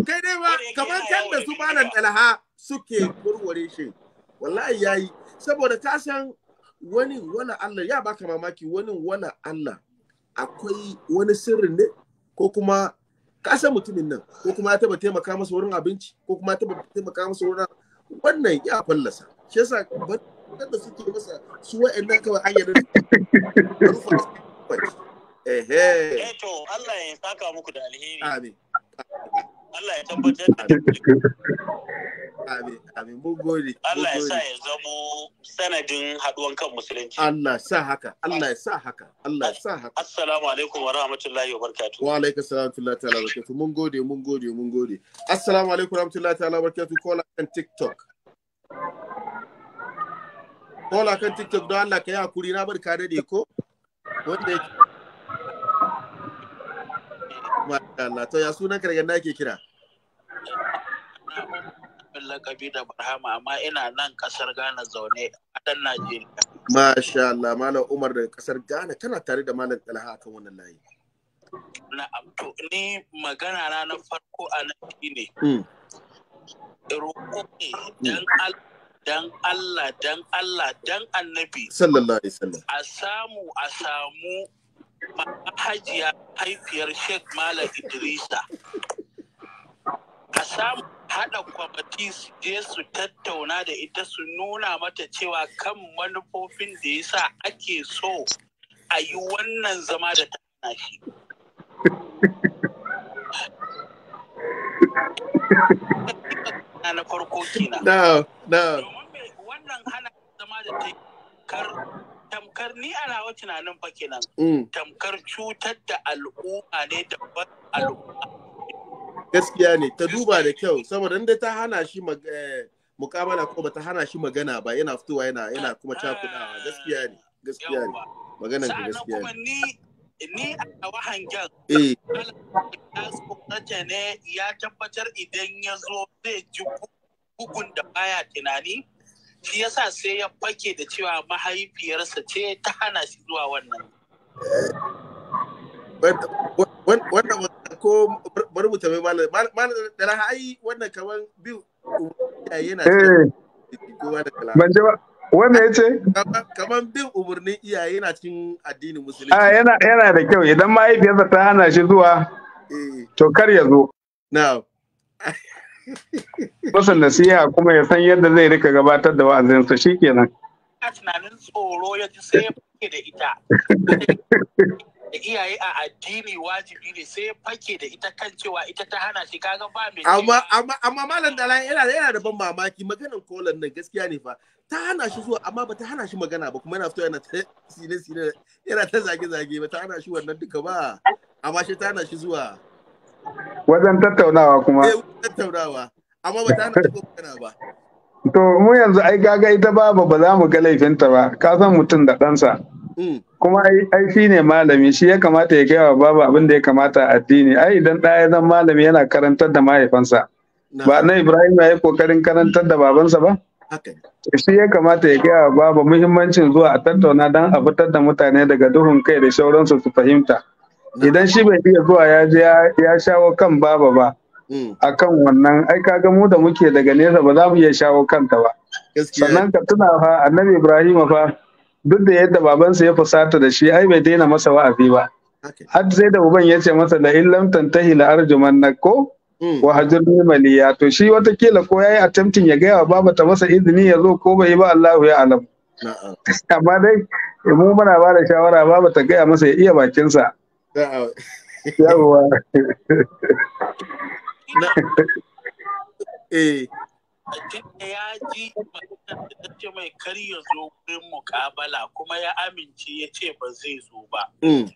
kai dai ba kamar kan da su malam dalha suke kurware shi wallahi yi. saboda ka san wani wani Allah ya baka mamaki wani wani Allah akwai wani sirrin ne ko kuma ka san mutumin nan ko kuma ya taɓa taimaka masa wurin abinci ko kuma ya taɓa taimaka masa wurin wannan ya fallasa shi yasa ban da suke masa su wa'annan kawai an yarda ehe eh to Allah ya saka muku da alheri amin Allah ya tabbatar da Amin, amin, mun gode. Allah ya sa ya zamo sanadin haɗuwan kan musulunci. Allah sa haka, Allah ya sa haka, Allah ya sa haka. Assalamu alaikum wa rahmatullahi wa barakatuh. Wa alaikum salam wa ta'ala wa barakatuh. Mun gode, mun gode, mun gode. Assalamu alaikum wa rahmatullahi ta'ala wa barakatuh. Kola kan TikTok. kola kan tiktok don Allah ka yi hakuri na bar ka dade ko wanda yake Allah to ya sunan ka daga ake kira bin lakabi da barhama amma ina nan kasar Ghana zaune a dan Najeriya Masha Allah malam Umar daga kasar Ghana kana tare da malam Talha akan wannan layi na to ni magana na na farko a nan shine hmm. roƙo ne hmm. dan Allah dan Allah dan Allah dan annabi sallallahu alaihi a samu a samu hajiya haifiyar Sheikh Malam Idrisa a samu haɗa kwamati su je su tattauna da ita su nuna mata cewa kan manufofin da ya sa ake so a yi wannan zama da ta shi. [laughs] na na farko kenan no [laughs] no wannan hana zama da kar tamkar ni a nawa tunanin fa kenan mm. tamkar cutar da al'umma ne da al'umma gaskiya ne ta duba da kyau saboda inda ta hana shi eh, mukamala ko bata hana shi magana ba yana fitowa yana yana kuma cakudawa gaskiya ne gaskiya ne maganar gaskiya ne ni a wahangar eh. ya ne ya tabbatar idan ya zo zai ji bugun da baya tunani shi yasa sai ya fake da cewa mahaifiyarsa ce ta hana shi zuwa wannan wannan ko marubuta mai malam malam da raha ai wannan kaman biyu yana eh. cikin kowa da kala ban ji wanda ya ce kamar bin umarnin iyaye na cikin addinin musulunci ah, yana yana da kyau idan mahaifiyarsa ta hana shi zuwa eh. to kar ya zo [laughs] masa nasiha kuma ya san yadda zai rika gabatar da wa'azinsa kenan a tunanin tsoro ya ji sai da ita [laughs] da iyaye a addini wajibi ne sai fake da ita kan cewa ita ta hana shi kaga ba mai amma amma amma malam dala yana yana da ban mamaki maganar kolan nan gaskiya ne fa ta hana shi zuwa amma ba ta hana shi magana ba kuma yana fito yana ta sine sine yana ta zage zage ba ta hana shi wannan duka ba amma shi ta hana shi zuwa wajen tattaunawa kuma eh tattaunawa amma ba ta hana shi magana ba to mu yanzu ai gaga ita ba ba za mu ga laifinta ba ka san mutum da ɗansa. Mm. kuma ai shi ne malami shi ya kamata ya gaya wa abin da ya kamata addini ai idan ɗaya zan malami yana karantar da mahaifansa ba na ibrahim ya yi kokarin karantar da babansa ba shi ya kamata ya gaya wa baba muhimmancin zuwa a tattauna don a fitar da mutane daga duhun kai da shauransu su fahimta idan shi bai iya zuwa ya je ya shawo kan baba ba mm. kan wannan ai ka ga mu da muke daga nesa ba za mu iya shawo kanta ba sannan ka tuna fa annabi ibrahim fa duk da yadda babansa ya fusata da shi ai bai daina masa wa'azi ba har sai da uban ya ce masa da illam tantahi la arjumannak ko mm. wa hajurni maliya to shi watakila ko yayi attempting ya gaya wa baba ta masa izini ya zo ko bai ba Allahu ya alam [laughs] amma dai mu muna ba da shawara baba ta gaya masa ya iya bakinsa yawwa [laughs] [laughs] eh, tunda ya ji da ce mai kar ya zo wurin mukabala kuma ya amince ya ce ba zai zo ba. Mm.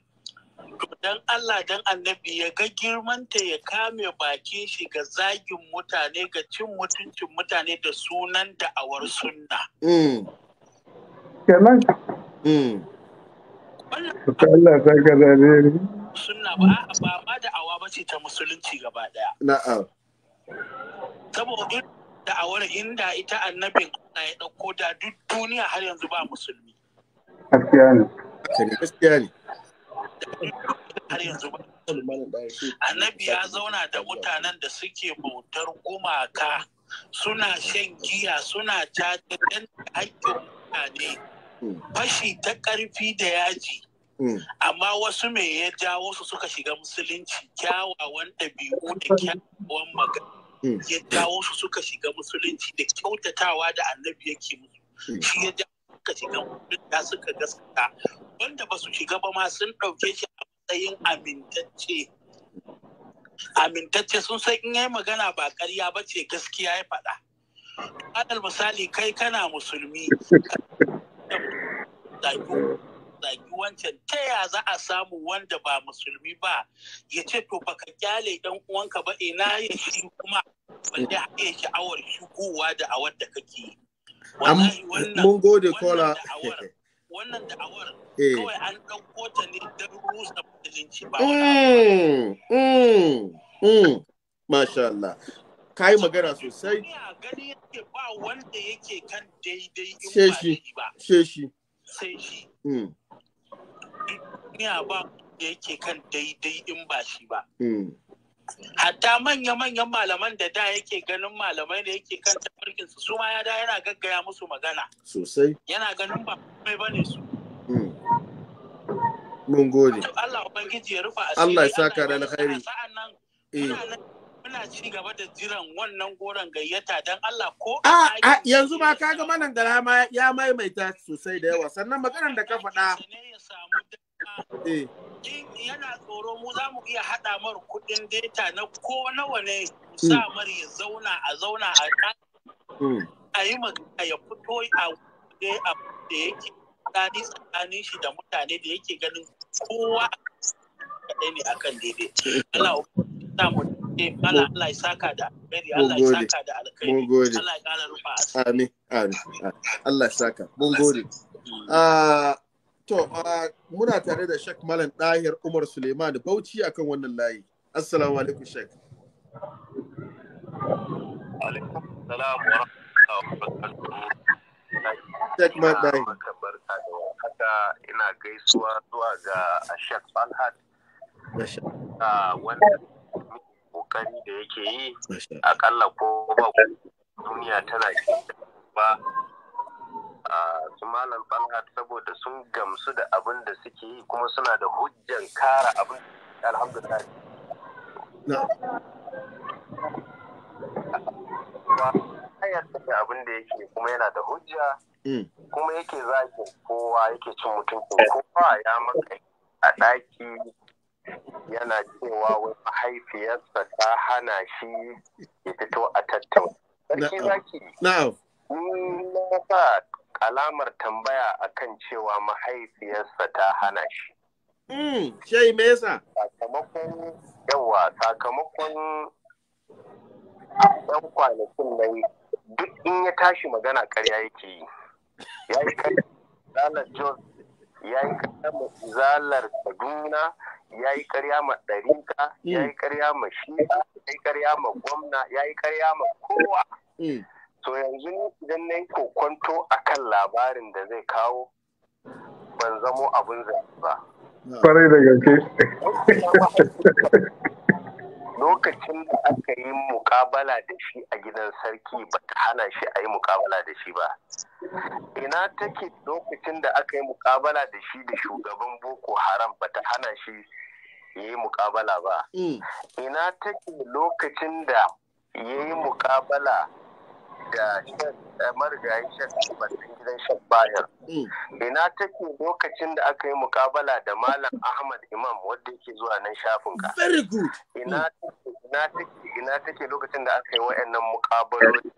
To dan Allah dan annabi ya ga girmanta ya kame bakin shi ga zagin mutane ga cin mutuncin mutane da sunan da'awar sunna. Mm. Kenan? Mm. Allah ta ka zane ne. Sunna ba ba ma da'awa ba ce ta musulunci gaba daya. Na'am. Saboda da'awar inda ita annabin Allah ya ɗauko da duk duniya har yanzu ba musulmi. Annabi ya zauna da mutanen da suke bautar gumaka suna shan giya suna da haƙƙin mutane fashi ta ƙarfi da yaji. Hmm. Amma wasu me ya jawo su suka shiga musulunci kyawawan ɗabi'u da kyawawan magana. Mm. ya wasu su suka shiga musulunci da kyautatawa da annabi yake musu mm. shi ya dawo suka shiga da suka gaskata wanda ba su shiga ba ma sun ɗauke shi a matsayin amintacce amintacce sun san in yi magana ba ƙarya ba ce gaskiya ya faɗa alal misali kai kana musulmi [laughs] zagi wancan ta ya za a samu wanda ba musulmi ba ya ce to baka kyale ɗan uwanka ba ina eh, ya shi kuma balle haɗe sha'awar shigowa da awar da kake yi. Mun gode kola. Wannan awar, [laughs] eh. kawai an ɗauko ta ne don rusa musulunci ba mm, mm, mm. Masha Allah. ka yi magana sosai. gani yake ba wanda yake kan daidai in ba ba. Sai shi. Sai shi. duniya ba da yake kan daidai in ba shi ba. Hmm. Hatta manya-manyan malaman da da yake ganin malamai da yake kan tafarkinsu su ma ya da yana gaggaya musu magana. Sosai. Yana ganin ba mai bane su. Hmm. Mun gode. Allah Ubangiji ya rufa asiri. Allah ya saka da alkhairi. Sa'an nan, eh. muna ci gaba da jiran wannan goron gayyata don Allah ko a yanzu ma kaga manan da rama ya maimaita sosai da yawa sannan maganar da ka faɗa eh. yana tsoro mu za mu iya haɗa mar kuɗin data na ko nawa ne hmm. sa mar ya zauna a zauna a hmm. yi magana ya fito a da yake tsani tsakanin shi da mutane da yake ganin kowa kaɗai ne akan daidai. Eh. Allah ya Eh, Allah Allah ya saka da Allah ya saka da alkhairi. Mun gode. Allah ya rufa Amin, amin. Allah ya saka. Mun gode. Ah, to, ah, muna tare da Sheikh Malam Dahir Umar Suleiman Bauchi akan wannan layi. Assalamu alaikum Sheikh. Alaikum salam wa rahmatullahi wa barakatuh. Sheikh haka ina gaisuwa zuwa ga Sheikh Falhat. Ah, wanda kokari da yake yi akalla ko ba duniya tana ba ah, su malam ɓangar saboda sun gamsu da abin da suke yi kuma suna da hujjan kara abin da alhamdulillah abin da yake kuma yana da hujja hmm. kuma yake zaki kowa yake cin mutum kowa ya maka a ɗaki yana cewa wai mahaifiyarsa ta hana shi ya fito a tattauna. Sarki zaki. Na sa alamar tambaya a kan cewa mahaifiyarsa ta hana shi. Hmm, shai me yasa? Sakamakon yawa sakamakon ɗan kwanakin nan duk in ya tashi magana ƙarya yake yi. Ya yi kai, Dallas Jones ya yi karya ma izalar kaduna ya yi karya ma ɗarika mm. ya yi karya ma shi'a ya yi karya ma gwamna ya yi karya ma kowa mm. to yanzu idan na yi kokonto a kan labarin da zai kawo ban zamo abin zai ba. Kwarai da gaske. [laughs] lokacin da aka yi mukabala da shi a gidan sarki ba ta hana shi a yi mukabala da shi ba ina take lokacin da aka yi mukabala da shi da shugaban boko haram ba ta hana shi ya yi mukabala ba mm. ina take lokacin da ya yi mukabala da shan eh, marigayi shan batun gidan shan bayar hmm. ina take lokacin da aka yi mukabala da malam ahmad imam wadda yake zuwa nan shafin ka very good ina hmm. take lokacin da aka yi wa'annan mukabaloli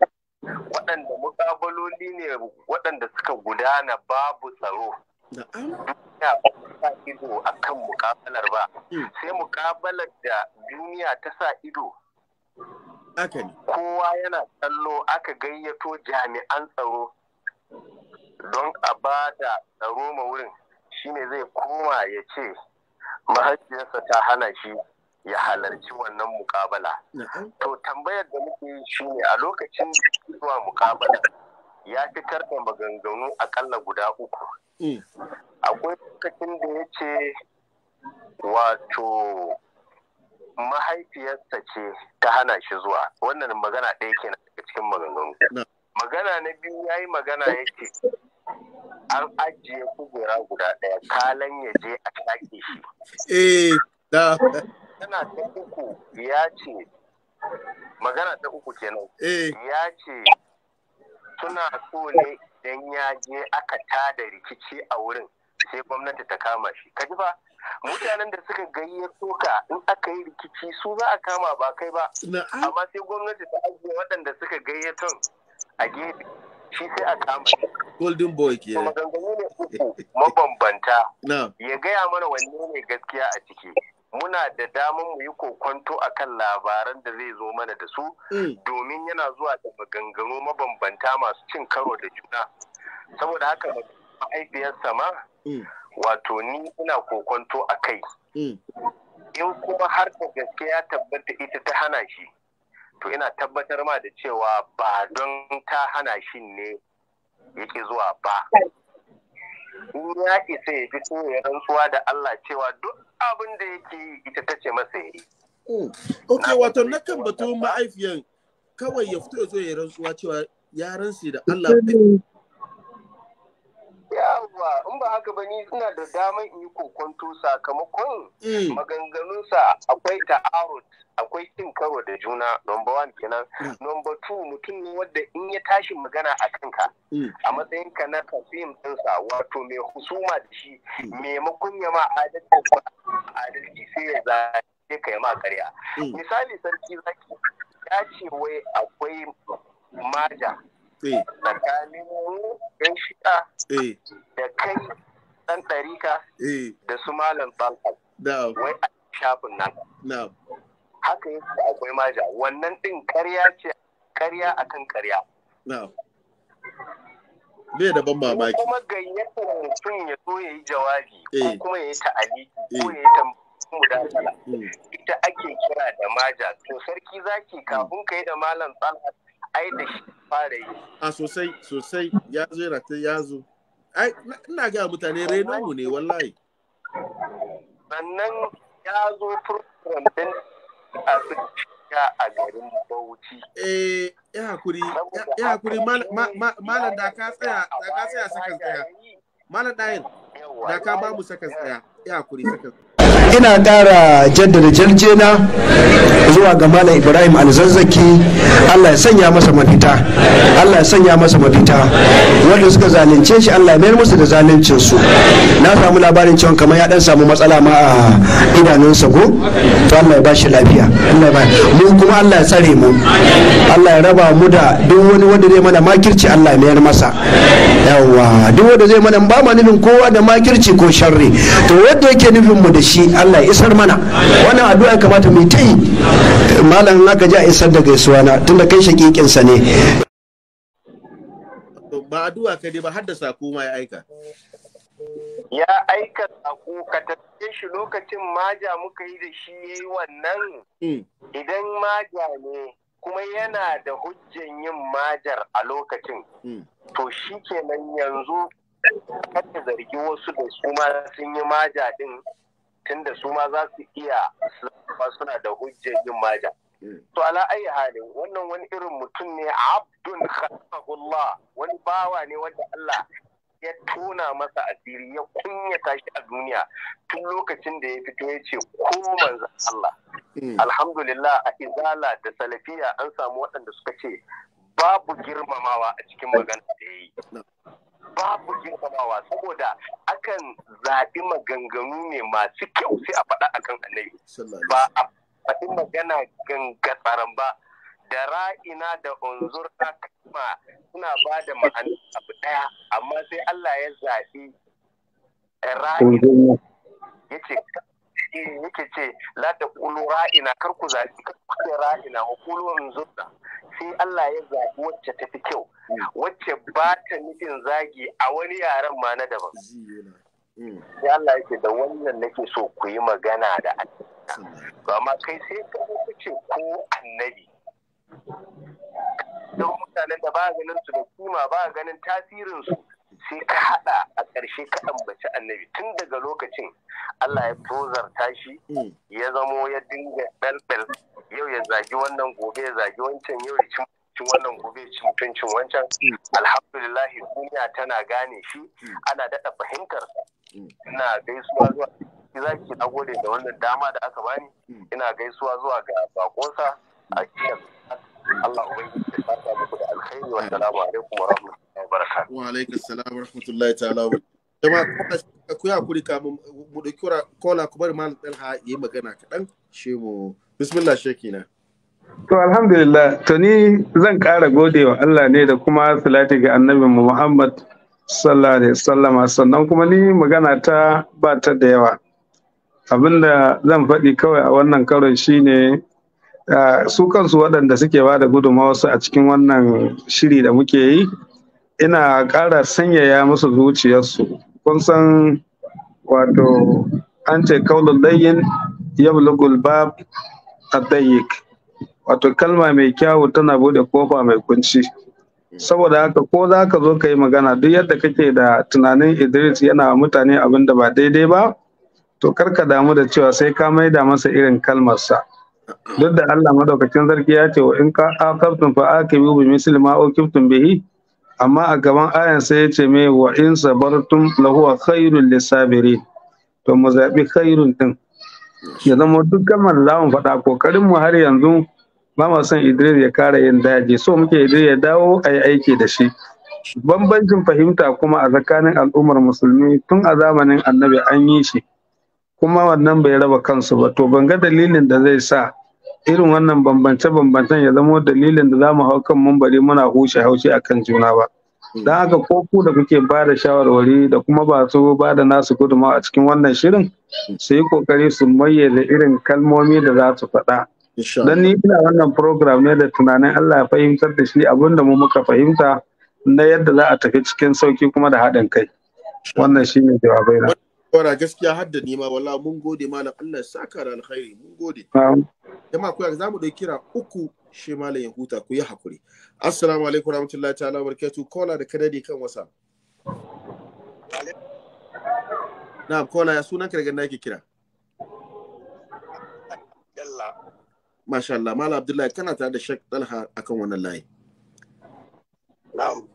waɗanda mukabaloli ne waɗanda suka gudana babu tsaro duniya ta ido akan mukabalar ba hmm. sai mukabalar da duniya ta sa ido kowa yana kallo aka gayyato jami'an tsaro don a ba da tsaro ma wurin shine zai koma ya ce mahaifiyarsa ta hana shi ya halarci wannan mukabala to tambayar da muke yi shine a lokacin zuwa mukabala ya fitar da maganganu akalla guda uku mm. akwai lokacin da ya ce wato mahaifiyarsa ce ta hana shi zuwa wannan magana ɗaya ke na cikin maganganu magana na biyu ya yi magana ya ce an ajiye kugura guda ɗaya kalan ya je a shaƙe shi eh ta uku ya ce magana ta uku kenan eh. ya ce suna so ne idan ya je aka tada rikici a wurin sai gwamnati ta kama shi kaji ba mutanen da suka gayyato ka in aka yi rikici su za a kama ba kai ba amma sai gwamnati ta ajiye waɗanda suka gayyato a gefe shi sai a kama golden boy ke maganganu ne uku mabambanta ya gaya mana wanne ne gaskiya a ciki muna da damar mu yi kokonto kan labaran da zai zo mana da su mm. domin yana zuwa da maganganu mabambanta masu cin karo da juna saboda haka mahaifiyarsa ma mm. wato ni ina kokonto a kai mm. in kuma har da gaske ya tabbata ita ta hana shi to ina tabbatar ma da cewa ba don ta hana shi ne yake zuwa ba in ya isa ya fi ya rantsuwa da Allah cewa duk abin da yake yi ita ta ce masa yi. Mm. Ok, wato na kan batun ma'aifiyan kawai ya fito ya zo ya rantsuwa cewa ya rantsi da Allah ka ba ni ina da damar in yi kokonto sakamakon mm. maganganunsa akwai ta'arut akwai cin karo da juna number one kenan number two mutum ne wadda in ya tashi magana a kanka mm. a matsayin ka na tafiyim ɗinsa wato mai husuma da shi mm. maimakon ya ma adalci adalci sai ya zaɓe ka ma karya misali sarki zaki ya ce wai akwai maja eh. tsakanin mu ɗan eh. da kai ɗan ɗarika eh. da su malam talha wai a shafin nan haka yake da akwai maja wannan ɗin karya ce karya akan karya bai da ban mamaki kuma gayyatar mutum ya zo ya yi jawabi ko eh. kuma ya yi ta'ali ko eh. ya yi mudakala hmm. ita ake kira da maja to sarki zaki hmm. kafin ka yi da malam talha ai da shi fara yi a sosai sosai ya zo ya zo ai ina ga mutane renon mu ne wallahi sannan ya zo program din a ya a garin Bauchi eh ya hakuri ya hakuri malam da ka tsaya da ka tsaya sakan tsaya malam dayin da ka ba mu sakan tsaya ya hakuri sakan ina ƙara jaddada jarjena zuwa ga malam ibrahim alzazzaki allah ya sanya masa mafita allah ya sanya masa mafita wanda suka zalunce shi allah ya mayar musu da zaluncin su na samu labarin cewa kamar ya dan samu matsala ma a idanunsa ko to allah ya bashi lafiya allah ya mu kuma allah ya tsare mu allah ya raba mu da duk wani wanda zai mana makirci allah ya mayar masa yawa duk wanda zai mana ba ma nufin kowa da makirci ko sharri to wanda yake nufin mu da shi Allah ya isar mana wannan addu'a kamata mu ta yi malam ka ji a isar da gaisuwa na tunda kai shakikin sa ne ba addu'a ka dai ba har da sako ma ya aika ya aika sako ka tafi shi lokacin maja muka yi da shi yayi wannan hmm. idan maja ne kuma yana da hujjan yin majar a lokacin hmm. to shi kenan yanzu kada zargi wasu da su ma sun yi maja din tunda su ma za su iya ba suna da hujjar yin maja hmm. to ala ayi halin wannan wani irin mutum ne abdun khalaqahullah wani bawa ne wanda Allah ya tona masa asiri ya kunyata shi a duniya tun lokacin da ya fito ya ce ko manzon Allah hmm. alhamdulillah a izala da salafiya an samu waɗanda suka ce babu girmamawa a cikin magana da ya yi babu girmamawa saboda akan zaɓi maganganu ne masu kyau sai a faɗa akan annabi ba a faɗi magana gangatsaran ba da ra'ina da unzurna kama suna ba da ma'ana abu ɗaya amma sai Allah ya zaɓi ra'ina ya ce iri yake ce la ta kulu ra'ina kar ku zaɓi kar ku ce ra'ina wa kulu zurna sai Allah ya zaɓi wacce ta fi kyau wacce ba ta nufin zagi a wani yaren ma na daban hmm. sai Allah yake da wannan nake so ku yi magana da Allah ma kai sai ka ce ko annabi don mutanen da ba ganin su da kima ba ganin tasirinsu. su sai ka haɗa a ƙarshe ka ambaci annabi tun daga lokacin Allah ya tozarta shi mm. ya zamo ya dinga ɗalɗal yau ya zagi wannan gobe ya zagi wancan yau ya cin mutuncin wannan gobe ya ci mutuncin wancan mm. alhamdulillah duniya tana gane shi mm. ana daɗa fahimtar ina gaisuwa zuwa zaki na gode da wannan dama da aka bani ina gaisuwa zuwa ga bakonsa a kiyar Allah ubangiji ya saka muku da alkhairi wa assalamu alaikum wa rahmatullahi wa barakatuh wa alaikum assalam wa rahmatullahi ta'ala wa barakatuh ku ya kuri kamun mu kola kuma da malam Talha yi magana kaɗan shi mu bismillah shekina To alhamdulillah to ni zan ƙara gode wa Allah ne da kuma salati ga annabin mu Muhammad sallallahu alaihi wasallam sannan kuma ni magana ta ba ta da yawa abinda zan faɗi kawai a wannan karon shine Eh, su kansu waɗanda suke ba da su a cikin wannan shiri da muke yi ina ƙara sanyaya musu zuciyarsu kun san wato an ce kaulun dayin yablugul bab Dayyik. wato kalma mai kyawu tana bude kofa mai kunci saboda haka ko za ka zo ka yi magana duk yadda kake da tunanin idris yana mutane abin da ba daidai ba to kar ka damu da cewa sai ka maida masa irin kalmarsa duk da Allah madaukakin sarki ya ce wa in ka aqabtum fa aqibu bi misli ma uqibtum bihi amma a gaban ayan sai ya ce me wa in sabartum lahu khairul lisabiri to mu zabi khairun din ya zama duk kalmar zamu faɗa kokarin mu har yanzu ba ma son Idris ya kara yin daji so muke Idris ya dawo a aiki da shi bambancin fahimta kuma a tsakanin al'ummar musulmi tun a zamanin annabi an yi shi kuma wannan bai raba kansu ba to banga dalilin da zai sa irin wannan bambance-bambancen ya zama dalilin da za mu hau kan mambari muna hushe haushi a kan juna ba don haka ko ku da kuke ba da shawarwari da kuma ba su ba da nasu guduma a cikin wannan shirin su yi kokari su mayyana irin kalmomi da za su faɗa don ni ina wannan program ne da tunanin Allah ya fahimtar da shi abin da mu muka fahimta na yadda za a tafi cikin sauki kuma da haɗin kai wannan shi ne jawabai na. Wara gaskiya hadda nima wala mun gode malam Allah saka da alkhairi mun gode. jama'a kuya za mu ɗauki kira uku shi malam ya huta ku yi hakuri assalamu alaikum rahmatullahi ta'ala barkatu kola da kadadi kan wasa na'am kola ya sunan kargan da ake kira Masha Allah, Malam Abdullahi kana tare da Sheikh Talha akan wannan layi. Na'am.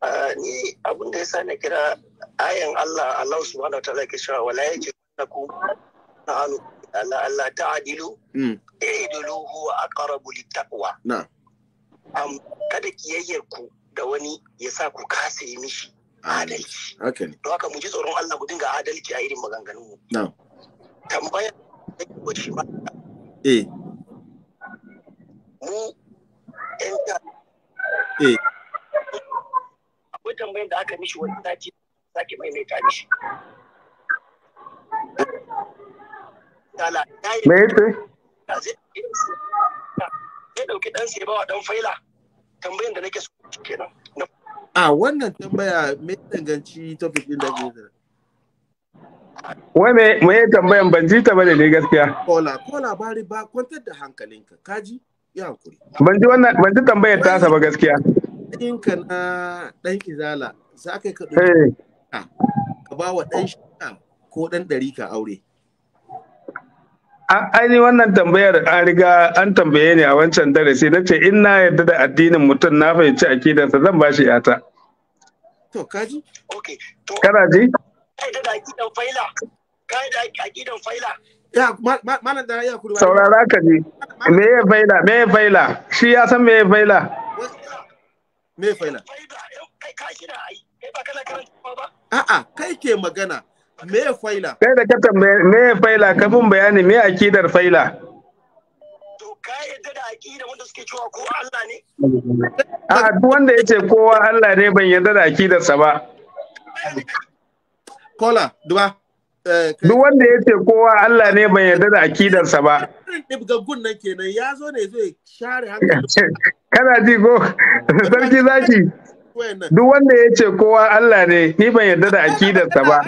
Ah, ni abin da yasa na kira ayan Allah Allah subhanahu wa ta'ala ke cewa wala yake na ku na hannu. Allah Allah ta'dilu i'dilu huwa aqrabu littaqwa na'am um, kada kiyayyar ku da wani ya sa ku kasa yi mishi adalci don haka mu ji tsoron Allah ku dinga adalci a irin maganganun mu na'am tambaya da ku shi ba eh mu ɗan ta eh akwai tambayar da aka mishi wani sake maimaita mishi me yace zai dauki dan sai bawa dan faila tambayan da nake so kenan a wannan tambaya me danganci da Wai me tambayan ban ji ta bane ne gaskiya. Kola ba kwantar da hankalinka kaji ya Ban ji wannan ban ji tambayar tasa ba gaskiya. In ka na ɗan izala za ka ka eh. ka ba wa dan ko ɗan ɗari ka aure. ainihin wannan tambayar an riga an tambaye ni a wancan darasi na ce in na yarda da addinin mutum na fahimci akidansa zan bashi yata. To kaji? Kana ji? Saurara ka ji. Me ya faila? Me ya faila? Shi ya san me ya faila? Me ya faila? A'a, kai ke magana. me faila kai da ka me faila kafin bayani me akidar faila to ka da akida wanda suke cewa kowa Allah ne a duk wanda yace kowa Allah ne ban yadda da akidarsa ba kola duba eh, duk wanda yace kowa Allah ne ban yadda da akidarsa ba ɗibgaggun nan kenan ya zo ne zai share hankali [laughs] kana ji ko [laughs] sarki zaki duk wanda ya ce kowa Allah ne ni ban yarda da akidarsa ba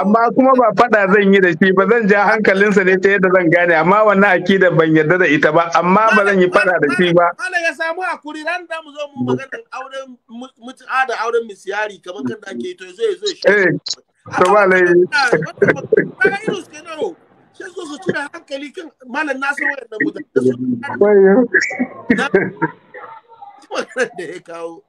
amma kuma ba fada zan yi da shi ba zan ja hankalinsa ne ta yadda zan gane amma wannan akidar ban yarda da ita ba amma ba zan yi fada da shi ba Allah ya samu hakuri ran da mu zo mu magana auren mutu da auren misiyari kamar kan da ake to zo zo shi eh to ba lai ba iru sai zo su cire hankali kan malam nasu wayan da mutane da su da ya kawo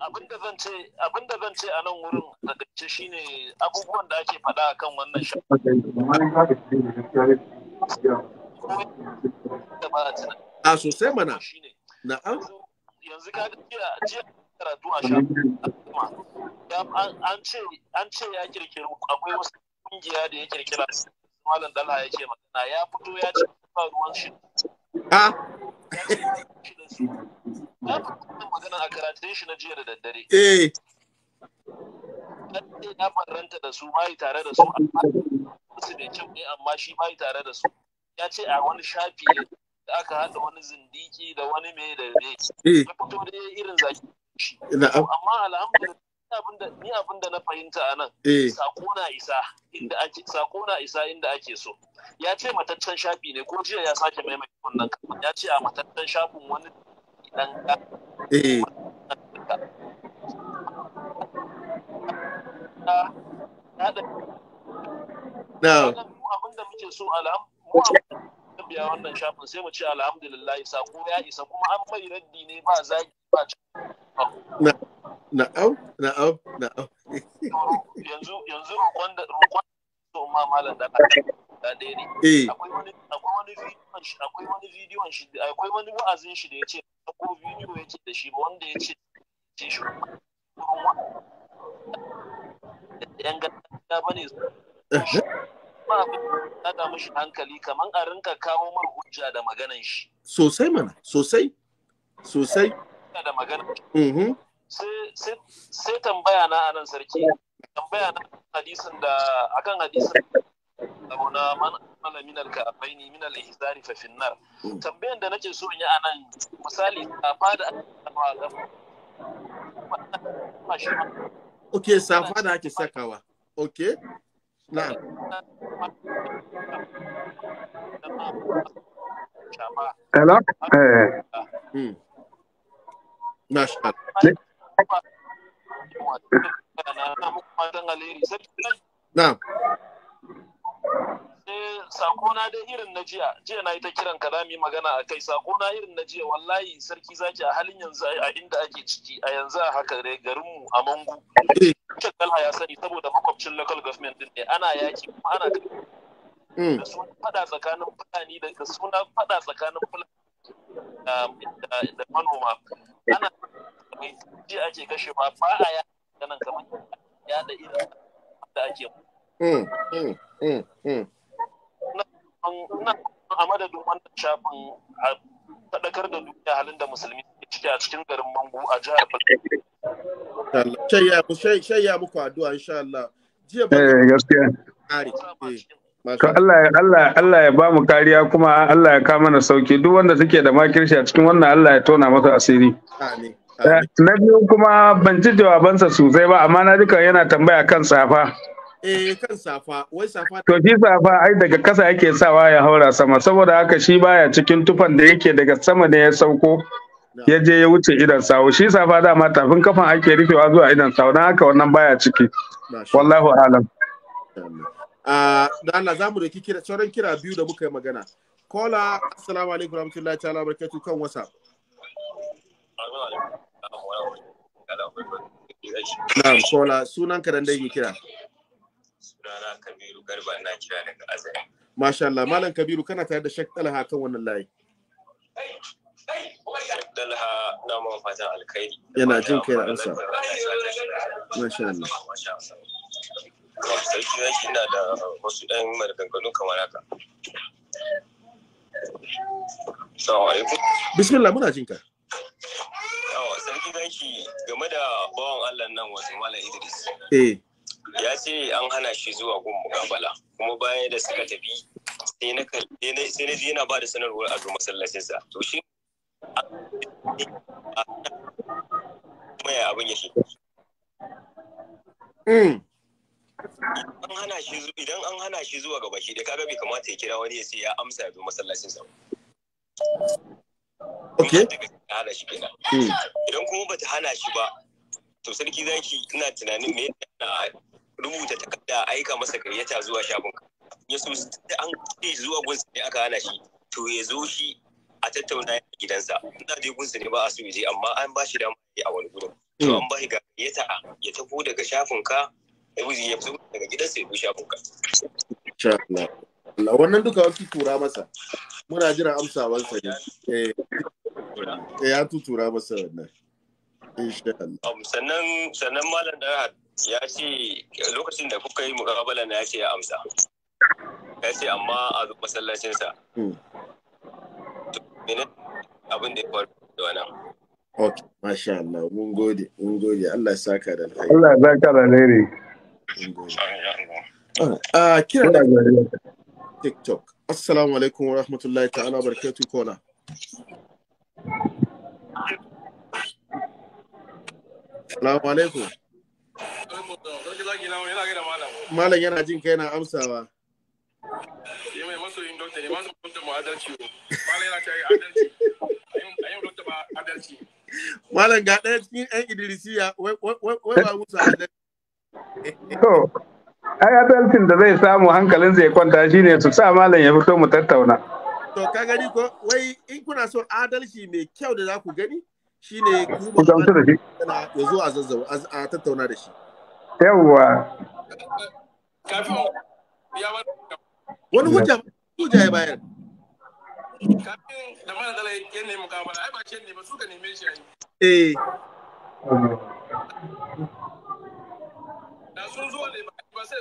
abinda zan ce a nan wurin a gace ne abubuwan da ake faɗa wannan a sosai mana a shafi an ce ya kirkiri akwai wasu kungiya da ya kirkira malam dala ya ce magana ya fito ya ce ba ruwan shi Ha? Na fi magana a karatun shi na jiya da daddare. Eh. Ɗanɗe na faranta da su bayi tare da su amma su da kyau ne amma shi bayi tare da su. Ya ce a wani shafi da aka haɗa wani zindiki da wani me da me. Eh. Ya fito da irin zaki. Amma alhamdulillah ni abin da na fahimta a nan eh. sako na isa inda ake sako na isa inda ake so ya ce mataccen shafi ne ko jiya ya sake maimaita wannan kalmar ya ce a mataccen shafin wani dan ka eh na abin da muke so alhamdulillah biya wannan shafin sai mu ce alhamdulillah sako ya isa kuma an bai raddi ne ba zagi ba Na'am, na'am, na'am. Yanzu yanzu roƙon da roƙon so ma malam da da dai ne. Eh. Akwai wani akwai wani bidiyon shi akwai wani bidiyon shi akwai wani wa'azin shi da yace ko bidiyo yace da shi wanda yace ce shi yan gaskiya bane ba a da mishi hankali kaman a rinka kawo mar hujja da maganan shi. Sosai mana, sosai. Sosai. Da maganan shi. Mm-hmm. sai tambaya na anan sarki tambaya na hadisin da akan hadisin na man amala na al-ka'baini min al-ihzari fa finnar tambayan da nake so in yi anan misali a da ok safa da ake sakawa. Ok na Hello? Eh. Hmm. Masha Na'am. sakona dai irin na jiya jiya na yi ta kiran ka yi magana a kai sakona irin na jiya wallahi sarki zaki a halin yanzu a inda ake ciki a yanzu a haka dai garinmu a mangu cikin eh. dalha ya sani saboda makwabcin local government din ne ana yaki kuma ana hmm. da suna fada tsakanin fulani da suna fada tsakanin fulani da manoma ana ji ake kashe ba ba a ya ganin kamar ya da irin da ake mm, mm, mm, na a madadin wannan shafin a faɗakar da duniya halin da musulmi ke ciki a cikin garin mangu a jihar Bauchi. Shayya muku addu'a insha Allah. Jiya ba eh, gaskiya. Eh, Allah Allah Allah ya ba mu kariya kuma Allah ya kama mana sauki duk wanda suke da makirci a cikin wannan Allah ya tona masa asiri. Amin. Eh, na biyu kuma ban ci jawabansa sosai ba, amma na duka yana tambaya kan safa. Eh kan safa, wai safa. To shi safa ai daga kasa yake sawa ya haura sama, saboda haka shi baya cikin tufan da yake daga sama ne ya sauko. Ya je ya wuce idan sawo, shi safa dama tafin kafan ake rufewa zuwa idan sawo, don haka wannan baya ciki. Wallahu alam. Ah, da Allah za mu kira, sauran kira biyu da muka yi magana. Kola, assalamu alaikum warahmatullahi ta'ala barakatuh kan WhatsApp. Na'am, kola sunan ka dan dai kira. Sunana Kabiru Garba na kira daga Azare. Masha Allah, Malam Kabiru kana tare da Sheikh Talha kan wannan layi. Dalha na mun fatan alkhairi. Yana jin kai da ansa. Masha Allah. Sarki zaki ina da wasu ɗan maganganu kamar haka. Bismillah muna jin ka. sarki zaki game da bawan Allah nan wasu Idris. Eh. Ya ce an hana shi zuwa gun mugabala kuma bayan da suka tafi sai na sai yana ba da sanarwar a masallacinsa. To shi mai abin ya mm. shi. Idan an hana shi zuwa gaba shi da kaga bai kamata ya kira wani ya ce ya amsa ya zuwa masallacinsa. Okay. hana shi kenan. Hmm. Idan kuma bata hana shi ba, to sarki zaki ina tunanin me yana rubuta takarda aika masa gayyata zuwa shafin ya so an ce zuwa gunsa ne aka hana shi to ya zo shi a tattauna a gidansa ina dai gunsa ne ba a so ya je amma an ba shi dama a wani gudun to hmm. an ba shi gayyata ya tafi daga shafin ka ya fito daga gidansa ya bi shafin ka Allah wannan duka wasu tura masa muna jira amsawansa ne eh, eh ya tura masa wannan insha Allah um, sannan sannan malam da ya ce lokacin da kuka yi mukabala na ya ce ya amsa ya ce amma a masallacin sa hmm. ne abin da ya faru da wannan Ok, masha Allah, mun gode, mun gode, Allah saka da alheri. Allah zaka da lere. Mun gode. Ah, kira da TikTok. Assalamu alaikum wa rahmatullahi ta'ala wa barakatuhu kola. Assalamu alaikum. Malam yana jin kai na amsawa. mai masoyin dokta ne, masu dokta mu adalci. Malam yana cewa adalci. A yau dokta ba adalci. Malam ga ɗaya cikin 'yan Idrisiya, wai ba musu adalci. [laughs] [laughs] ai adalcin da zai samu hankalin zai kwanta shine su sa malam ya fito mu tattauna to ka gani ko wai in kuna son adalci mai kyau da za ku gani shine ku gamsu da shi ya zo a zazzau a tattauna da shi yawwa kafin ya wani hujja hujja ya bayar kafin da mana dala ya nemi ai ba shi ne ba su ka neme shi eh da sun zo ne ba [laughs] kai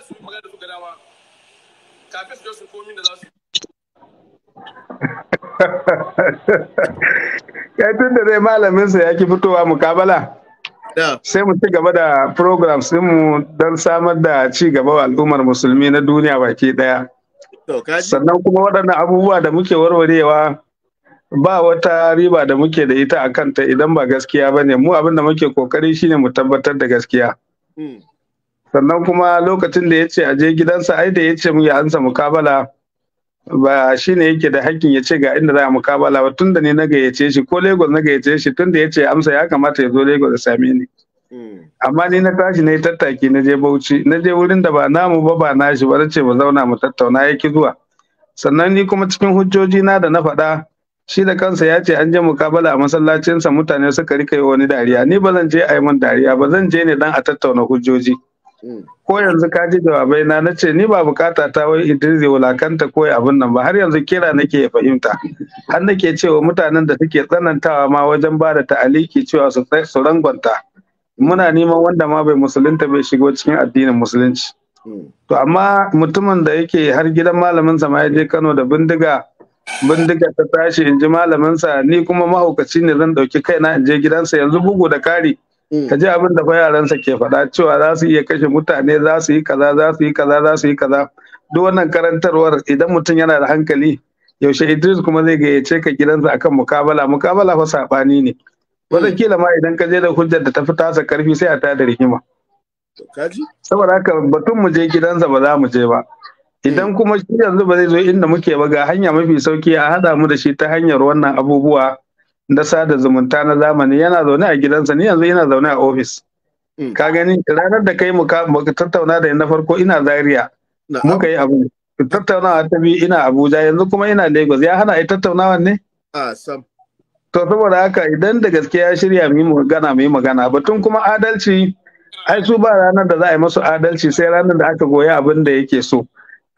tun da zai malaminsa ya ki fitowa mukabala sai mu ci gaba da programs mu don samar da ci gaba wa al'ummar musulmi na duniya baki daya sannan kuma waɗannan abubuwa da muke warwarewa ba wata riba da muke da ita a kanta idan ba gaskiya ba ne mu abin da muke kokari shine mu tabbatar da gaskiya hmm. sannan kuma lokacin da ya ce a je gidansa ai da ya ce mu ya ansa mukabala ba shi ne yake da hakkin ya ce ga inda za a mukabala ba tun da ne na gayyace shi ko Lagos na gayyace shi tun da ya ce amsa ya kamata ya zo Lagos da same ni. Hmm. Amma ni na tashi na yi tattaki na je Bauchi na je wurin da ba namu ba ba shi, ba na ce ba zauna mu tattauna ya ki zuwa. Sannan ni kuma cikin hujjoji na da na faɗa shi da kansa ya ce an je mukabala a masallacinsa mutane suka rika yi wani dariya ni ba zan je a yi min dariya ba zan je ne dan a tattauna hujjoji. Mm. ko yanzu ka ji jawabai na nace ce ni ba bukata ta wai Idris wulakanta ko abin nan ba har yanzu kira nake fahimta har nake cewa mutanen da suke tsanantawa ma wajen ba da ta'aliki cewa su su rangwanta muna neman wanda ma bai musulunta bai shigo cikin addinin musulunci mm. to amma mutumin da yake har gidan malamin sa ma ya je Kano da bindiga bindiga ta tashi in ji malamin sa ni kuma mahaukaci ne zan dauki kaina in je gidansa yanzu bugu da kari Mm. ka ji abin da yaransa ke faɗa cewa za su iya kashe mutane za su yi kaza za su yi kaza za su yi kaza duk wannan karantarwar idan mutum yana da hankali yaushe Idris kuma zai gayyace ka gidansa akan mukabala mukabala fa sabani ne kila ma idan ka je da hujjar da ta fi tasa karfi sai a ta da rigima saboda haka batun mu je gidansa ba za mu je ba idan mm. kuma shi yanzu ba zai zo inda muke ba ga hanya mafi sauki a haɗa mu da shi ta hanyar wannan abubuwa na sada zumunta na zamani yana zaune a gidansa ni yanzu yana zaune a ofis mm. ka gani ranar da kai muka tattauna da na farko ina zaria muka yi abu tattaunawa ta biyu ina abuja yanzu kuma ina lagos ya hana a yi tattaunawa ne to saboda haka idan da gaske ya shirya mu yi magana mu yi magana batun kuma adalci ai su ba ranar da za a yi masu adalci sai ranar da aka goya abin da yake so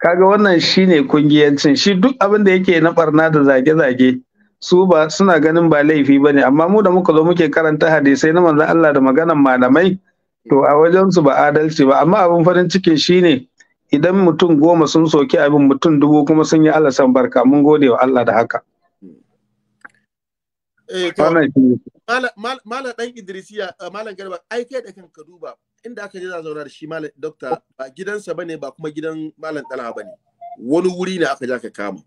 kaga wannan shine kungiyancin shi duk abin da yake na barna da zage-zage su ba suna ganin ba laifi bane amma mu da muka zo muke karanta hadisai na manzon Allah da maganan malamai to a wajen su ba adalci ba amma abin farin ciki shine idan mutum goma sun soki abin mutum dubu kuma sun yi Allah san barka mun gode wa Allah da haka eh, Malam ɗan Idrisiya, eh, Malam Garba, ai kai da kanka duba inda aka je za zauna da shi Malam Dokta ba gidansa bane ba kuma gidan Malam Ɗala bane. Wani wuri ne aka ja ka kama.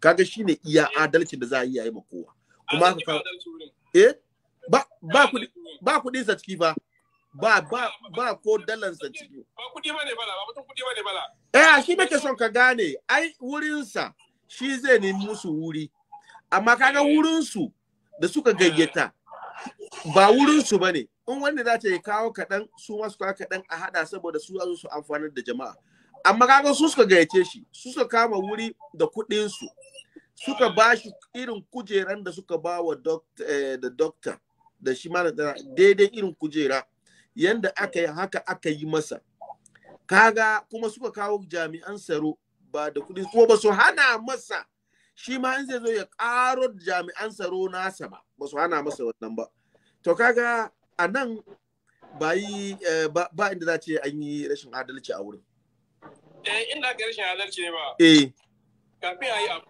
kaga shine iya adalcin da za a yi yayi ma kowa kuma haka eh ba ba kudi ba kudin ba ba ba ko dalan sa ciki ba kudi bane bala ba mutum kudi bane bala eh shi nake son ka gane ai wurin sa shi zai nemi musu wuri amma kaga eh. wurin su da suka gayyata ba wurin su bane in wanda za ta yi kawo kaɗan su ma su kawo kaɗan a haɗa saboda su zo su amfanar da jama'a amma kaga su suka gayyace shi su suka kama wuri da kuɗinsu. su suka ba shi irin kujeran da suka ba wa eh, da dokta da shi mara daidai irin kujera yanda aka yi haka aka yi masa kaga kuma suka kawo jami'an tsaro ba da kudi kuma ba su hana masa shi ma in zai zo ya karo jami'an tsaro nasa ba ba su hana masa wannan ba to kaga a nan ba yi eh, ba inda za ce an yi rashin adalci a wurin eh inda ga rashin adalci ne ba eh kafin a yi abu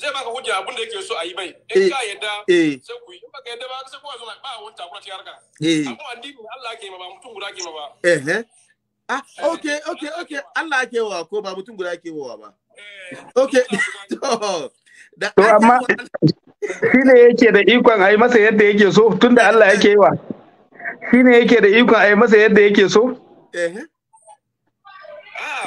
zai baka hujja abin da yake so a yi mai in eh, ka yadda eh. sai ku yi in baka yadda ba sai kowa zo ba wani takura ka abu an dini Allah ke ma ba mutum guda ke ma ba ah, eh ah okay okay okay Allah ke wa ko ba mutum guda ke wa ba eh, okay [laughs] to amma shi ne yake da ikon a yi masa yadda yake so tunda Allah yake yi wa shi ne yake da ikon a yi masa yadda yake so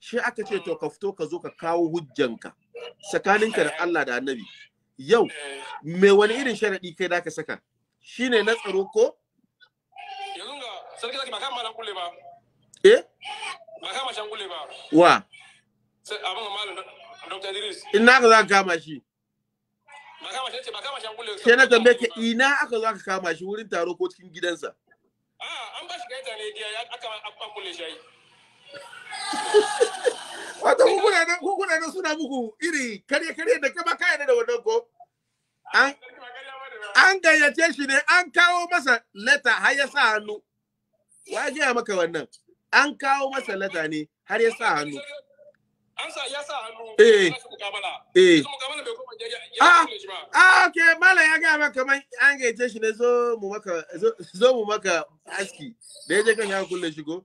shi aka ce to ka fito ka zo ka kawo hujjanka tsakaninka da Allah da annabi yau me wani irin sharaɗi kai da ka saka Shi ne na tsaro ko yanzu ga sarki zaki ba kan malam kulle ba eh ba kama shan kulle ba wa sai abin malam Dr. Idris ina ka za ka kama shi sai na tambaye ka ina aka zo aka kama shi wurin taro ko cikin gidansa a ah, an ba shi gaita ne ya aka an kulle shi Wato kuna nan suna muku iri karye karye da kama kai da wannan ko. An gayyace shi ne an kawo masa leta har ya sa hannu. Wa gaya maka wannan? An kawo masa leta ne har ya sa hannu. Eh. Eh. Ah, ah, okay, Malam ya gaya maka kaman an gayyace shi ne zo mu maka zo mu maka aski. Da ya je kan ya kulle shi ko?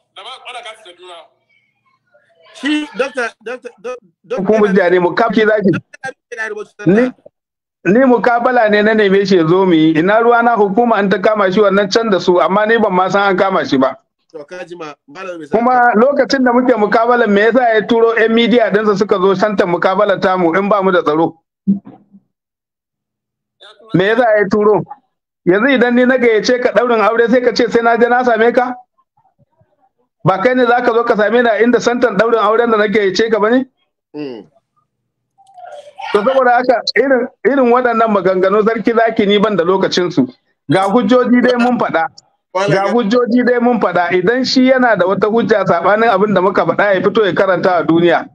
shi dokta dokta dokta kuma jare mu kafi zaki ni ni mukabala ne na neme shi zo mu yi ina ruwa na hukuma an ta kama shi wannan can da su amma ni ban ma san an kama shi ba kuma lokacin da muke mukabala me yasa ya turo yan media dinsa suka zo shantan mukabala tamu in ba mu da tsaro me yasa ya turo yanzu idan ni na gayyace ka daurin aure sai ka ce sai na je na same ka ba kai ne zaka zo ka same ni a inda santan daurin auren da nake ce ka bane mm. to saboda haka irin irin waɗannan maganganu sarki zaki ni ban da lokacin su ga hujjoji dai mun faɗa ga hujjoji dai mun faɗa idan shi yana da wata hujja sabanin abin da muka faɗa ya fito ya karanta a duniya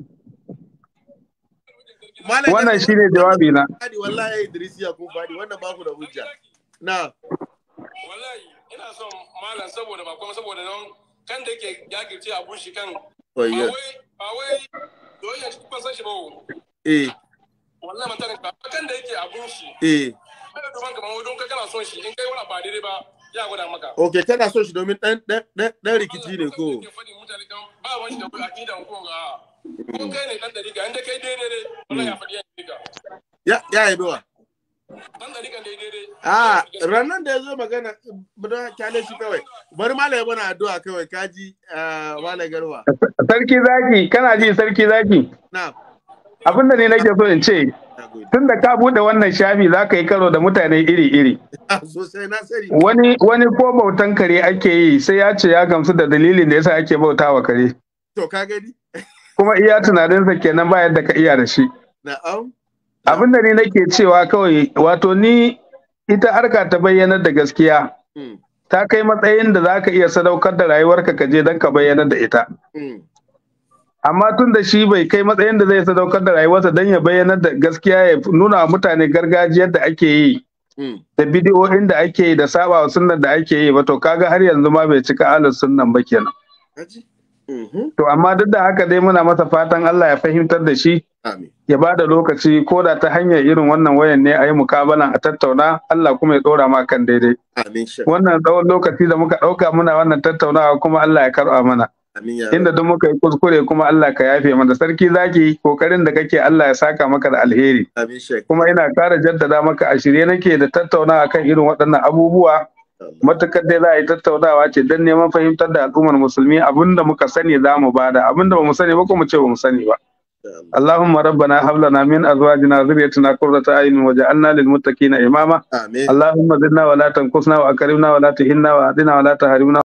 wannan shi ne jawabi na wallahi ya wannan ba ku da hujja na wallahi ina son saboda ba kuma saboda don kan da yake jagirce a shi kan ba wai doyen shi kusan shi ba eh wallahi mantana ba kan da yake abun shi eh kada duban kamar wai don ka kana son shi in kai wani ba daidai ba ya gwada maka okay kana son shi domin dan dan dan rikici ne ko ba wani da akidan ko ga ko kai ne kan da riga inda kai daidai ne wallahi ya faɗi ya riga ya ya yi biwa A da ya zo magana Sarki zaki kana ji sarki zaki. Abinda ne nake so in ce tun da ka bude wannan shafi za ka yi karo da mutane iri-iri. [laughs] Ah, wani ko bautan kare ake yi sai ya ce ya gamsu da dalilin da yasa ake bauta wa kare. To ka gani? Kuma iya tunaninsa kenan ba yadda ka iya da shi. Na'am. abin da ni nake cewa kawai wato ni ita harka ta bayyanar da gaskiya hmm. ta kai matsayin da za ka iya sadaukar da rayuwarka ka je don ka bayyanar da ita hmm. amma tun da shi bai kai matsayin da zai sadaukar da rayuwarsa don ya bayyana da gaskiya ya nuna wa mutane gargajiyar da ake yi hmm. da bidiyoyin da ake yi da sabawa wa sunnan da ake yi ba to kaga har yanzu ma bai cika alin sunnan ba kenan Mm-hmm. To amma duk da haka dai muna masa fatan Allah ya fahimtar da shi ya ba da lokaci ko da ta hanyar irin wannan wayan ne a yi mukabalan a tattauna Allah kuma ya tsora ma kan daidai. Wannan tsawon lokaci da muka ɗauka muna wannan tattaunawa kuma Allah ya karɓa mana. Inda duk muka yi kuskure kuma Allah ka yafe mana sarki zaki kokarin da kake Allah ya saka maka da alheri. Kuma ina kara jaddada maka a shirye nake da tattaunawa kan irin waɗannan abubuwa. matakar dai za a yi tattaunawa ce don neman fahimtar da al'ummar musulmi abinda muka sani za mu bada abinda ba mu sani ba kuma ce ba mu sani ba Allahumma rabbana hab na min azwajina zuriyatina qurrata a'yun waj'alna lil muttaqina imama Allahumma zidna wa la tanqusna wa akrimna wa la tuhinna wa adina wa la tahrimna